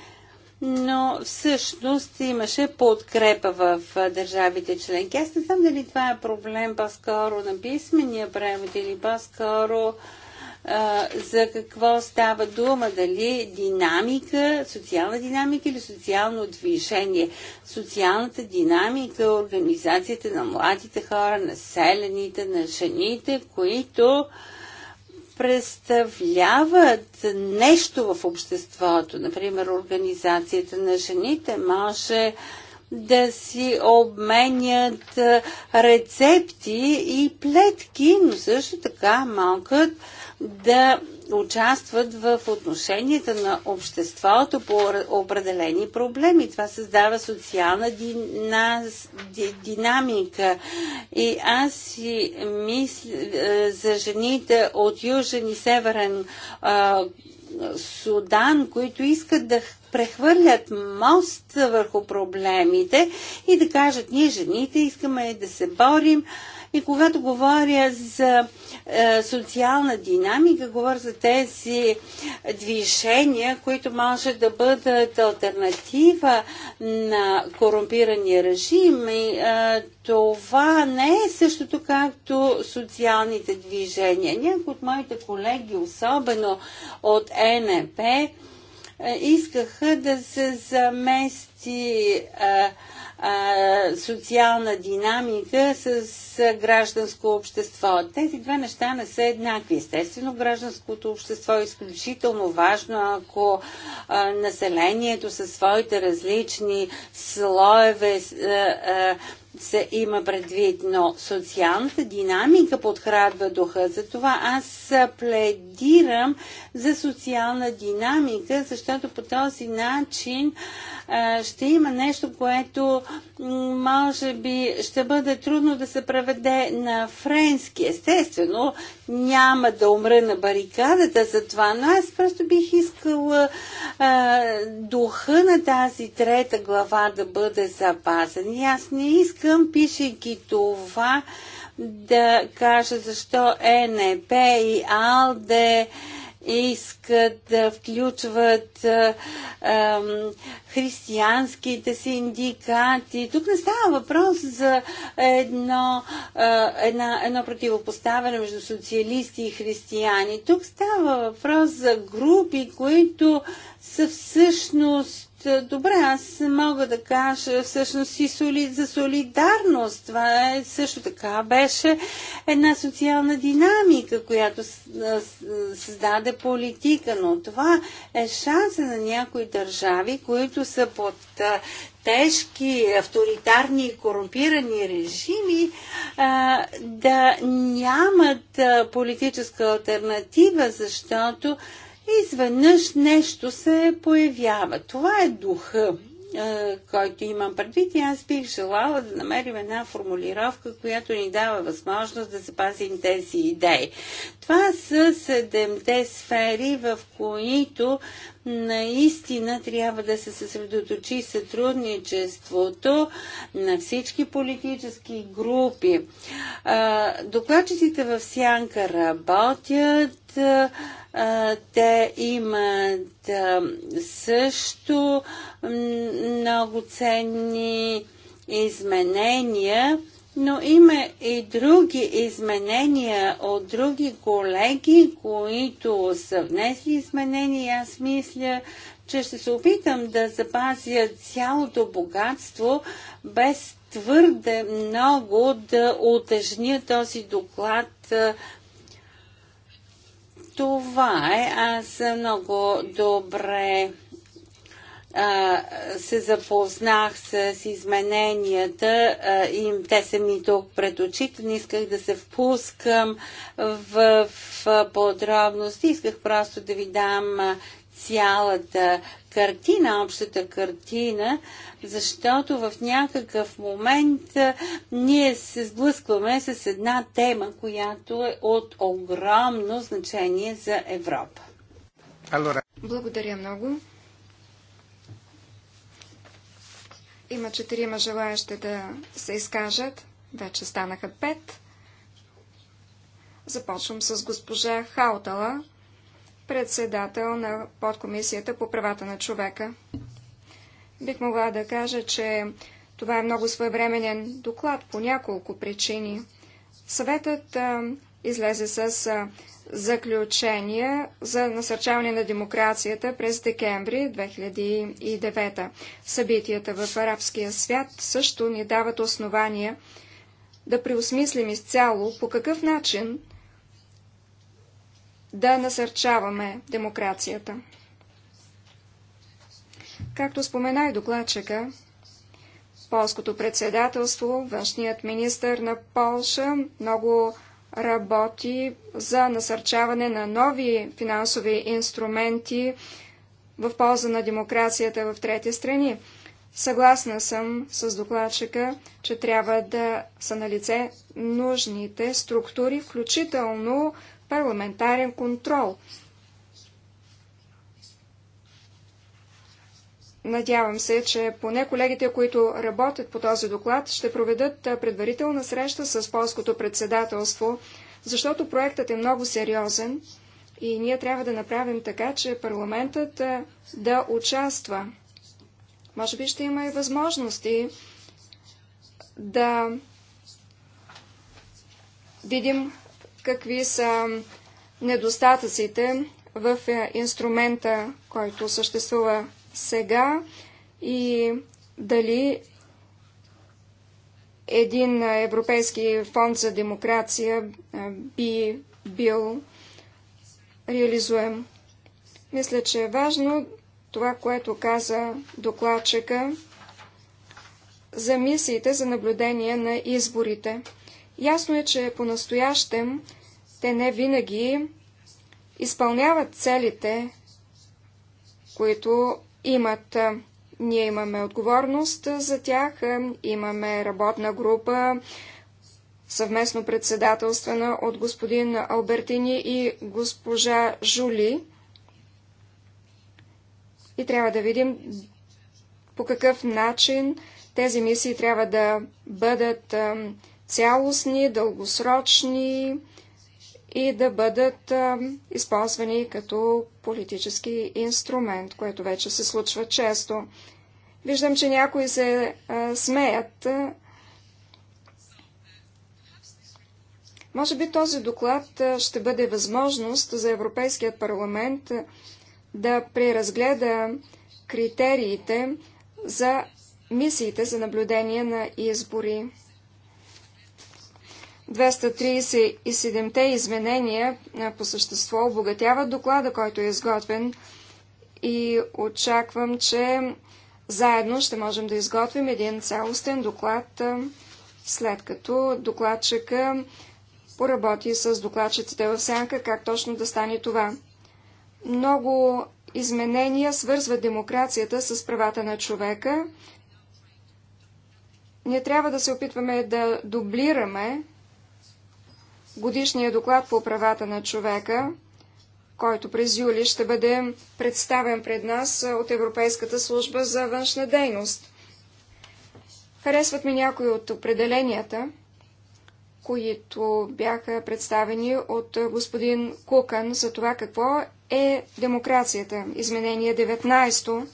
но всъщност имаше подкрепа в държавите членки. Аз не знам дали това е проблем по-скоро на писмения превод или по-скоро за какво става дума, дали динамика, социална динамика или социално движение. Социалната динамика е организацията на младите хора, населените, на жените, които а, представляват нещо в обществото. Например, Организацията на жените може да си обменят рецепти и плетки, но също така могат да участват в отношенията на обществото по определени проблеми. Това създава социална дина... динамика. И аз си мисля е, за жените от Южен и Северен а, е, Судан, които искат да прехвърлят мост върху проблемите и да кажат, ние жените искаме да се борим. И когато говоря за е, социална динамика, говоря за тези движения, които може да бъдат альтернатива на корумпирания режим. И, а, е, това не е същото както социалните движения. Някои от моите колеги, особено от НП, е, искаха да се замести а, социална динамика с гражданско общество. Тези две неща не са еднакви. Естествено, гражданското общество е изключително важно, ако населението със своите различни слоеве се има предвид, но социалната динамика подхрадва духа. Затова аз пледирам за социална динамика, защото по този начин а, ще има нещо, което може би ще бъде трудно да се преведе на френски. Естествено, няма да умра на барикадата за това, но аз просто бих искала а, духа на тази трета глава да бъде запазен. И аз не искам, пишейки това, да кажа защо ЕНП и АЛДЕ искат да включват а, а, християнските синдикати. Тук не става въпрос за едно, а, една, едно противопоставяне между социалисти и християни. Тук става въпрос за групи, които са всъщност е, добре, аз мога да кажа всъщност и соли, за солидарност. Това е, също така беше една социална динамика, която създаде политика, но това е шанса на някои държави, които са под тежки, авторитарни и корумпирани режими да нямат политическа альтернатива, защото изведнъж нещо се появява. Това е духа, е, който имам предвид и аз бих желала да намерим една формулировка, която ни дава възможност да запазим тези идеи. Това са седемте сфери, в които наистина трябва да се съсредоточи сътрудничеството на всички политически групи. Е, докладчиците в Сянка работят е, те имат също много ценни изменения, но има и други изменения от други колеги, които са внесли изменения. Аз мисля, че ще се опитам да запазя цялото богатство без твърде много да утежня този доклад това е. Аз много добре а, се запознах с измененията. А, им, те са ми тук пред очите. Не исках да се впускам в, в подробности. Исках просто да ви дам цялата картина, общата картина, защото в някакъв момент ние се сблъскваме с една тема, която е от огромно значение за Европа. Благодаря много. Има четирима желаящи да се изкажат. Вече станаха пет. Започвам с госпожа Хаутала председател на подкомисията по правата на човека. Бих могла да кажа, че това е много своевременен доклад по няколко причини. Съветът а, излезе с а, заключение за насърчаване на демокрацията през декември 2009. Събитията в арабския свят също ни дават основания да преосмислим изцяло по какъв начин да насърчаваме демокрацията. Както спомена и докладчика, полското председателство, външният министр на Полша много работи за насърчаване на нови финансови инструменти в полза на демокрацията в трети страни. Съгласна съм с докладчика, че трябва да са на лице нужните структури, включително парламентарен контрол. Надявам се, че поне колегите, които работят по този доклад, ще проведат предварителна среща с полското председателство, защото проектът е много сериозен и ние трябва да направим така, че парламентът да участва. Може би ще има и възможности да видим какви са недостатъците в е, инструмента, който съществува сега и дали един Европейски фонд за демокрация е, би бил реализуем. Мисля, че е важно това, което каза докладчика за мисиите за наблюдение на изборите. Ясно е, че по-настоящем те не винаги изпълняват целите, които имат. Ние имаме отговорност за тях, имаме работна група, съвместно председателствана от господин Албертини и госпожа Жули. И трябва да видим по какъв начин тези мисии трябва да бъдат цялостни, дългосрочни и да бъдат а, използвани като политически инструмент, което вече се случва често. Виждам, че някои се а, смеят. Може би този доклад ще бъде възможност за Европейският парламент да преразгледа критериите за мисиите за наблюдение на избори. 237-те изменения по същество обогатяват доклада, който е изготвен и очаквам, че заедно ще можем да изготвим един цялостен доклад, след като докладчика поработи с докладчиците в сянка, как точно да стане това. Много изменения свързват демокрацията с правата на човека. Не трябва да се опитваме да дублираме годишния доклад по правата на човека, който през юли ще бъде представен пред нас от Европейската служба за външна дейност. Харесват ми някои от определенията, които бяха представени от господин Кукан за това какво е демокрацията. Изменение 19. -то.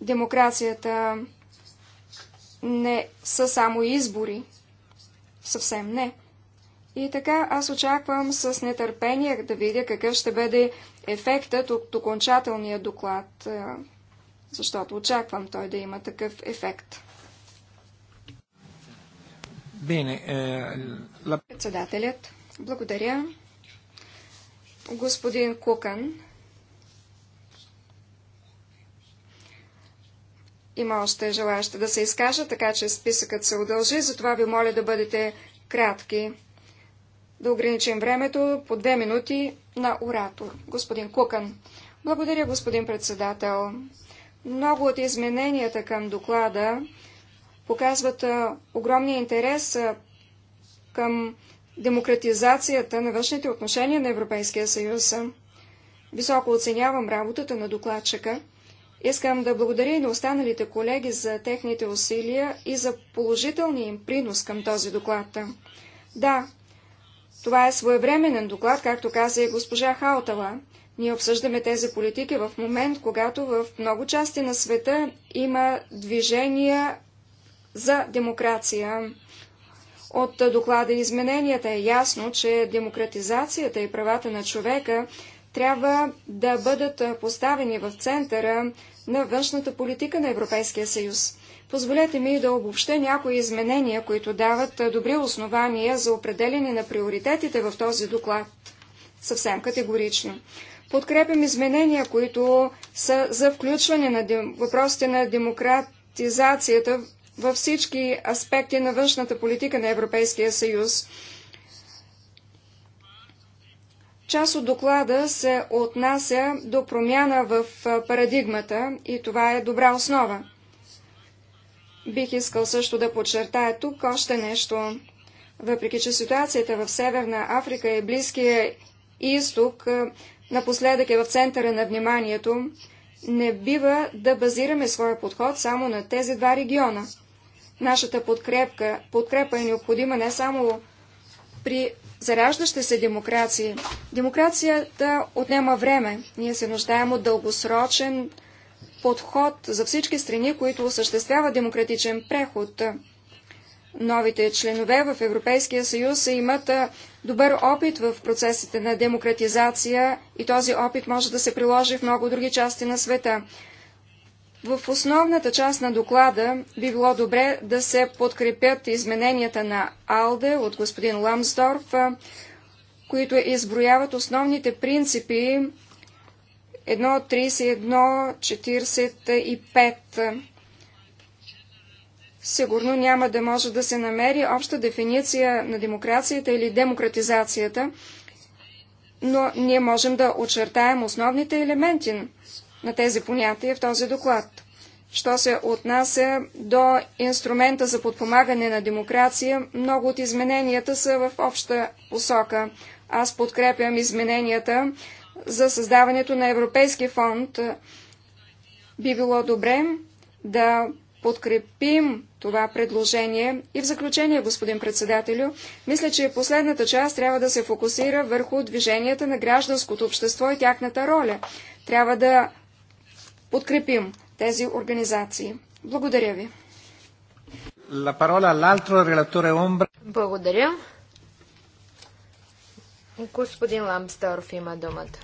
Демокрацията не са само избори. Съвсем не. И така аз очаквам с нетърпение да видя какъв ще бъде ефектът от окончателния доклад, е, защото очаквам той да има такъв ефект. Е, Председателят, благодаря. Господин Кукан, има още желаящи да се изкажа, така че списъкът се удължи, затова ви моля да бъдете кратки да ограничим времето по две минути на оратор. Господин Кукан. Благодаря, господин председател. Много от измененията към доклада показват огромния интерес към демократизацията на външните отношения на Европейския съюз. Високо оценявам работата на докладчика. Искам да благодаря и на останалите колеги за техните усилия и за положителния им принос към този доклад. Да, това е своевременен доклад, както каза и госпожа Хаутала. Ние обсъждаме тези политики в момент, когато в много части на света има движения за демокрация. От доклада измененията е ясно, че демократизацията и правата на човека трябва да бъдат поставени в центъра на външната политика на Европейския съюз. Позволете ми да обобща някои изменения, които дават добри основания за определене на приоритетите в този доклад. Съвсем категорично. Подкрепям изменения, които са за включване на дем... въпросите на демократизацията във всички аспекти на външната политика на Европейския съюз. Част от доклада се отнася до промяна в парадигмата и това е добра основа. Бих искал също да подчертая тук още нещо. Въпреки, че ситуацията в Северна Африка и Близкия изток напоследък е в центъра на вниманието, не бива да базираме своя подход само на тези два региона. Нашата подкрепка, подкрепа е необходима не само при зараждащи се демокрации. Демокрацията отнема време. Ние се нуждаем от дългосрочен подход за всички страни, които осъществяват демократичен преход. Новите членове в Европейския съюз имат добър опит в процесите на демократизация и този опит може да се приложи в много други части на света. В основната част на доклада би било добре да се подкрепят измененията на АЛДЕ от господин Ламсдорф, които изброяват основните принципи 1.31.45. Сигурно няма да може да се намери обща дефиниция на демокрацията или демократизацията, но ние можем да очертаем основните елементи на тези понятия в този доклад. Що се отнася до инструмента за подпомагане на демокрация, много от измененията са в обща посока. Аз подкрепям измененията за създаването на Европейски фонд. Би било добре да подкрепим това предложение. И в заключение, господин председателю, мисля, че последната част трябва да се фокусира върху движенията на гражданското общество и тяхната роля. Трябва да подкрепим тези организации. Благодаря ви. Благодаря. Господин Ламсторф има думата.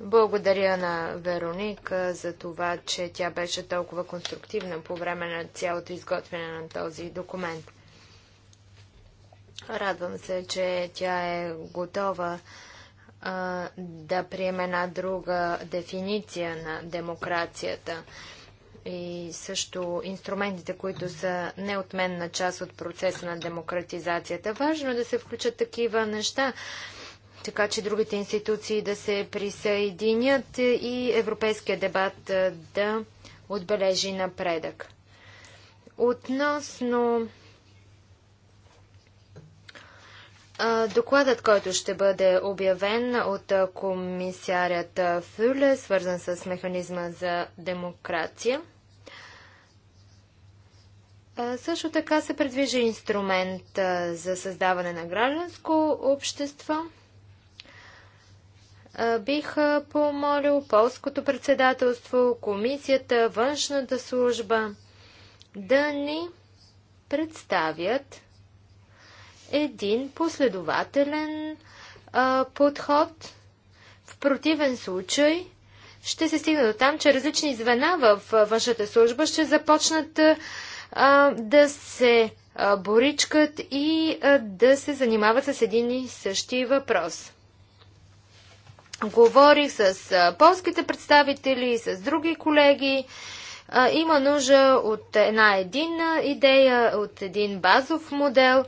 Благодаря на Вероника за това, че тя беше толкова конструктивна по време на цялото изготвяне на този документ. Радвам се, че тя е готова а, да приеме една друга дефиниция на демокрацията и също инструментите, които са неотменна част от процеса на демократизацията. Важно е да се включат такива неща, така че другите институции да се присъединят и европейския дебат да отбележи напредък. Относно Докладът, който ще бъде обявен от комисарят Фюле, свързан с механизма за демокрация. Също така се предвижда инструмент за създаване на гражданско общество бих помолил полското председателство, комисията, външната служба да ни представят един последователен а, подход. В противен случай ще се стигне до там, че различни звена в външната служба ще започнат а, да се боричкат и а, да се занимават с един и същи въпрос. Говорих с полските представители и с други колеги. Има нужда от една единна идея, от един базов модел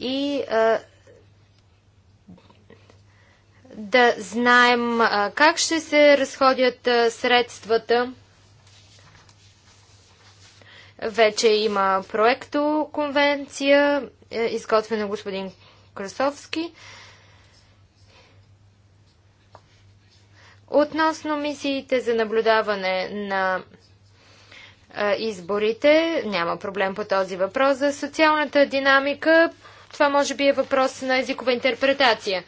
и да знаем как ще се разходят средствата. Вече има проекто конвенция, е, изготвена господин Красовски. Относно мисиите за наблюдаване на а, изборите, няма проблем по този въпрос. За социалната динамика, това може би е въпрос на езикова интерпретация.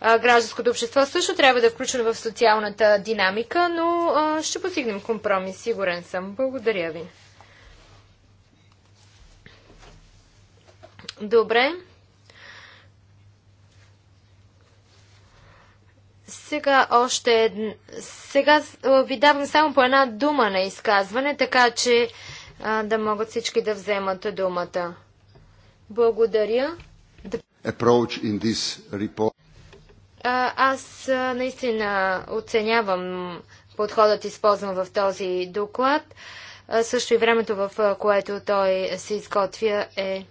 А, гражданското общество също трябва да е включено в социалната динамика, но а, ще постигнем компромис, сигурен съм. Благодаря ви. Добре. Сега още една. Сега ви давам само по една дума на изказване, така че а, да могат всички да вземат думата. Благодаря. А, аз наистина оценявам подходът използван в този доклад. А, също и времето, в което той се изготвя е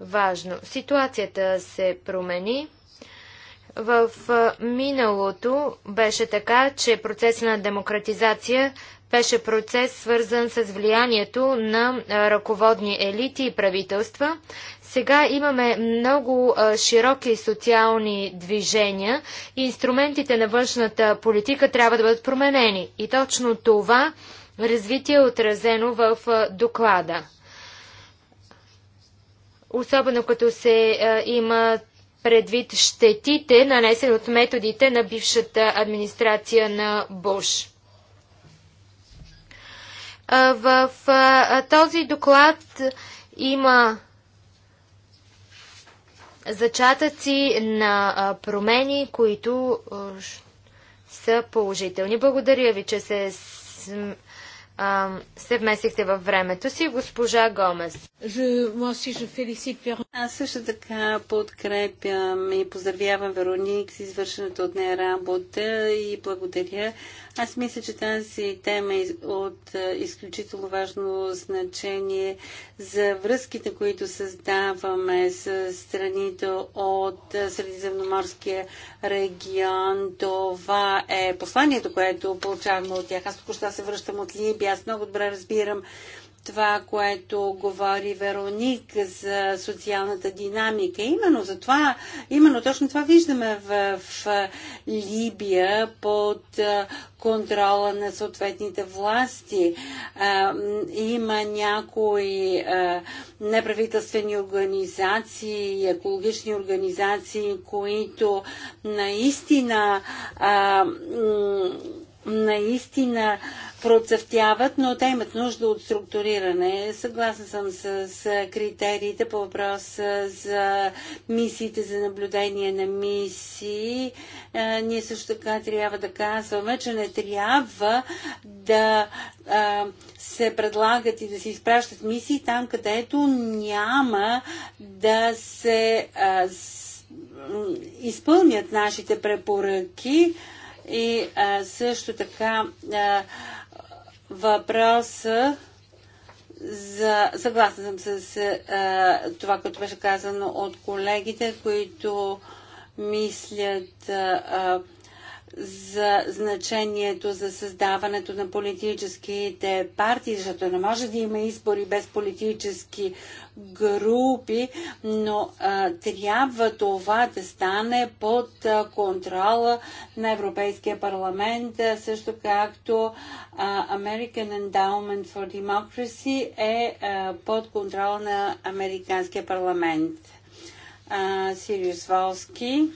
важно. Ситуацията се промени. В миналото беше така, че процес на демократизация беше процес свързан с влиянието на ръководни елити и правителства. Сега имаме много широки социални движения и инструментите на външната политика трябва да бъдат променени. И точно това развитие е отразено в доклада. Особено като се имат предвид щетите, нанесени от методите на бившата администрация на Буш. В този доклад има зачатъци на промени, които са положителни. Благодаря ви, че се се вмесихте във времето си, госпожа Гомес. Аз също така подкрепям и поздравявам Вероник с извършената от нея работа и благодаря аз мисля, че тази тема е от е, изключително важно значение за връзките, които създаваме с страните от е, Средиземноморския регион. Това е посланието, което получаваме от тях. Аз току-що се връщам от Либия. Аз много добре разбирам това, което говори Вероник за социалната динамика. Именно за това, именно точно това виждаме в, в е, Либия под е, контрола на съответните власти. А, е, има някои а, неправителствени организации, екологични организации, които наистина а, наистина процъфтяват, но те имат нужда от структуриране. Съгласна съм с, с критериите по въпрос за мисиите за наблюдение на мисии. Е, ние също така трябва да казваме, че не трябва да е, се предлагат и да се изпращат мисии там, където няма да се е, изпълнят нашите препоръки. Е, и а, също така а, въпроса за... Съгласна съм с а, това, което беше казано от колегите, които мислят а, за значението за създаването на политическите партии, защото не може да има избори без политически групи, но а, трябва това да стане под контрола на Европейския парламент, също както а, American Endowment for Democracy е а, под контрола на Американския парламент. А, Сириус Волски.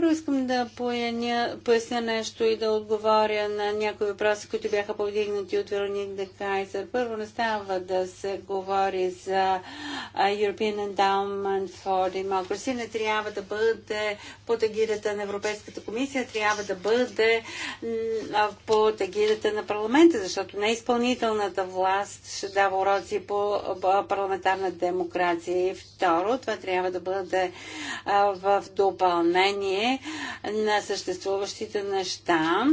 Първо искам да поясня, поясня нещо и да отговоря на някои въпроси, които бяха повдигнати от Вероник Декайзер. Първо не става да се говори за European Endowment for Democracy. Не трябва да бъде под егидата на Европейската комисия, трябва да бъде под егидата на парламента, защото не изпълнителната власт ще дава уроци по парламентарна демокрация. И второ, това трябва да бъде в допълнение на съществуващите неща.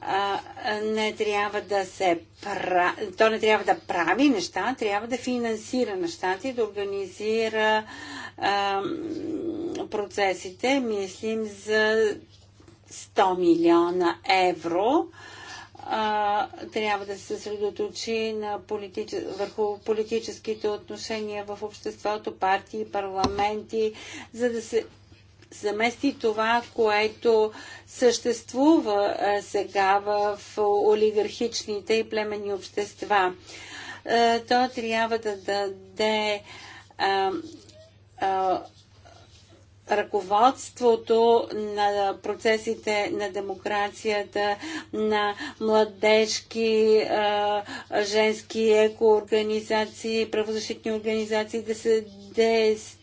А, не трябва да се пра... то не трябва да прави неща, трябва да финансира нещата и да организира а, процесите. Мислим за 100 милиона евро а, трябва да се съсредоточи на политич... върху политическите отношения в обществото, партии, парламенти, за да се замести това, което съществува сега в олигархичните и племени общества. То трябва да даде ръководството на процесите на демокрацията, на младежки, женски екоорганизации, правозащитни организации да се дес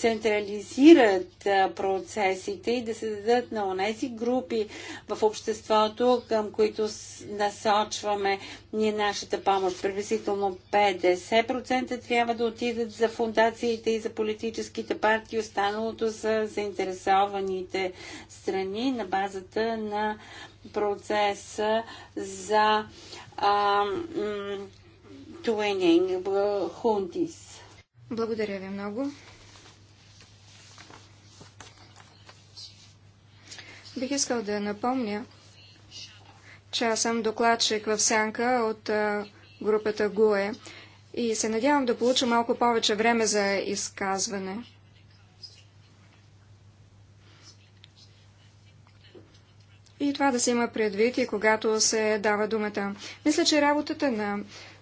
централизират процесите и да се дадат на онези групи в обществото, към които насочваме ние нашата помощ. Приблизително 50% трябва да отидат за фундациите и за политическите партии, останалото за заинтересованите страни на базата на процеса за а, Туенинг Хунтис. Благодаря ви много. Бих искал да напомня, че аз съм докладчик в сянка от групата ГУЕ и се надявам да получа малко повече време за изказване. И това да се има предвид и когато се дава думата. Мисля, че работата на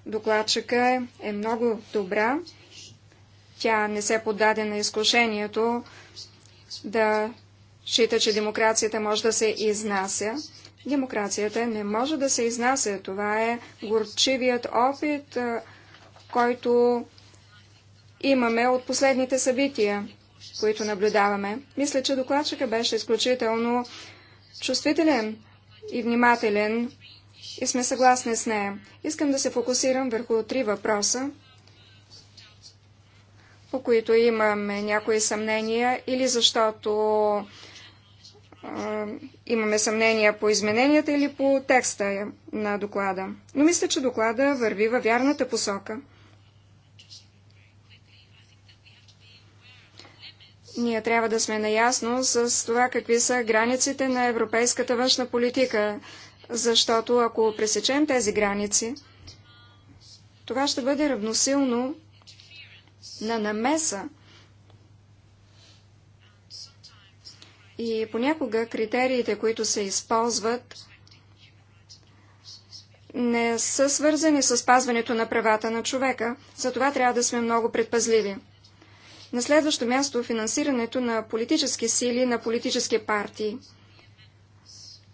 докладчика е много добра. Тя не се подаде на изкушението да счита, че демокрацията може да се изнася. Демокрацията не може да се изнася. Това е горчивият опит, който имаме от последните събития, които наблюдаваме. Мисля, че докладчика беше изключително чувствителен и внимателен и сме съгласни с нея. Искам да се фокусирам върху три въпроса, по които имаме някои съмнения или защото имаме съмнения по измененията или по текста на доклада. Но мисля, че доклада върви във вярната посока. Ние трябва да сме наясно с това какви са границите на европейската външна политика, защото ако пресечем тези граници, това ще бъде равносилно на намеса И понякога критериите, които се използват, не са свързани с спазването на правата на човека. За това трябва да сме много предпазливи. На следващо място финансирането на политически сили, на политически партии.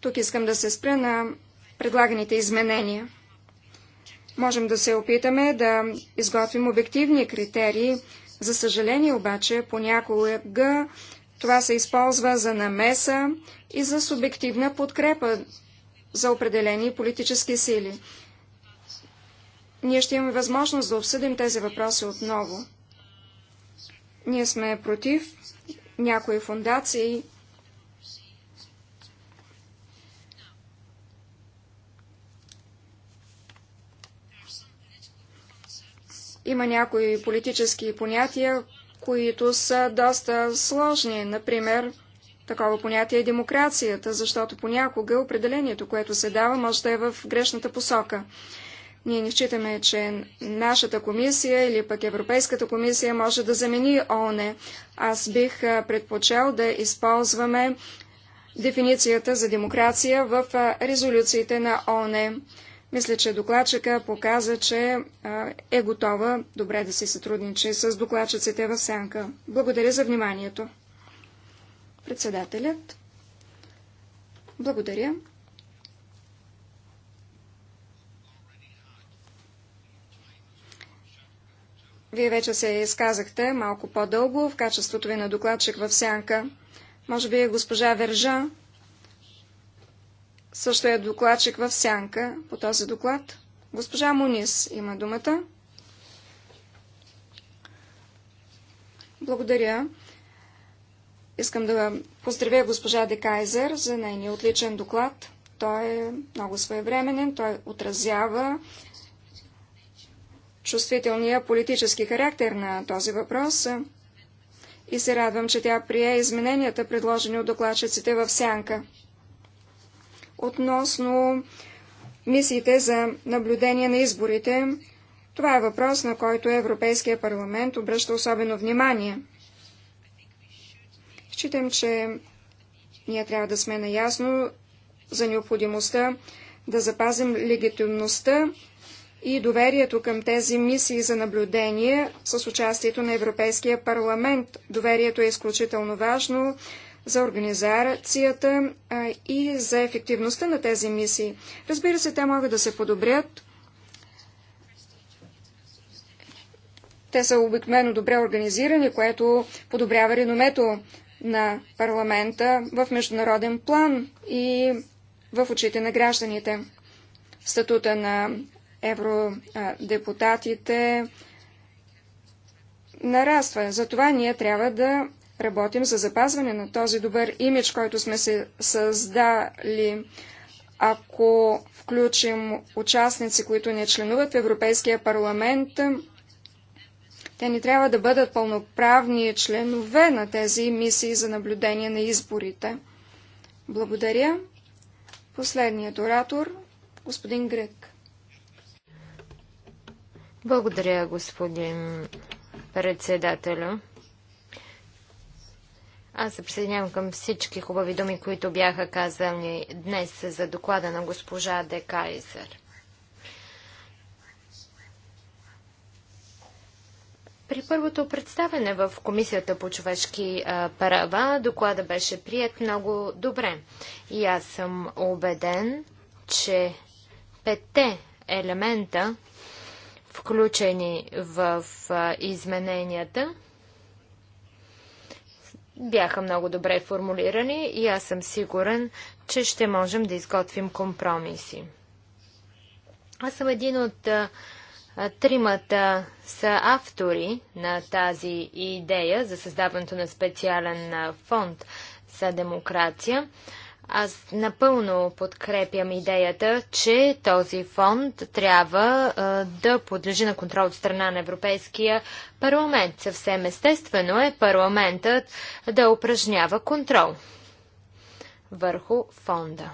Тук искам да се спра на предлаганите изменения. Можем да се опитаме да изготвим обективни критерии. За съжаление обаче, понякога това се използва за намеса и за субективна подкрепа за определени политически сили. Ние ще имаме възможност да обсъдим тези въпроси отново. Ние сме против някои фундации. Има някои политически понятия, които са доста сложни. Например, такова понятие е демокрацията, защото понякога определението, което се дава, може да е в грешната посока. Ние не считаме, че нашата комисия или пък Европейската комисия може да замени ООН. Аз бих предпочел да използваме дефиницията за демокрация в резолюциите на ООН. Мисля, че докладчика показа, че е готова добре да си сътрудничи с докладчиците в сянка. Благодаря за вниманието. Председателят. Благодаря. Вие вече се изказахте малко по-дълго в качеството ви на докладчик в сянка. Може би госпожа Вержа също е докладчик в сянка по този доклад. Госпожа Мунис има думата. Благодаря. Искам да поздравя госпожа Декайзер за нейния отличен доклад. Той е много своевременен, той отразява чувствителния политически характер на този въпрос и се радвам, че тя прие измененията, предложени от докладчиците в сянка относно мисиите за наблюдение на изборите. Това е въпрос, на който Европейския парламент обръща особено внимание. Считам, че ние трябва да сме наясно за необходимостта да запазим легитимността и доверието към тези мисии за наблюдение с участието на Европейския парламент. Доверието е изключително важно за организацията и за ефективността на тези мисии. Разбира се, те могат да се подобрят. Те са обикновено добре организирани, което подобрява реномето на парламента в международен план и в очите на гражданите. Статута на евродепутатите нараства. Затова ние трябва да работим за запазване на този добър имидж, който сме се създали. Ако включим участници, които не членуват в Европейския парламент, те ни трябва да бъдат пълноправни членове на тези мисии за наблюдение на изборите. Благодаря. Последният оратор, господин Грек. Благодаря, господин председателю. Аз се присъединявам към всички хубави думи, които бяха казани днес за доклада на госпожа Де Кайзер. При първото представене в Комисията по човешки права доклада беше прият много добре. И аз съм убеден, че петте елемента, включени в измененията, бяха много добре формулирани и аз съм сигурен, че ще можем да изготвим компромиси. Аз съм един от а, тримата са автори на тази идея за създаването на специален фонд за демокрация. Аз напълно подкрепям идеята, че този фонд трябва а, да подлежи на контрол от страна на Европейския парламент. Съвсем естествено е парламентът да упражнява контрол върху фонда.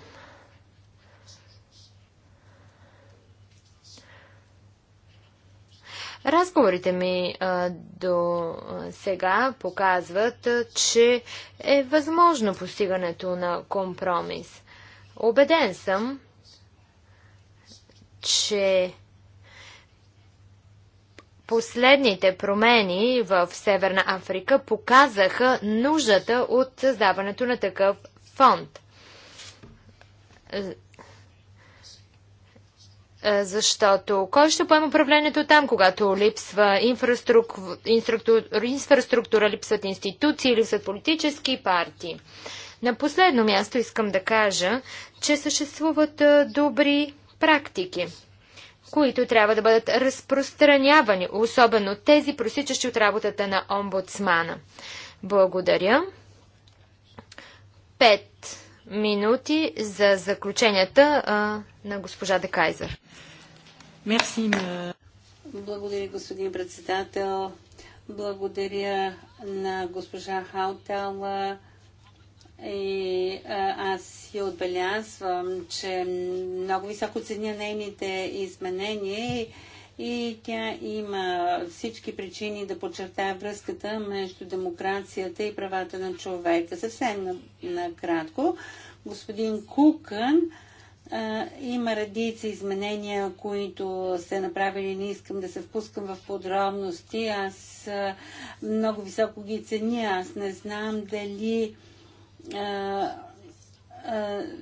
Разговорите ми а, до сега показват, че е възможно постигането на компромис. Обеден съм, че последните промени в Северна Африка показаха нуждата от създаването на такъв фонд е, защото кой ще поема управлението там, когато липсва инфраструктура, инфраструктура липсват институции, липсват политически партии. На последно място искам да кажа, че съществуват е, добри практики, които трябва да бъдат разпространявани, особено тези, просичащи от работата на омбудсмана. Благодаря. Пет минути за заключенията а, на госпожа Декайзер. Мерси. Благодаря, господин председател. Благодаря на госпожа Хаутала. И а, аз я отбелязвам, че много високо ценя нейните изменения и тя има всички причини да подчертая връзката между демокрацията и правата на човека. Съвсем накратко, господин Кукън а, има редица изменения, които сте направили. Не искам да се впускам в подробности. Аз а, много високо ги ценя. Аз не знам дали а,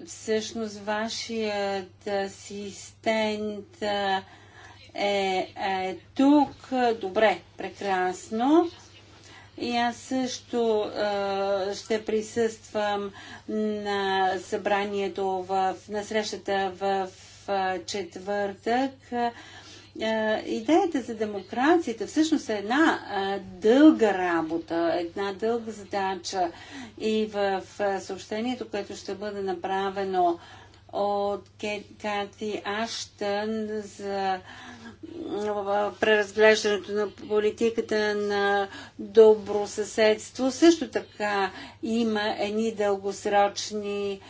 всъщност вашият асистент а, е, е тук. Добре, прекрасно. И аз също е, ще присъствам на събранието в, на срещата в, в е, четвъртък. Е, идеята за демокрацията всъщност е една е, дълга работа, една дълга задача. И в съобщението, което ще бъде направено от Кати Аштън за преразглеждането на политиката на добросъседство. Също така има едни дългосрочни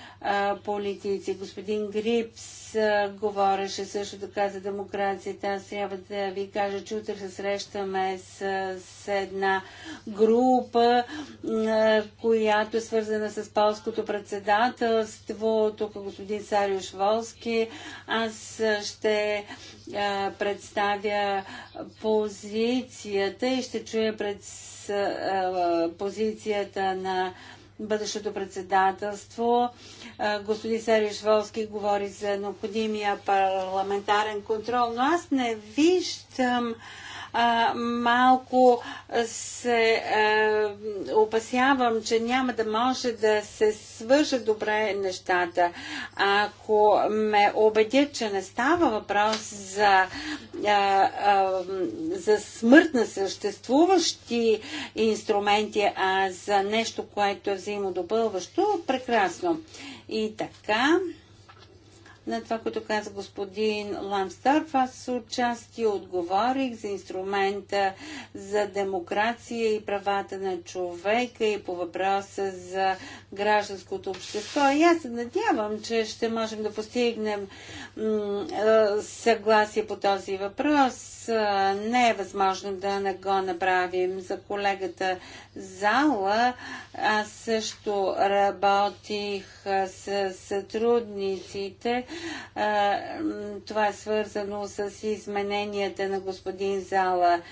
политици. Господин Грипс а, говореше също така за демокрацията. Аз трябва да ви кажа, че утре се срещаме с, с една група, а, която е свързана с полското председателство. Тук господин Сариуш Волски. Аз ще а, представя позицията и ще чуя пред позицията на бъдещето председателство. Господин Сервиш Волски говори за необходимия парламентарен контрол, но аз не виждам а, малко се а, опасявам, че няма да може да се свържат добре нещата. Ако ме убедят, че не става въпрос за, а, а, за смърт на съществуващи инструменти, а за нещо, което е взаимодопълващо, прекрасно. И така на това, което каза господин Ламстарф. Аз с участие отговорих за инструмента за демокрация и правата на човека и по въпроса за гражданското общество. И аз се надявам, че ще можем да постигнем съгласие по този въпрос не е възможно да не го направим. За колегата Зала аз също работих с сътрудниците. Това е свързано с измененията на господин Зала.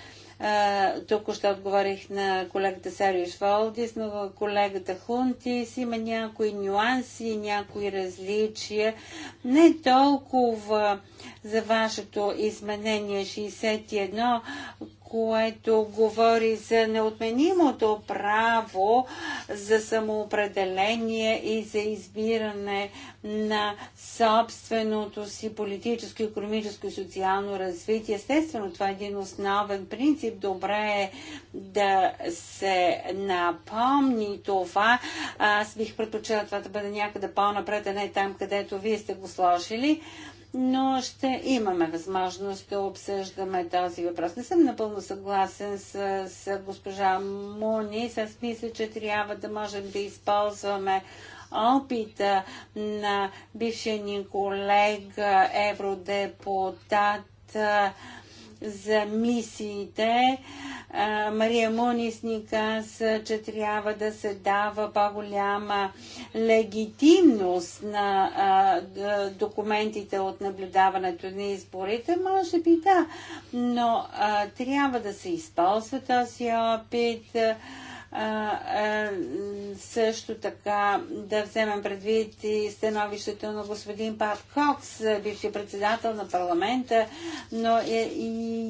Току-що отговорих на колегата Сариуш Волдис, но колегата Хунтис има някои нюанси, някои различия. Не толкова за вашето изменение 61, което говори за неотменимото право за самоопределение и за избиране на собственото си политическо, економическо и социално развитие. Естествено, това е един основен принцип. Добре е да се напомни това. Аз бих предпочела това да бъде някъде по-напред, а не там, където вие сте го сложили но ще имаме възможност да обсъждаме този въпрос. Не съм напълно съгласен с, с госпожа Муни. Аз мисля, че трябва да можем да използваме опита на бившия ни колега евродепутат за мисиите Мария Мунис ни каза, че трябва да се дава по-голяма легитимност на документите от наблюдаването на изборите. Може би да, но трябва да се използва този опит. А, също така да вземем предвид и становището на господин Пат Кокс, бивши председател на парламента, но е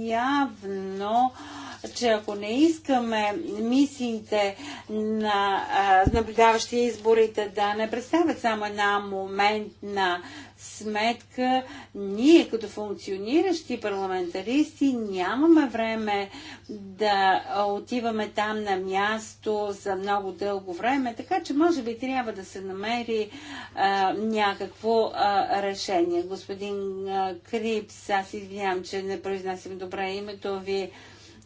явно а, че ако не искаме мисиите на наблюдаващи изборите да не представят само една моментна сметка, ние като функциониращи парламентаристи нямаме време да отиваме там на място за много дълго време, така че може би трябва да се намери а, някакво а, решение. Господин а, Крипс, аз извинявам, че не произнасям добре името ви. А,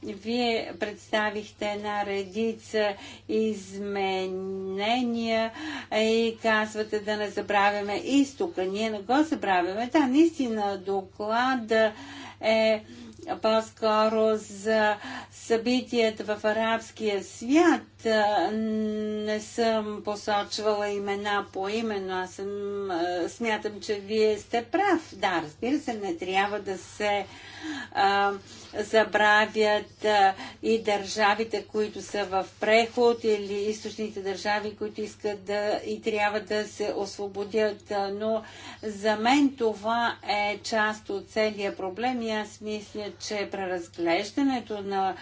вие представихте една редица изменения и казвате да не забравяме изтока. Ние не го забравяме. Да, наистина доклада е по-скоро за събитията в арабския свят. Е, не съм посочвала имена по но Аз съм, е, смятам, че вие сте прав. Да, разбира се, не трябва да се а, е, забравят и държавите, които са в преход или източните държави, които искат да и трябва да се освободят. Но за мен това е част от целия проблем и аз мисля, че преразглеждането на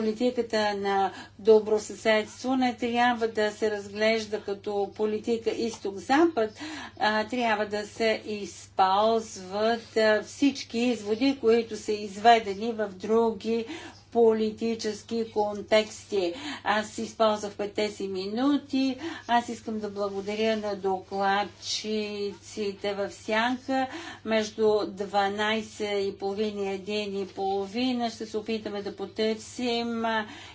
политиката на добросъседство не трябва да се разглежда като политика изток-запад, трябва да се използват всички изводи, които са изведени в други политически контексти. Аз използвах петте си минути. Аз искам да благодаря на докладчиците в Сянка. Между 12 и половина и 1 и половина ще се опитаме да потърсим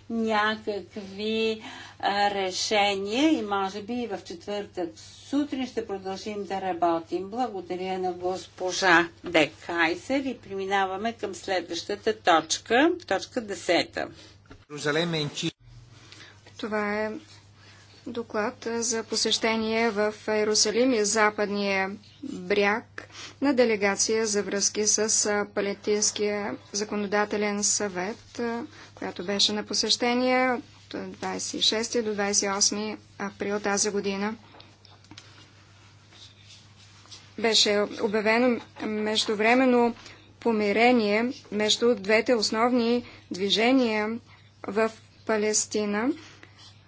някакви а, решения и може би и в четвъртък сутрин ще продължим да работим. Благодаря на госпожа Декайсер и преминаваме към следващата точка, точка 10. Е Това е доклад за посещение в Иерусалим и Западния бряг на делегация за връзки с Палестинския законодателен съвет, която беше на посещение от 26 до 28 април тази година. Беше обявено междувременно помирение между двете основни движения в Палестина –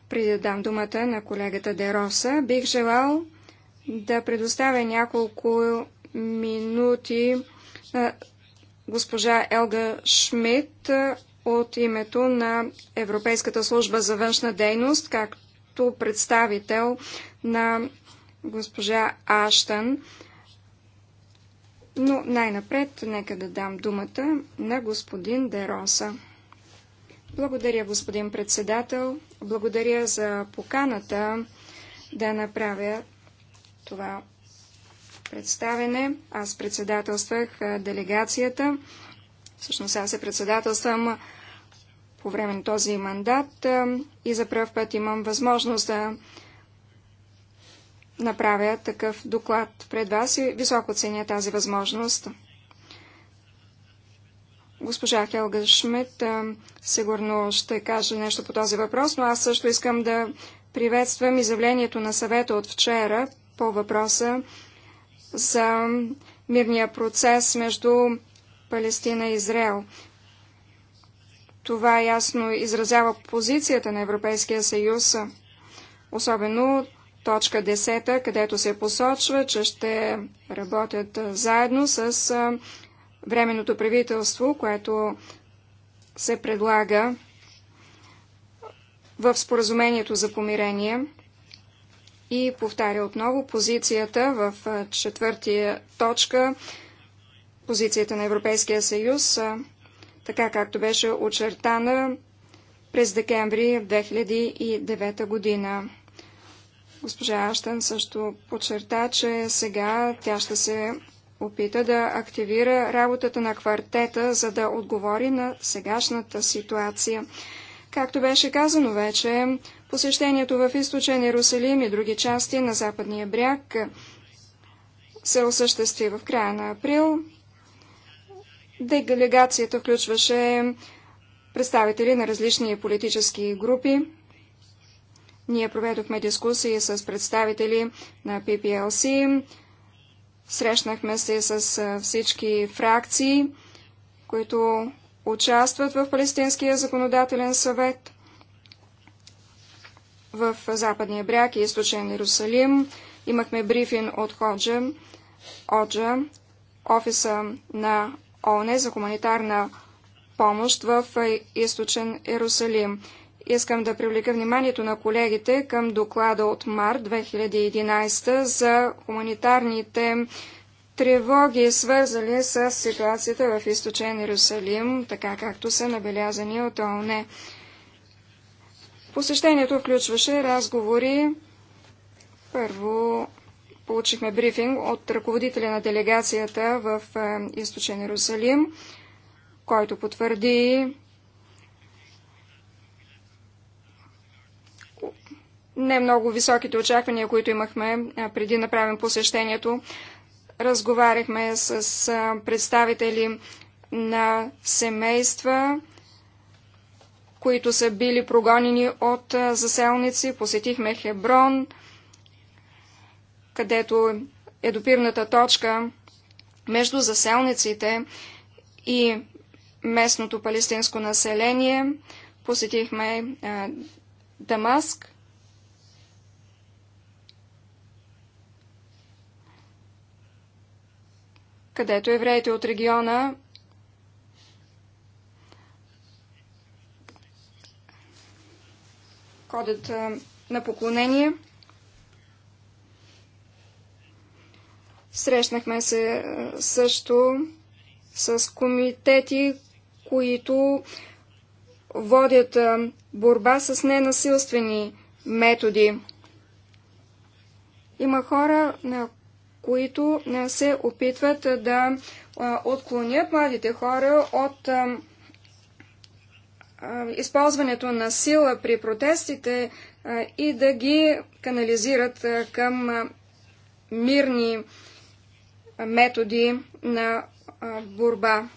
преди да дам думата на колегата Дероса, бих желал да предоставя няколко минути на госпожа Елга Шмидт от името на Европейската служба за външна дейност, както представител на госпожа Аштън. Но най-напред нека да дам думата на господин Дероса. Благодаря, господин председател. Благодаря за поканата да направя това представене. Аз председателствах делегацията. Всъщност аз се председателствам по време на този мандат и за първ път имам възможност да направя такъв доклад пред вас и високо ценя тази възможност. Госпожа Хелга Шмидт сигурно ще каже нещо по този въпрос, но аз също искам да приветствам изявлението на съвета от вчера по въпроса за мирния процес между Палестина и Израел. Това ясно изразява позицията на Европейския съюз, особено точка 10, където се посочва, че ще работят заедно с временното правителство, което се предлага в споразумението за помирение и повтаря отново позицията в четвъртия точка, позицията на Европейския съюз, така както беше очертана през декември 2009 година. Госпожа Аштен също подчерта, че сега тя ще се опита да активира работата на квартета, за да отговори на сегашната ситуация. Както беше казано вече, посещението в източен Иерусалим и други части на западния бряг се осъществи в края на април. Делегацията включваше представители на различни политически групи. Ние проведохме дискусии с представители на PPLC, Срещнахме се с всички фракции, които участват в Палестинския законодателен съвет в Западния бряг и Източен Иерусалим. Имахме брифин от Ходжа, Оджа, офиса на ООН за хуманитарна помощ в Източен Иерусалим. Искам да привлека вниманието на колегите към доклада от март 2011 за хуманитарните тревоги, свързани с ситуацията в източен Иерусалим, така както са набелязани от ООН. Посещението включваше разговори. Първо получихме брифинг от ръководителя на делегацията в е, Източен Иерусалим, който потвърди не много високите очаквания, които имахме преди направим посещението. Разговаряхме с представители на семейства, които са били прогонени от заселници. Посетихме Хеброн, където е допирната точка между заселниците и местното палестинско население. Посетихме Дамаск, където евреите от региона ходят на поклонение. Срещнахме се също с комитети, които водят борба с ненасилствени методи. Има хора, на които се опитват да отклонят младите хора от използването на сила при протестите и да ги канализират към мирни методи на борба.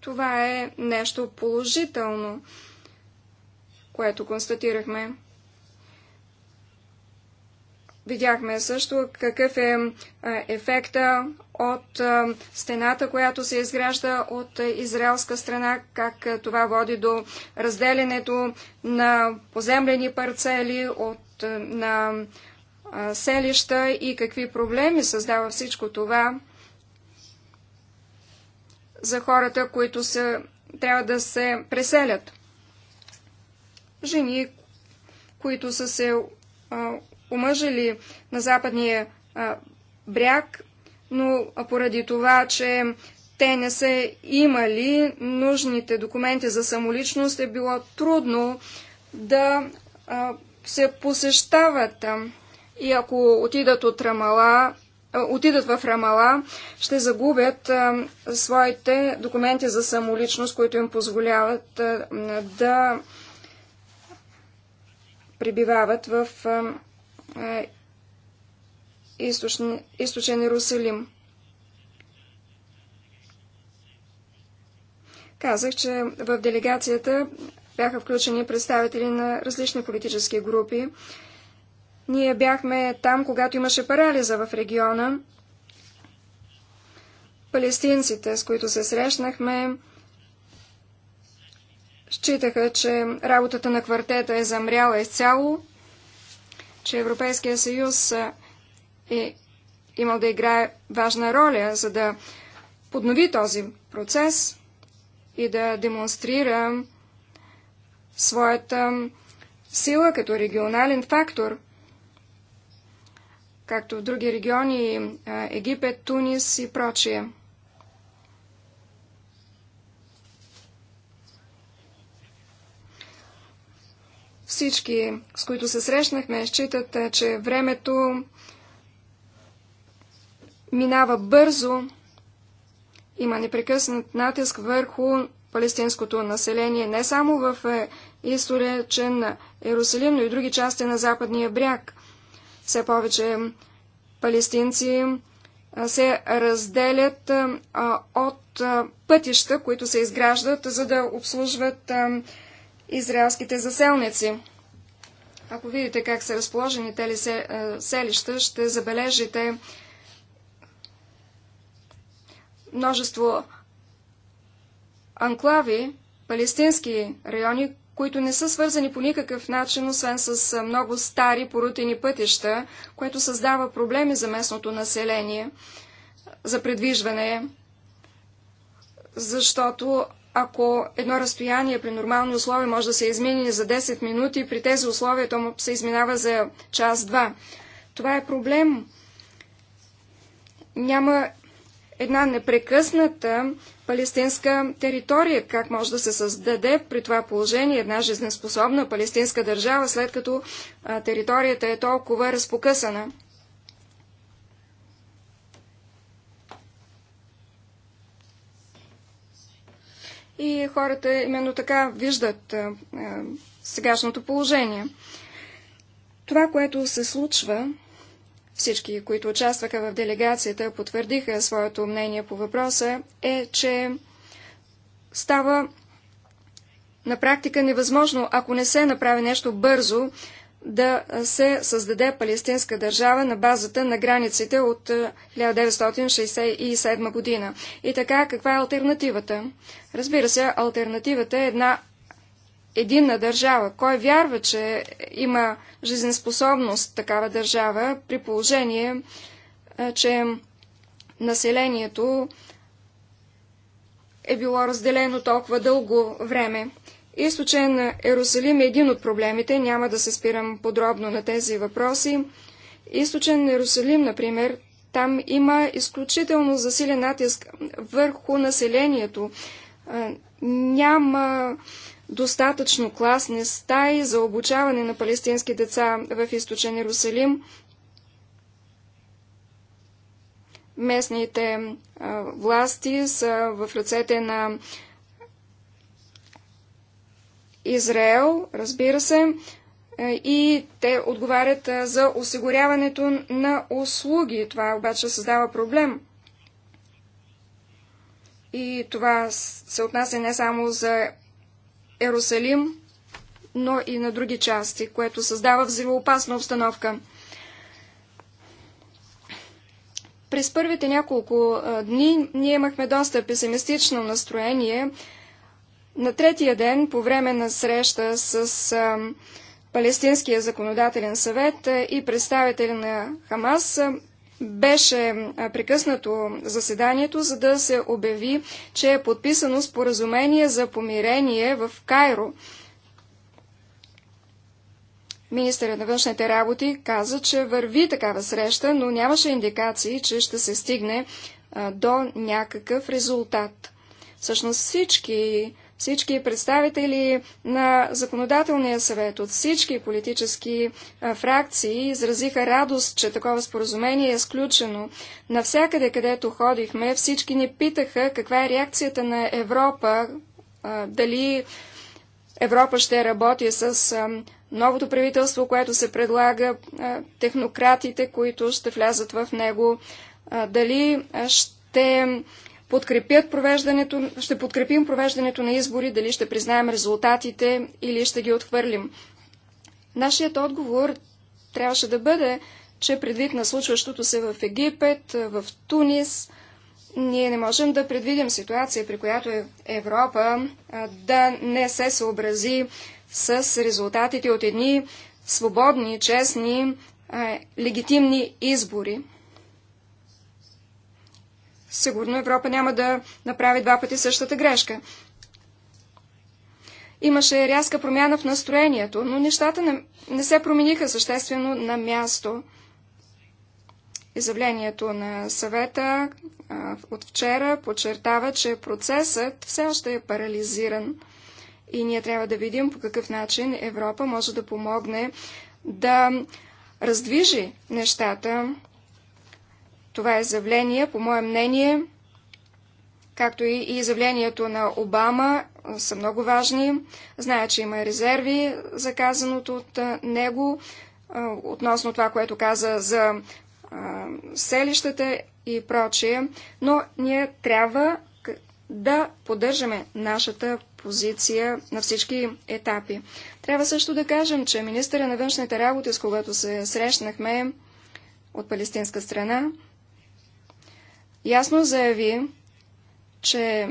Това е нещо положително, което констатирахме. Видяхме също какъв е ефекта от стената, която се изгражда от израелска страна, как това води до разделенето на поземлени парцели от, на селища и какви проблеми създава всичко това за хората, които се, трябва да се преселят. Жени, които са се помъжили на западния а, бряг, но поради това, че те не са имали нужните документи за самоличност, е било трудно да а, се посещават. И ако отидат от Рамала, отидат в Рамала, ще загубят а, своите документи за самоличност, които им позволяват а, да пребивават в а, е, източен, източен Иерусалим. Казах, че в делегацията бяха включени представители на различни политически групи. Ние бяхме там, когато имаше парализа в региона. Палестинците, с които се срещнахме, считаха, че работата на квартета е замряла изцяло че Европейския съюз е имал да играе важна роля, за да поднови този процес и да демонстрира своята сила като регионален фактор, както в други региони Египет, Тунис и прочие. Всички, с които се срещнахме, считат, че времето минава бързо. Има непрекъснат натиск върху палестинското население, не само в източен Иерусалим, но и други части на западния бряг. Все повече палестинци се разделят от пътища, които се изграждат, за да обслужват израелските заселници. Ако видите как са разположени тези е, селища, ще забележите множество анклави, палестински райони, които не са свързани по никакъв начин, освен с е, много стари порутени пътища, което създава проблеми за местното население, за предвижване, защото ако едно разстояние при нормални условия може да се измини за 10 минути, при тези условия то му се изминава за час-два. Това е проблем. Няма една непрекъсната палестинска територия. Как може да се създаде при това положение една жизнеспособна палестинска държава, след като територията е толкова разпокъсана? и хората именно така виждат сегашното положение. Това, което се случва, всички, които участваха в делегацията, потвърдиха своето мнение по въпроса, е, че става на практика невъзможно, ако не се направи нещо бързо, да се създаде палестинска държава на базата на границите от 1967 е, година. И така, каква е альтернативата? Разбира се, альтернативата е една единна държава. Кой вярва, че има жизнеспособност такава държава при положение, е, че населението е било разделено толкова дълго време? Източен Ерусалим е един от проблемите, няма да се спирам подробно на тези въпроси. Източен Ерусалим, например, там има изключително засилен натиск върху населението. Няма достатъчно класни стаи за обучаване на палестински деца в източен Иерусалим. Местните власти са в ръцете на Израел, разбира се, е, и те отговарят е, за осигуряването на услуги. Това обаче създава проблем. И това се отнася не само за Ерусалим, но и на други части, което създава взривоопасна обстановка. През първите няколко е, дни ние имахме доста песимистично настроение, на третия ден, по време на среща с а, Палестинския законодателен съвет и представители на Хамас, беше прекъснато заседанието, за да се обяви, че е подписано споразумение за помирение в Кайро. Министърът на външните работи каза, че върви такава среща, но нямаше индикации, че ще се стигне до някакъв резултат. Всъщност всички всички представители на Законодателния съвет от всички политически фракции изразиха радост, че такова споразумение е сключено. Навсякъде, където ходихме, всички ни питаха каква е реакцията на Европа, дали Европа ще работи с новото правителство, което се предлага, технократите, които ще влязат в него, дали ще подкрепят провеждането, ще подкрепим провеждането на избори, дали ще признаем резултатите или ще ги отхвърлим. Нашият отговор трябваше да бъде, че предвид на случващото се в Египет, в Тунис, ние не можем да предвидим ситуация, при която е Европа да не се съобрази с резултатите от едни свободни, честни, легитимни избори сигурно Европа няма да направи два пъти същата грешка. Имаше рязка промяна в настроението, но нещата не, не се промениха съществено на място. Изявлението на съвета а, от вчера подчертава, че процесът все още е парализиран и ние трябва да видим по какъв начин Европа може да помогне да раздвижи нещата, това е изявление, по мое мнение, както и изявлението на Обама, са много важни. Зная, че има резерви за казаното от него, относно това, което каза за селищата и прочие, но ние трябва да поддържаме нашата позиция на всички етапи. Трябва също да кажем, че министъра на външните работи, с когато се срещнахме от палестинска страна, ясно заяви, че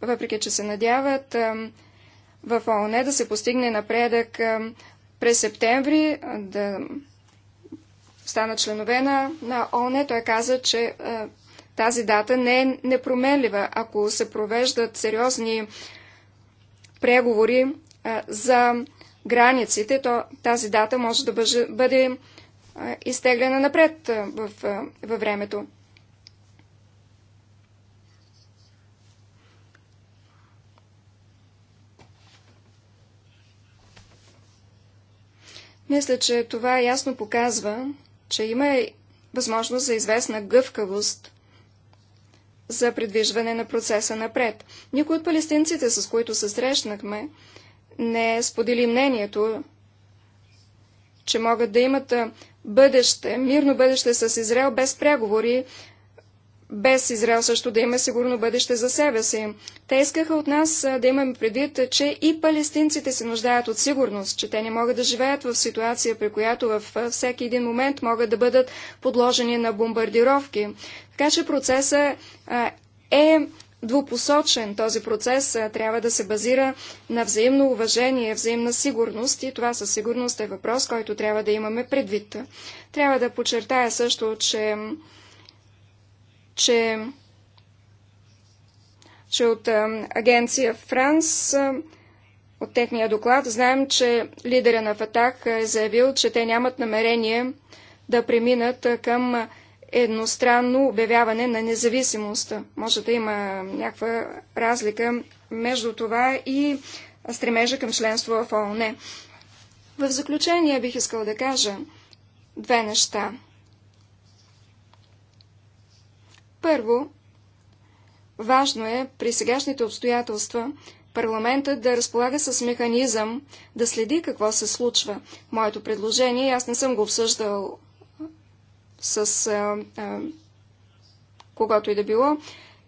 въпреки, че се надяват в ООН да се постигне напредък през септември, да стана членове на, на ООН, той каза, че тази дата не е непроменлива. Ако се провеждат сериозни преговори за границите, то тази дата може да бъде, изтеглена напред във времето. Мисля, че това ясно показва, че има възможност за известна гъвкавост за придвижване на процеса напред. Никой от палестинците, с които се срещнахме, не сподели мнението, че могат да имат бъдеще, мирно бъдеще с Израел без преговори без Израел също да има сигурно бъдеще за себе си. Те искаха от нас да имаме предвид, че и палестинците се нуждаят от сигурност, че те не могат да живеят в ситуация, при която във всеки един момент могат да бъдат подложени на бомбардировки. Така че процесът е двупосочен. Този процес трябва да се базира на взаимно уважение, взаимна сигурност и това със сигурност е въпрос, който трябва да имаме предвид. Трябва да подчертая също, че че, че от агенция Франс, от техния доклад, знаем, че лидера на Фатах е заявил, че те нямат намерение да преминат към едностранно обявяване на независимост. Може да има някаква разлика между това и стремежа към членство в ООН. В заключение бих искал да кажа две неща. Първо, важно е при сегашните обстоятелства парламентът да разполага с механизъм да следи какво се случва. Моето предложение, аз не съм го обсъждал с а, а, когато и да било,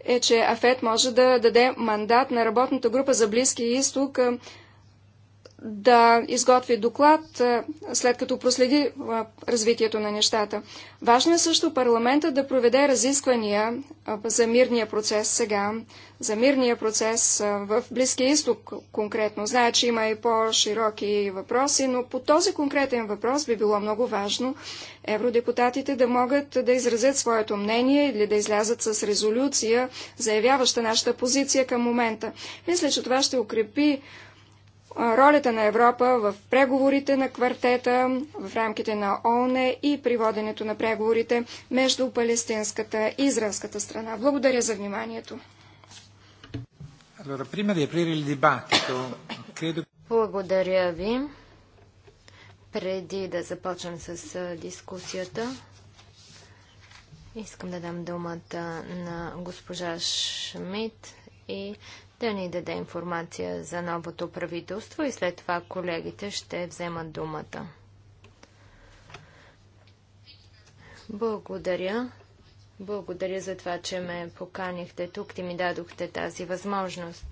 е, че АФЕТ може да даде мандат на работната група за Близки изток да изготви доклад, е, след като проследи е, развитието на нещата. Важно е също парламента да проведе разисквания е, за мирния процес сега, за мирния процес в Близкия изток конкретно. Знае, че има и по-широки въпроси, но по този конкретен въпрос би било много важно евродепутатите да могат да изразят своето мнение или да излязат с резолюция, заявяваща нашата позиция към момента. Мисля, че това ще укрепи ролята на Европа в преговорите на квартета, в рамките на ООН и приводенето на преговорите между палестинската и израелската страна. Благодаря за вниманието. Благодаря ви. Преди да започнем с дискусията, искам да дам думата на госпожа Шмидт и да ни даде информация за новото правителство и след това колегите ще вземат думата. Благодаря. Благодаря за това, че ме поканихте тук и ми дадохте тази възможност.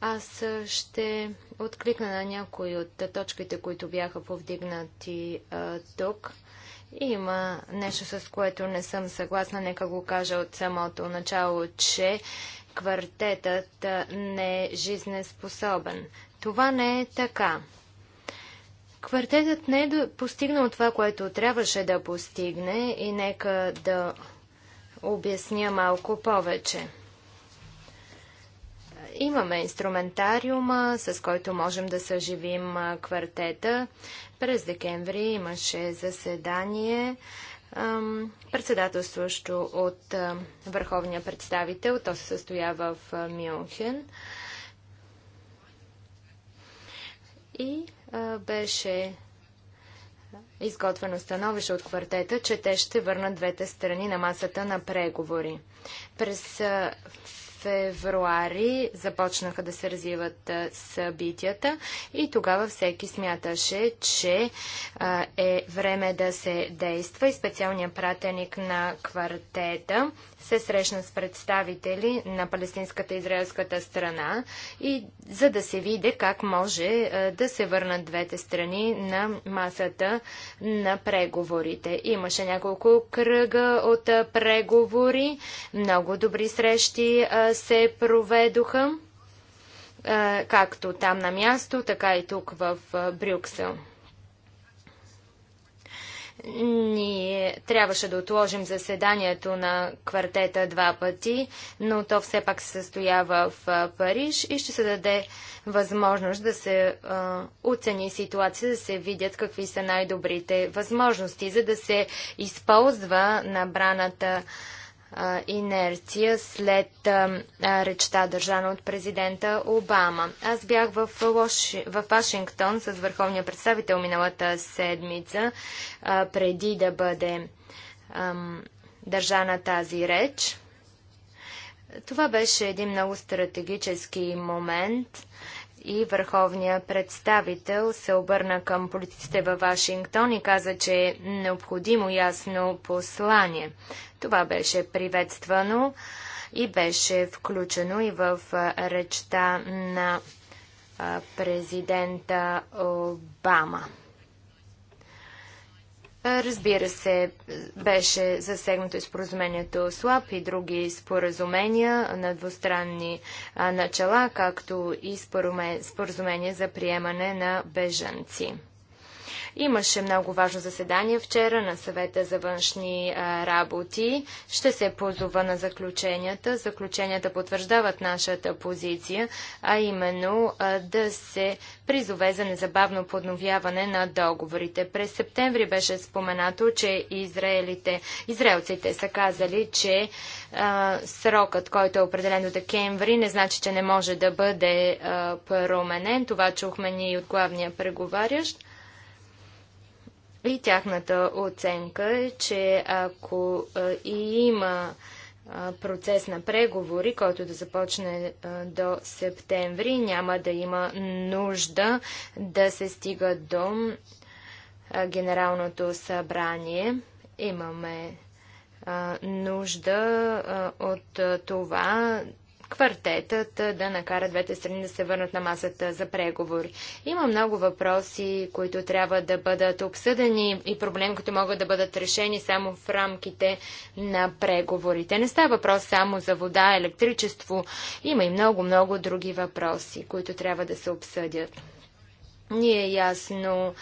Аз ще откликна на някои от точките, които бяха повдигнати а, тук. Има нещо, с което не съм съгласна. Нека го кажа от самото начало, че квартетът не е жизнеспособен. Това не е така. Квартетът не е постигнал това, което трябваше да постигне и нека да обясня малко повече. Имаме инструментариума, с който можем да съживим квартета. През декември имаше заседание председателстващо от върховния представител. То се състоя в Мюнхен. И беше изготвено становище от квартета, че те ще върнат двете страни на масата на преговори. През февруари започнаха да се развиват събитията и тогава всеки смяташе, че е време да се действа и специалният пратеник на квартета се срещна с представители на палестинската израелската страна и за да се види как може е, да се върнат двете страни на масата на преговорите. Имаше няколко кръга от е, преговори, много добри срещи е, се проведоха, както там на място, така и тук в Брюксел. Ние трябваше да отложим заседанието на квартета два пъти, но то все пак се състоява в Париж и ще се даде възможност да се а, оцени ситуация, да се видят какви са най-добрите възможности, за да се използва набраната инерция след речта държана от президента Обама. Аз бях в, Вашингтон с върховния представител миналата седмица, преди да бъде държана тази реч. Това беше един много стратегически момент и върховният представител се обърна към политиците във Вашингтон и каза, че е необходимо ясно послание. Това беше приветствано и беше включено и в речта на президента Обама. Разбира се, беше засегнато и споразумението СЛАП и други споразумения на двустранни начала, както и споразумение за приемане на бежанци. Имаше много важно заседание вчера на съвета за външни работи. Ще се позова на заключенията. Заключенията потвърждават нашата позиция, а именно да се призове за незабавно подновяване на договорите. През септември беше споменато, че израелите, израелците са казали, че а, срокът, който е определен до декември, не значи, че не може да бъде променен. Това чухме ние от главния преговарящ. И тяхната оценка е, че ако и има процес на преговори, който да започне до септември, няма да има нужда да се стига до Генералното събрание. Имаме нужда от това квартетът да накара двете страни да се върнат на масата за преговори. Има много въпроси, които трябва да бъдат обсъдени и проблеми, които могат да бъдат решени само в рамките на преговорите. Не става въпрос само за вода, електричество. Има и много-много други въпроси, които трябва да се обсъдят. Ние ясно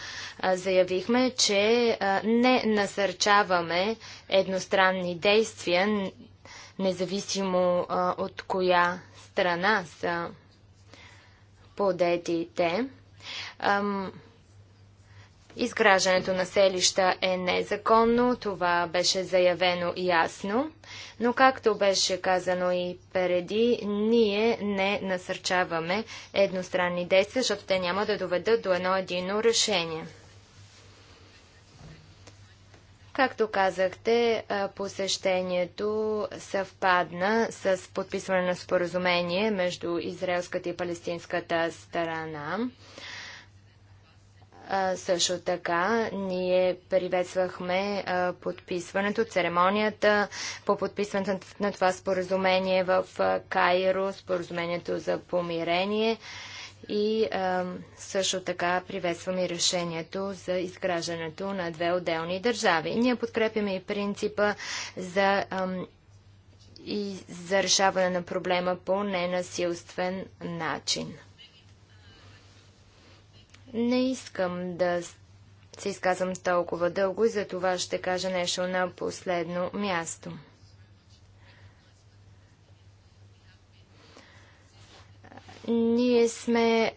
заявихме, че не насърчаваме едностранни действия, независимо а, от коя страна са подетите. Ам, изграждането на селища е незаконно, това беше заявено ясно, но както беше казано и преди, ние не насърчаваме едностранни действия, защото те няма да доведат до едно едино решение. Както казахте, посещението съвпадна с подписване на споразумение между израелската и палестинската страна. Също така, ние приветствахме подписването, церемонията по подписването на това споразумение в Кайро, споразумението за помирение. И а, също така приветстваме решението за изграждането на две отделни държави. Ние подкрепяме и принципа за, а, и за решаване на проблема по ненасилствен начин. Не искам да се изказвам толкова дълго и за това ще кажа нещо на последно място. Ние сме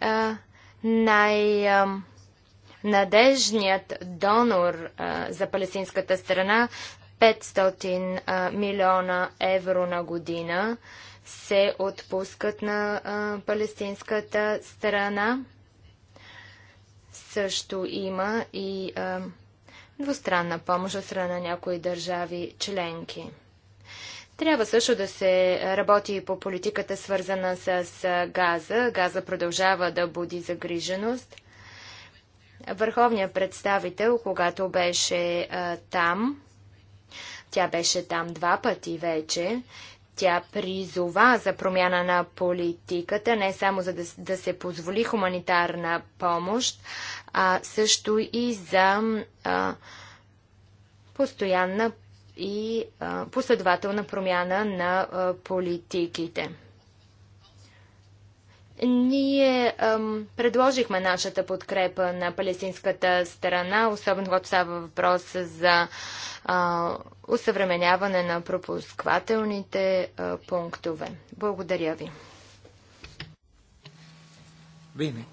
най-надежният донор а, за палестинската страна. 500 а, милиона евро на година се отпускат на а, палестинската страна. Също има и двустранна помощ от страна на някои държави членки. Трябва също да се работи по политиката свързана с газа. Газа продължава да буди загриженост. Върховният представител, когато беше а, там, тя беше там два пъти вече, тя призова за промяна на политиката, не само за да, да се позволи хуманитарна помощ, а също и за а, постоянна и последователна промяна на политиките. Ние ам, предложихме нашата подкрепа на палестинската страна, особено когато става въпрос за а, усъвременяване на пропусквателните а, пунктове. Благодаря ви. Bene.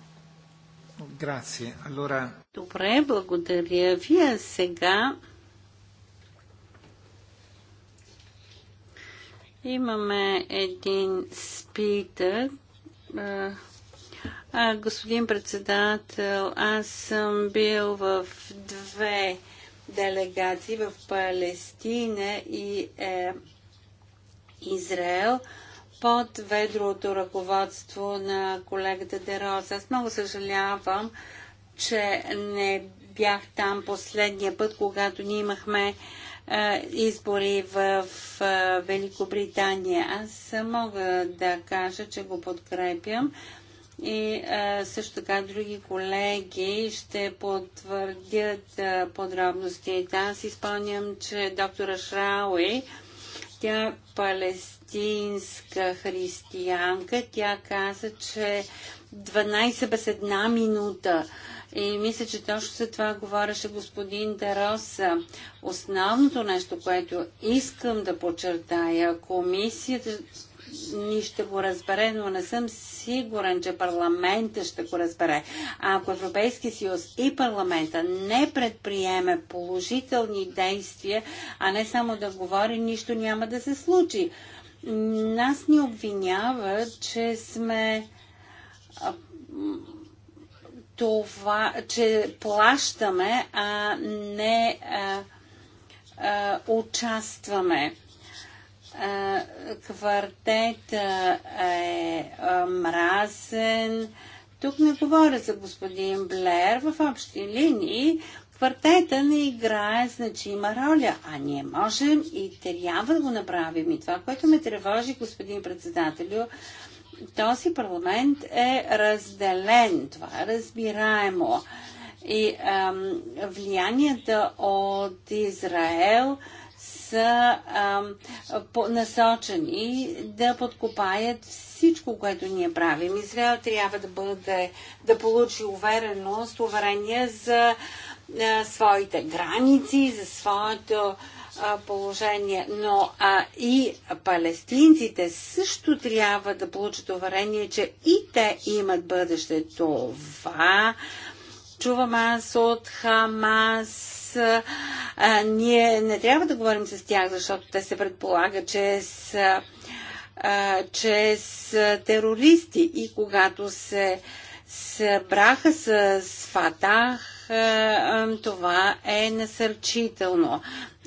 Добре, благодаря ви. А сега Имаме един спитък. А, господин председател, аз съм бил в две делегации в Палестина и е, Израел под ведрото ръководство на колегата Дероза. Аз много съжалявам, че не бях там последния път, когато ние имахме избори в Великобритания. Аз мога да кажа, че го подкрепям и също така други колеги ще потвърдят подробностите. Аз изпълням, че доктора Шрауи, тя палестинска християнка, тя каза, че 12 без една минута и мисля, че точно за това говореше господин Дероса. Основното нещо, което искам да подчертая, комисията ни ще го разбере, но не съм сигурен, че парламента ще го разбере. Ако Европейски съюз и парламента не предприеме положителни действия, а не само да говори, нищо няма да се случи. Нас ни обвинява, че сме това, че плащаме, а не а, а, участваме. А, квартета е а, мразен. Тук не говоря за господин Блер. В общи линии квартета не играе значима роля, а ние можем и трябва да го направим. И това, което ме тревожи, господин председателю, този парламент е разделен. Това е разбираемо. И ам, влиянията от Израел са ам, по- насочени да подкопаят всичко, което ние правим. Израел трябва да бъде, да получи увереност, уверение за а, своите граници, за своето положение, но а, и палестинците също трябва да получат уверение, че и те имат бъдеще. Това чувам аз от Хамас. ние не трябва да говорим с тях, защото те се предполага, че са, че са терористи. И когато се събраха с Фатах, това е насърчително.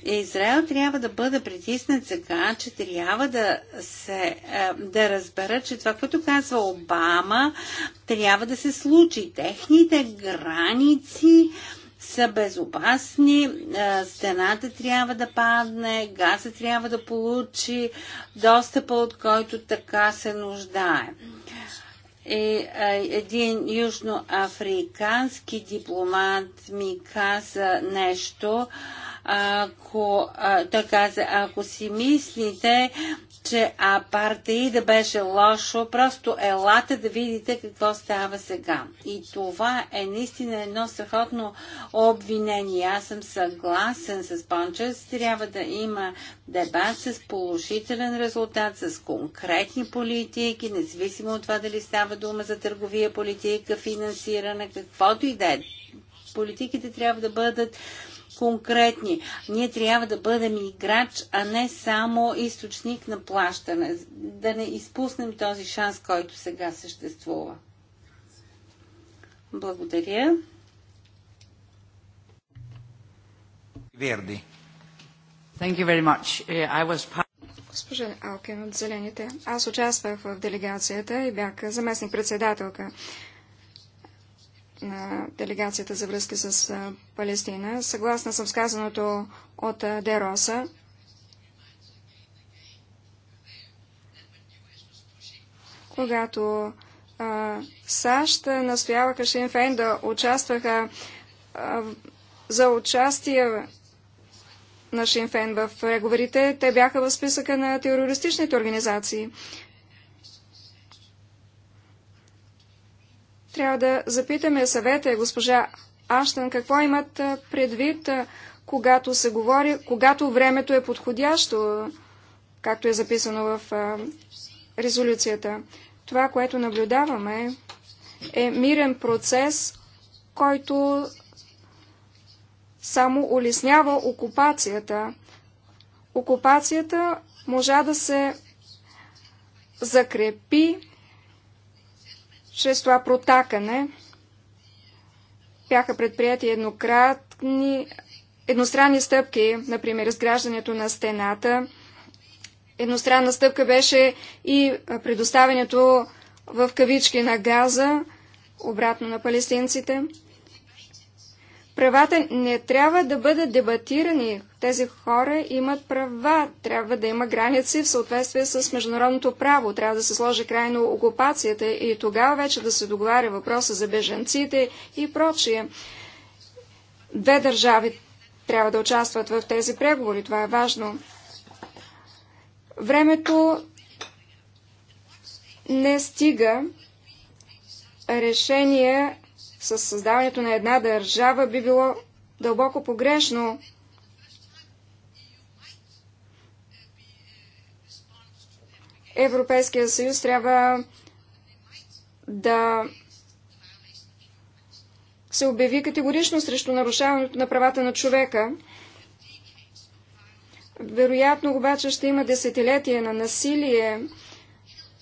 Израел трябва да бъде притиснат сега, че трябва да, се, е, да разбера, че това, което казва Обама, трябва да се случи. Техните граници са безопасни, е, стената трябва да падне, газа трябва да получи достъпа, от който така се нуждае. И е, един южноафрикански дипломат ми каза нещо, ако, а, той каза, ако си мислите, че апартеида беше лошо, просто елате да видите какво става сега. И това е наистина едно страхотно обвинение. Аз съм съгласен с Пончес. Трябва да има дебат с положителен резултат, с конкретни политики, независимо от това дали става дума за търговия, политика, финансиране, каквото и да е политиките трябва да бъдат конкретни. Ние трябва да бъдем играч, а не само източник на плащане. Да не изпуснем този шанс, който сега съществува. Благодаря. Верди. Thank you very much. I was... Госпожа Алкен от Зелените. Аз участвах в делегацията и бях заместник-председателка на делегацията за връзка с Палестина. Съгласна съм сказаното от Дероса. Когато а, САЩ настояваха Шинфейн да участваха а, за участие на Шинфен в преговорите, те бяха в списъка на терористичните организации. Трябва да запитаме съвета, госпожа Аштън, какво имат предвид, когато се говори, когато времето е подходящо, както е записано в резолюцията. Това, което наблюдаваме, е мирен процес, който само улеснява окупацията. Окупацията можа да се закрепи чрез това протакане бяха предприяти еднократни, едностранни стъпки, например, изграждането на стената. Едностранна стъпка беше и предоставянето в кавички на газа, обратно на палестинците. Правата не трябва да бъдат дебатирани. Тези хора имат права. Трябва да има граници в съответствие с международното право. Трябва да се сложи край на окупацията и тогава вече да се договаря въпроса за беженците и прочие. Две държави трябва да участват в тези преговори. Това е важно. Времето не стига решение с създаването на една държава би било дълбоко погрешно. Европейския съюз трябва да се обяви категорично срещу нарушаването на правата на човека. Вероятно обаче ще има десетилетия на насилие,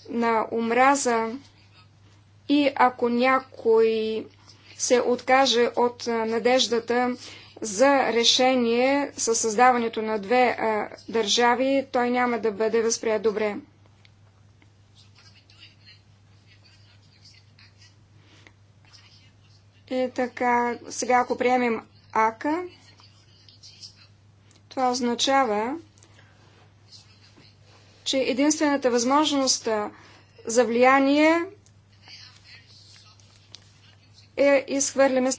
на омраза и ако някой се откаже от надеждата за решение със създаването на две а, държави, той няма да бъде възприят добре. И така, сега ако приемем АКА, това означава, че единствената възможност за влияние е изхвърляме.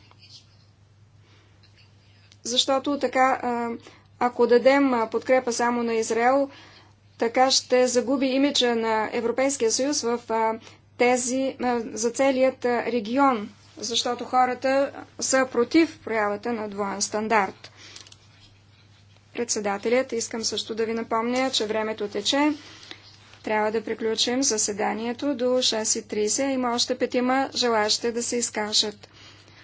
Защото така, ако дадем подкрепа само на Израел, така ще загуби имиджа на Европейския съюз в тези, за целият регион, защото хората са против проявата на двоен стандарт. Председателят, искам също да ви напомня, че времето тече. Трябва да приключим заседанието до 6.30. Има още петима желащите да се изкажат.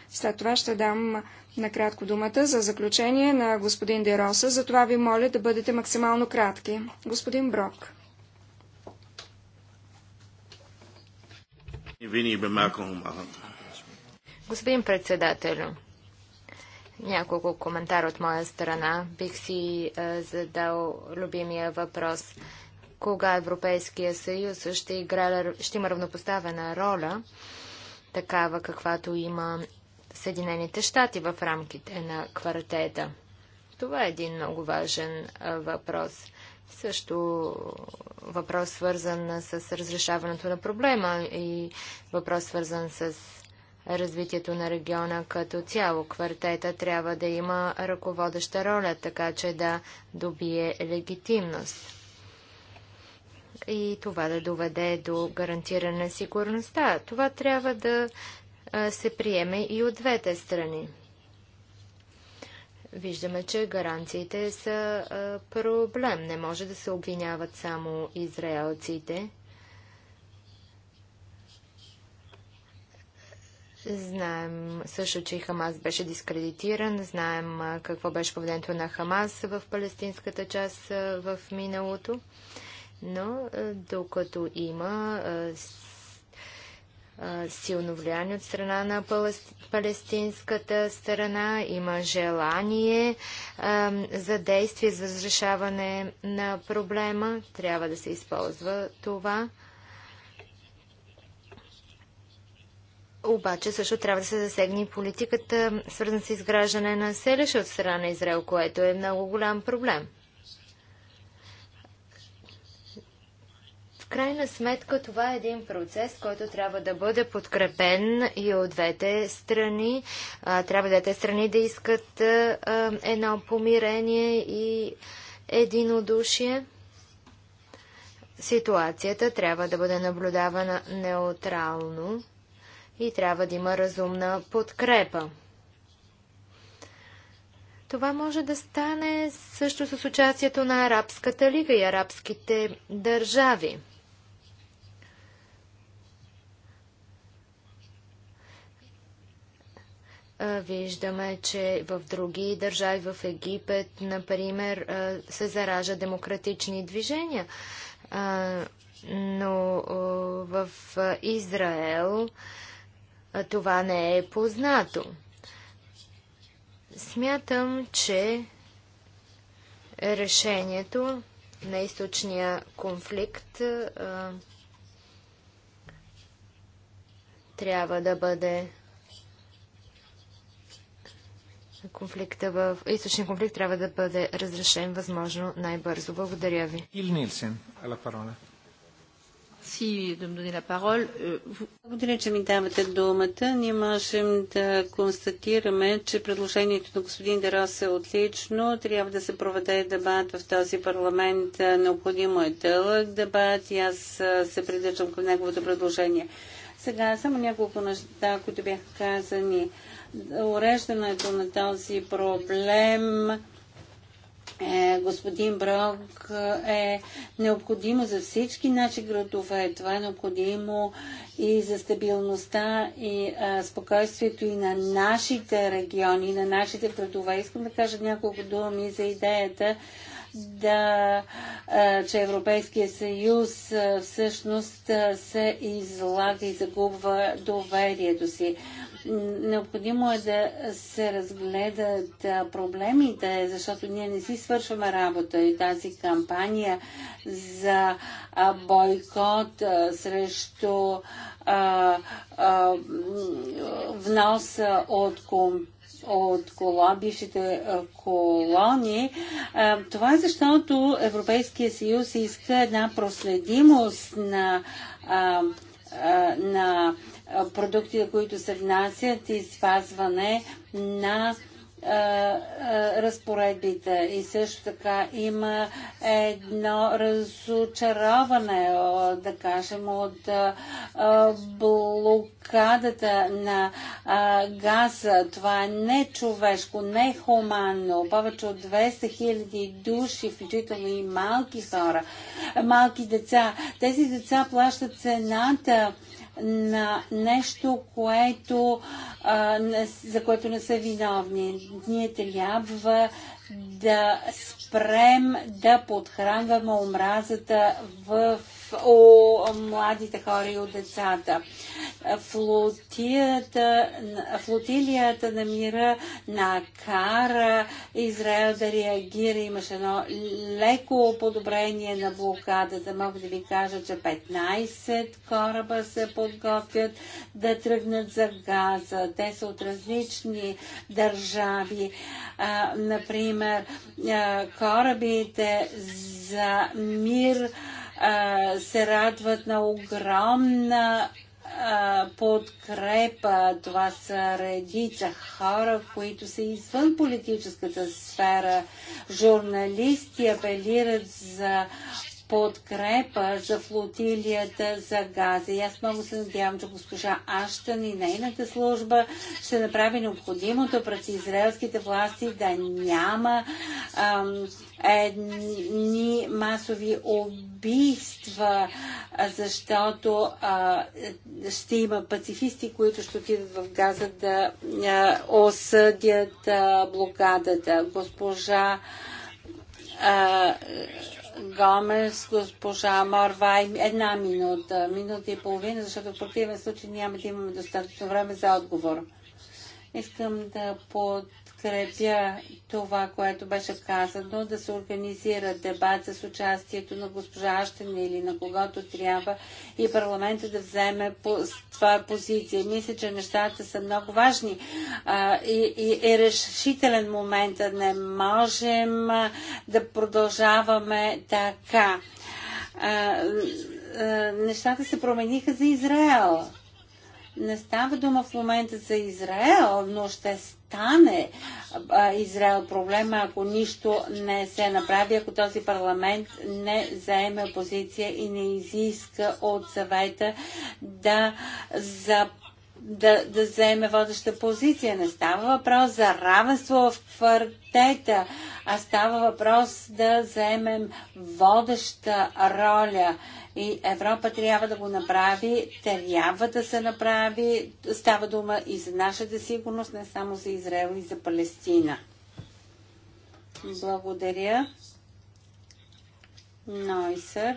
След това ще дам накратко думата за заключение на господин Дероса. Затова ви моля да бъдете максимално кратки. Господин Брок. Господин председател, няколко коментар от моя страна. Бих си е, задал любимия въпрос – кога Европейския съюз ще, игра, ще има равнопоставена роля, такава каквато има Съединените щати в рамките на квартета. Това е един много важен въпрос. Също въпрос свързан с разрешаването на проблема и въпрос свързан с развитието на региона като цяло. Квартета трябва да има ръководеща роля, така че да добие легитимност и това да доведе до гарантиране на сигурността. Това трябва да се приеме и от двете страни. Виждаме, че гаранциите са проблем. Не може да се обвиняват само израелците. Знаем също, че и Хамас беше дискредитиран. Знаем какво беше поведението на Хамас в палестинската част в миналото но докато има силно влияние от страна на палестинската страна, има желание за действие за разрешаване на проблема. Трябва да се използва това. Обаче също трябва да се засегне и политиката, свързана с изграждане на селище от страна на Израел, което е много голям проблем. крайна сметка това е един процес, който трябва да бъде подкрепен и от двете страни. трябва двете страни да искат едно помирение и единодушие. Ситуацията трябва да бъде наблюдавана неутрално и трябва да има разумна подкрепа. Това може да стане също с участието на Арабската лига и арабските държави. Виждаме, че в други държави, в Египет, например, се заража демократични движения. Но в Израел това не е познато. Смятам, че решението на източния конфликт трябва да бъде конфликта в... източния конфликт трябва да бъде разрешен възможно най-бързо. Благодаря ви. Ил Нилсен, ала парола. Благодаря, че ми давате думата. Ние можем да констатираме, че предложението на господин Дерос е отлично. Трябва да се проведе дебат в този парламент. Необходимо е дълъг дебат и аз се придържам към неговото предложение. Сега само няколко неща, които бяха казани уреждането на този проблем е, господин Брок, е необходимо за всички наши градове. Това е необходимо и за стабилността и а, спокойствието и на нашите региони, на нашите градове. Искам да кажа няколко думи за идеята да, а, че Европейския съюз а, всъщност а, се излага и загубва доверието си. Необходимо е да се разгледат проблемите, защото ние не си свършваме работа и тази кампания за бойкот срещу внос от компания от кола, бившите колони. Това е защото Европейския съюз иска една проследимост на, на продуктите, които се внасят и спазване на разпоредбите. И също така има едно разочароване, да кажем, от блокадата на газа. Това е нечовешко, нехуманно. Повече от 200 хиляди души, включително и малки хора, малки деца. Тези деца плащат цената на нещо, което, а, за което не са виновни. Ние трябва да спрем да подхранваме омразата в у младите хора и у децата. Флотията, флотилията на мира накара Израел да реагира. Имаше едно леко подобрение на блокадата. Мога да ви кажа, че 15 кораба се подготвят да тръгнат за газа. Те са от различни държави. А, например, корабите за мир се радват на огромна подкрепа. Това са редица хора, които са извън политическата сфера. Журналисти апелират за подкрепа за флотилията за газа. И аз много се надявам, че госпожа Аштън и нейната служба ще направи необходимото пред израелските власти да няма ам, едни масови убийства, защото а, ще има пацифисти, които ще отидат в газа да а, осъдят а, блокадата. Госпожа а, Гомес, госпожа Марвай, една минута, минута и половина, защото в противен случай няма да имаме достатъчно време за отговор. Искам да под подкрепя това, което беше казано, да се организира дебат с участието на госпожа Аштен или на когото трябва и парламента да вземе по позиция. Мисля, че нещата са много важни а, и, и е решителен момент. Не можем да продължаваме така. А, а, нещата се промениха за Израел не става дума в момента за Израел, но ще стане а, Израел проблема, ако нищо не се направи, ако този парламент не заеме позиция и не изиска от съвета да започне да, да вземе водеща позиция. Не става въпрос за равенство в квартета, а става въпрос да заемем водеща роля. И Европа трябва да го направи, трябва да се направи. Става дума и за нашата сигурност, не само за Израел и за Палестина. Благодаря. Нойсър. No,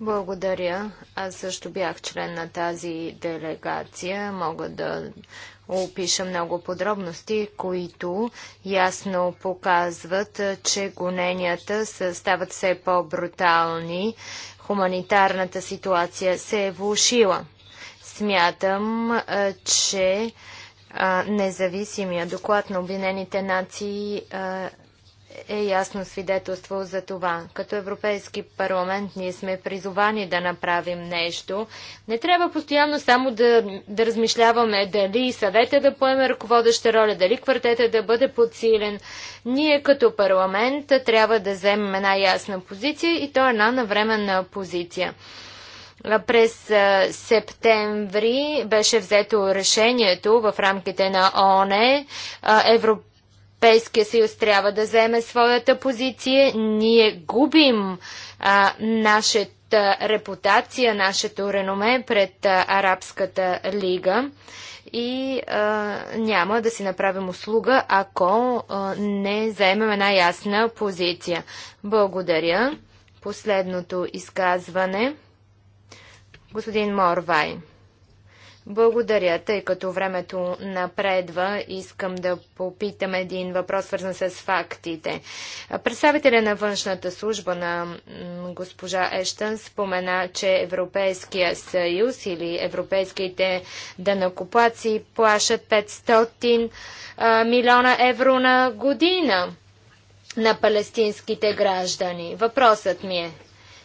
благодаря. Аз също бях член на тази делегация. Мога да опиша много подробности, които ясно показват, че гоненията стават все по-брутални. Хуманитарната ситуация се е влушила. Смятам, че независимия доклад на Обединените нации е ясно свидетелство за това. Като Европейски парламент ние сме призовани да направим нещо. Не трябва постоянно само да, да размишляваме дали съвета да поеме ръководеща роля, дали квартета да бъде подсилен. Ние като парламент трябва да вземем една ясна позиция и то е една навременна позиция. През септември беше взето решението в рамките на ОНЕ, Европейския Европейския съюз трябва да вземе своята позиция. Ние губим а, нашата репутация, нашето реноме пред а, Арабската лига и а, няма да си направим услуга, ако а, не заемем една ясна позиция. Благодаря. Последното изказване. Господин Морвай. Благодаря, тъй като времето напредва. Искам да попитам един въпрос, свързан с фактите. Представителя на външната служба на госпожа Ештън спомена, че Европейския съюз или европейските данакоплаци плашат 500 милиона евро на година на палестинските граждани. Въпросът ми е,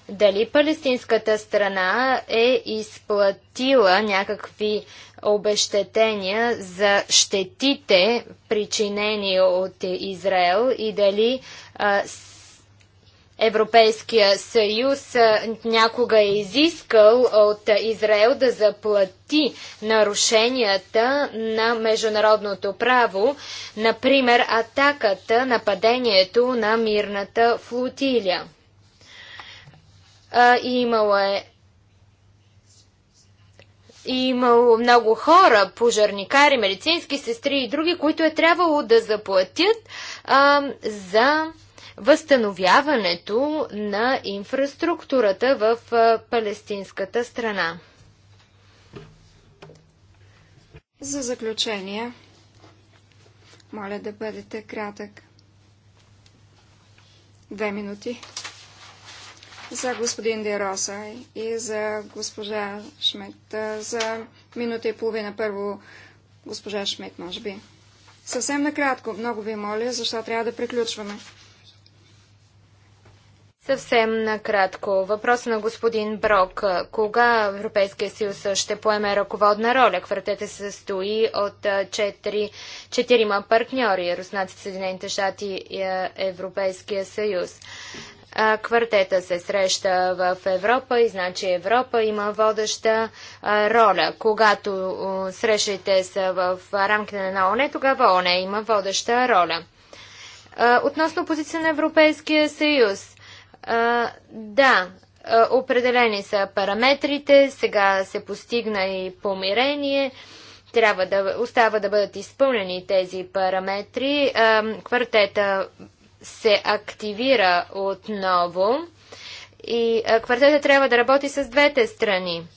дали палестинската страна е изплатила някакви обещетения за щетите, причинени от Израел и дали а, Европейския съюз а, някога е изискал от Израел да заплати нарушенията на международното право, например атаката, нападението на мирната флотилия и имало е и имало много хора, пожарникари, медицински сестри и други, които е трябвало да заплатят а, за възстановяването на инфраструктурата в а, палестинската страна. За заключение, моля да бъдете кратък. Две минути за господин Дероса и за госпожа Шмет. За минута и половина първо госпожа Шмет, може би. Съвсем накратко, много ви моля, защо трябва да приключваме. Съвсем накратко. Въпрос на господин Брок. Кога Европейския съюз ще поеме ръководна роля? Квартета се състои от четирима партньори. Руснаците, Съединените щати и Европейския съюз. Квартета се среща в Европа и значи Европа има водеща роля. Когато срещите са в рамките на ОНЕ, тогава ОНЕ има водеща роля. Относно позиция на Европейския съюз. Да, определени са параметрите, сега се постигна и помирение трябва да остава да бъдат изпълнени тези параметри. Квартета се активира отново и квартета трябва да работи с двете страни.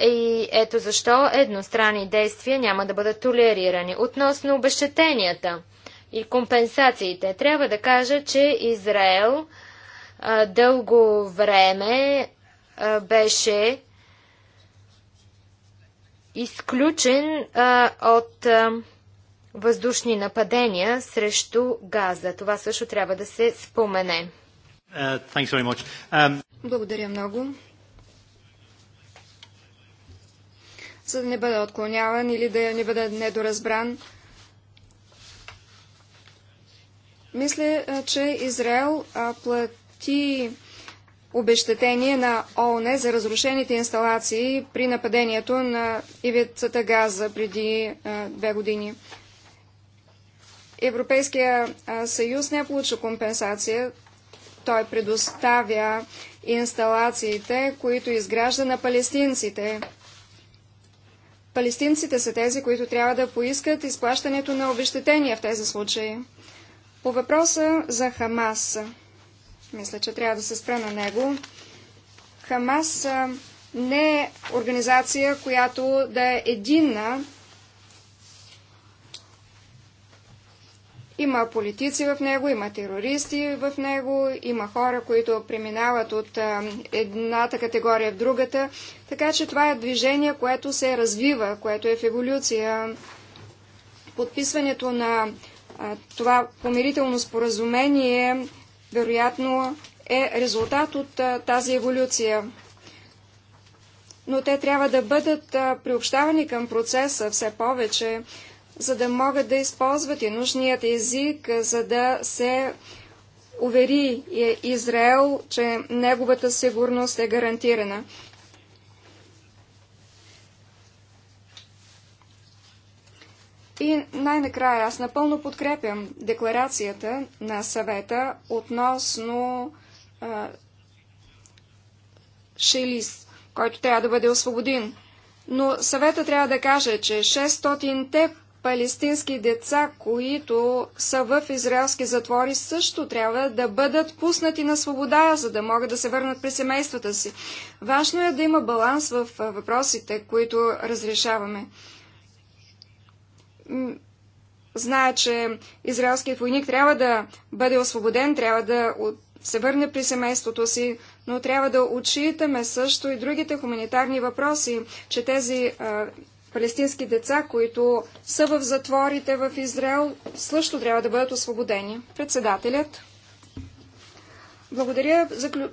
И ето защо едностранни действия няма да бъдат толерирани. Относно обещетенията и компенсациите, трябва да кажа, че Израел дълго време беше изключен от въздушни нападения срещу Газа. Това също трябва да се спомене. Uh, um, Благодаря много. За да не бъда отклоняван или да не бъда недоразбран, мисля, че Израел плати обещетение на ООН за разрушените инсталации при нападението на ивицата Газа преди две години. Европейския съюз не получи компенсация. Той предоставя инсталациите, които изгражда на палестинците. Палестинците са тези, които трябва да поискат изплащането на обещетения в тези случаи. По въпроса за Хамас, мисля, че трябва да се спра на него. Хамас не е организация, която да е единна Има политици в него, има терористи в него, има хора, които преминават от едната категория в другата. Така че това е движение, което се развива, което е в еволюция. Подписването на това помирително споразумение вероятно е резултат от тази еволюция. Но те трябва да бъдат приобщавани към процеса все повече, за да могат да използват и нужният език, за да се увери Израел, че неговата сигурност е гарантирана. И най-накрая аз напълно подкрепям декларацията на съвета относно Шелис, който трябва да бъде освободен. Но съвета трябва да каже, че 600-те палестински деца, които са в израелски затвори, също трябва да бъдат пуснати на свобода, за да могат да се върнат при семействата си. Важно е да има баланс в въпросите, които разрешаваме. Зная, че израелският войник трябва да бъде освободен, трябва да се върне при семейството си, но трябва да отчитаме също и другите хуманитарни въпроси, че тези а, палестински деца, които са в затворите в Израел, също трябва да бъдат освободени. Председателят. Благодаря. Заклю...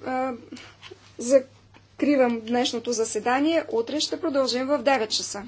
закривам днешното заседание. Утре ще продължим в 9 часа.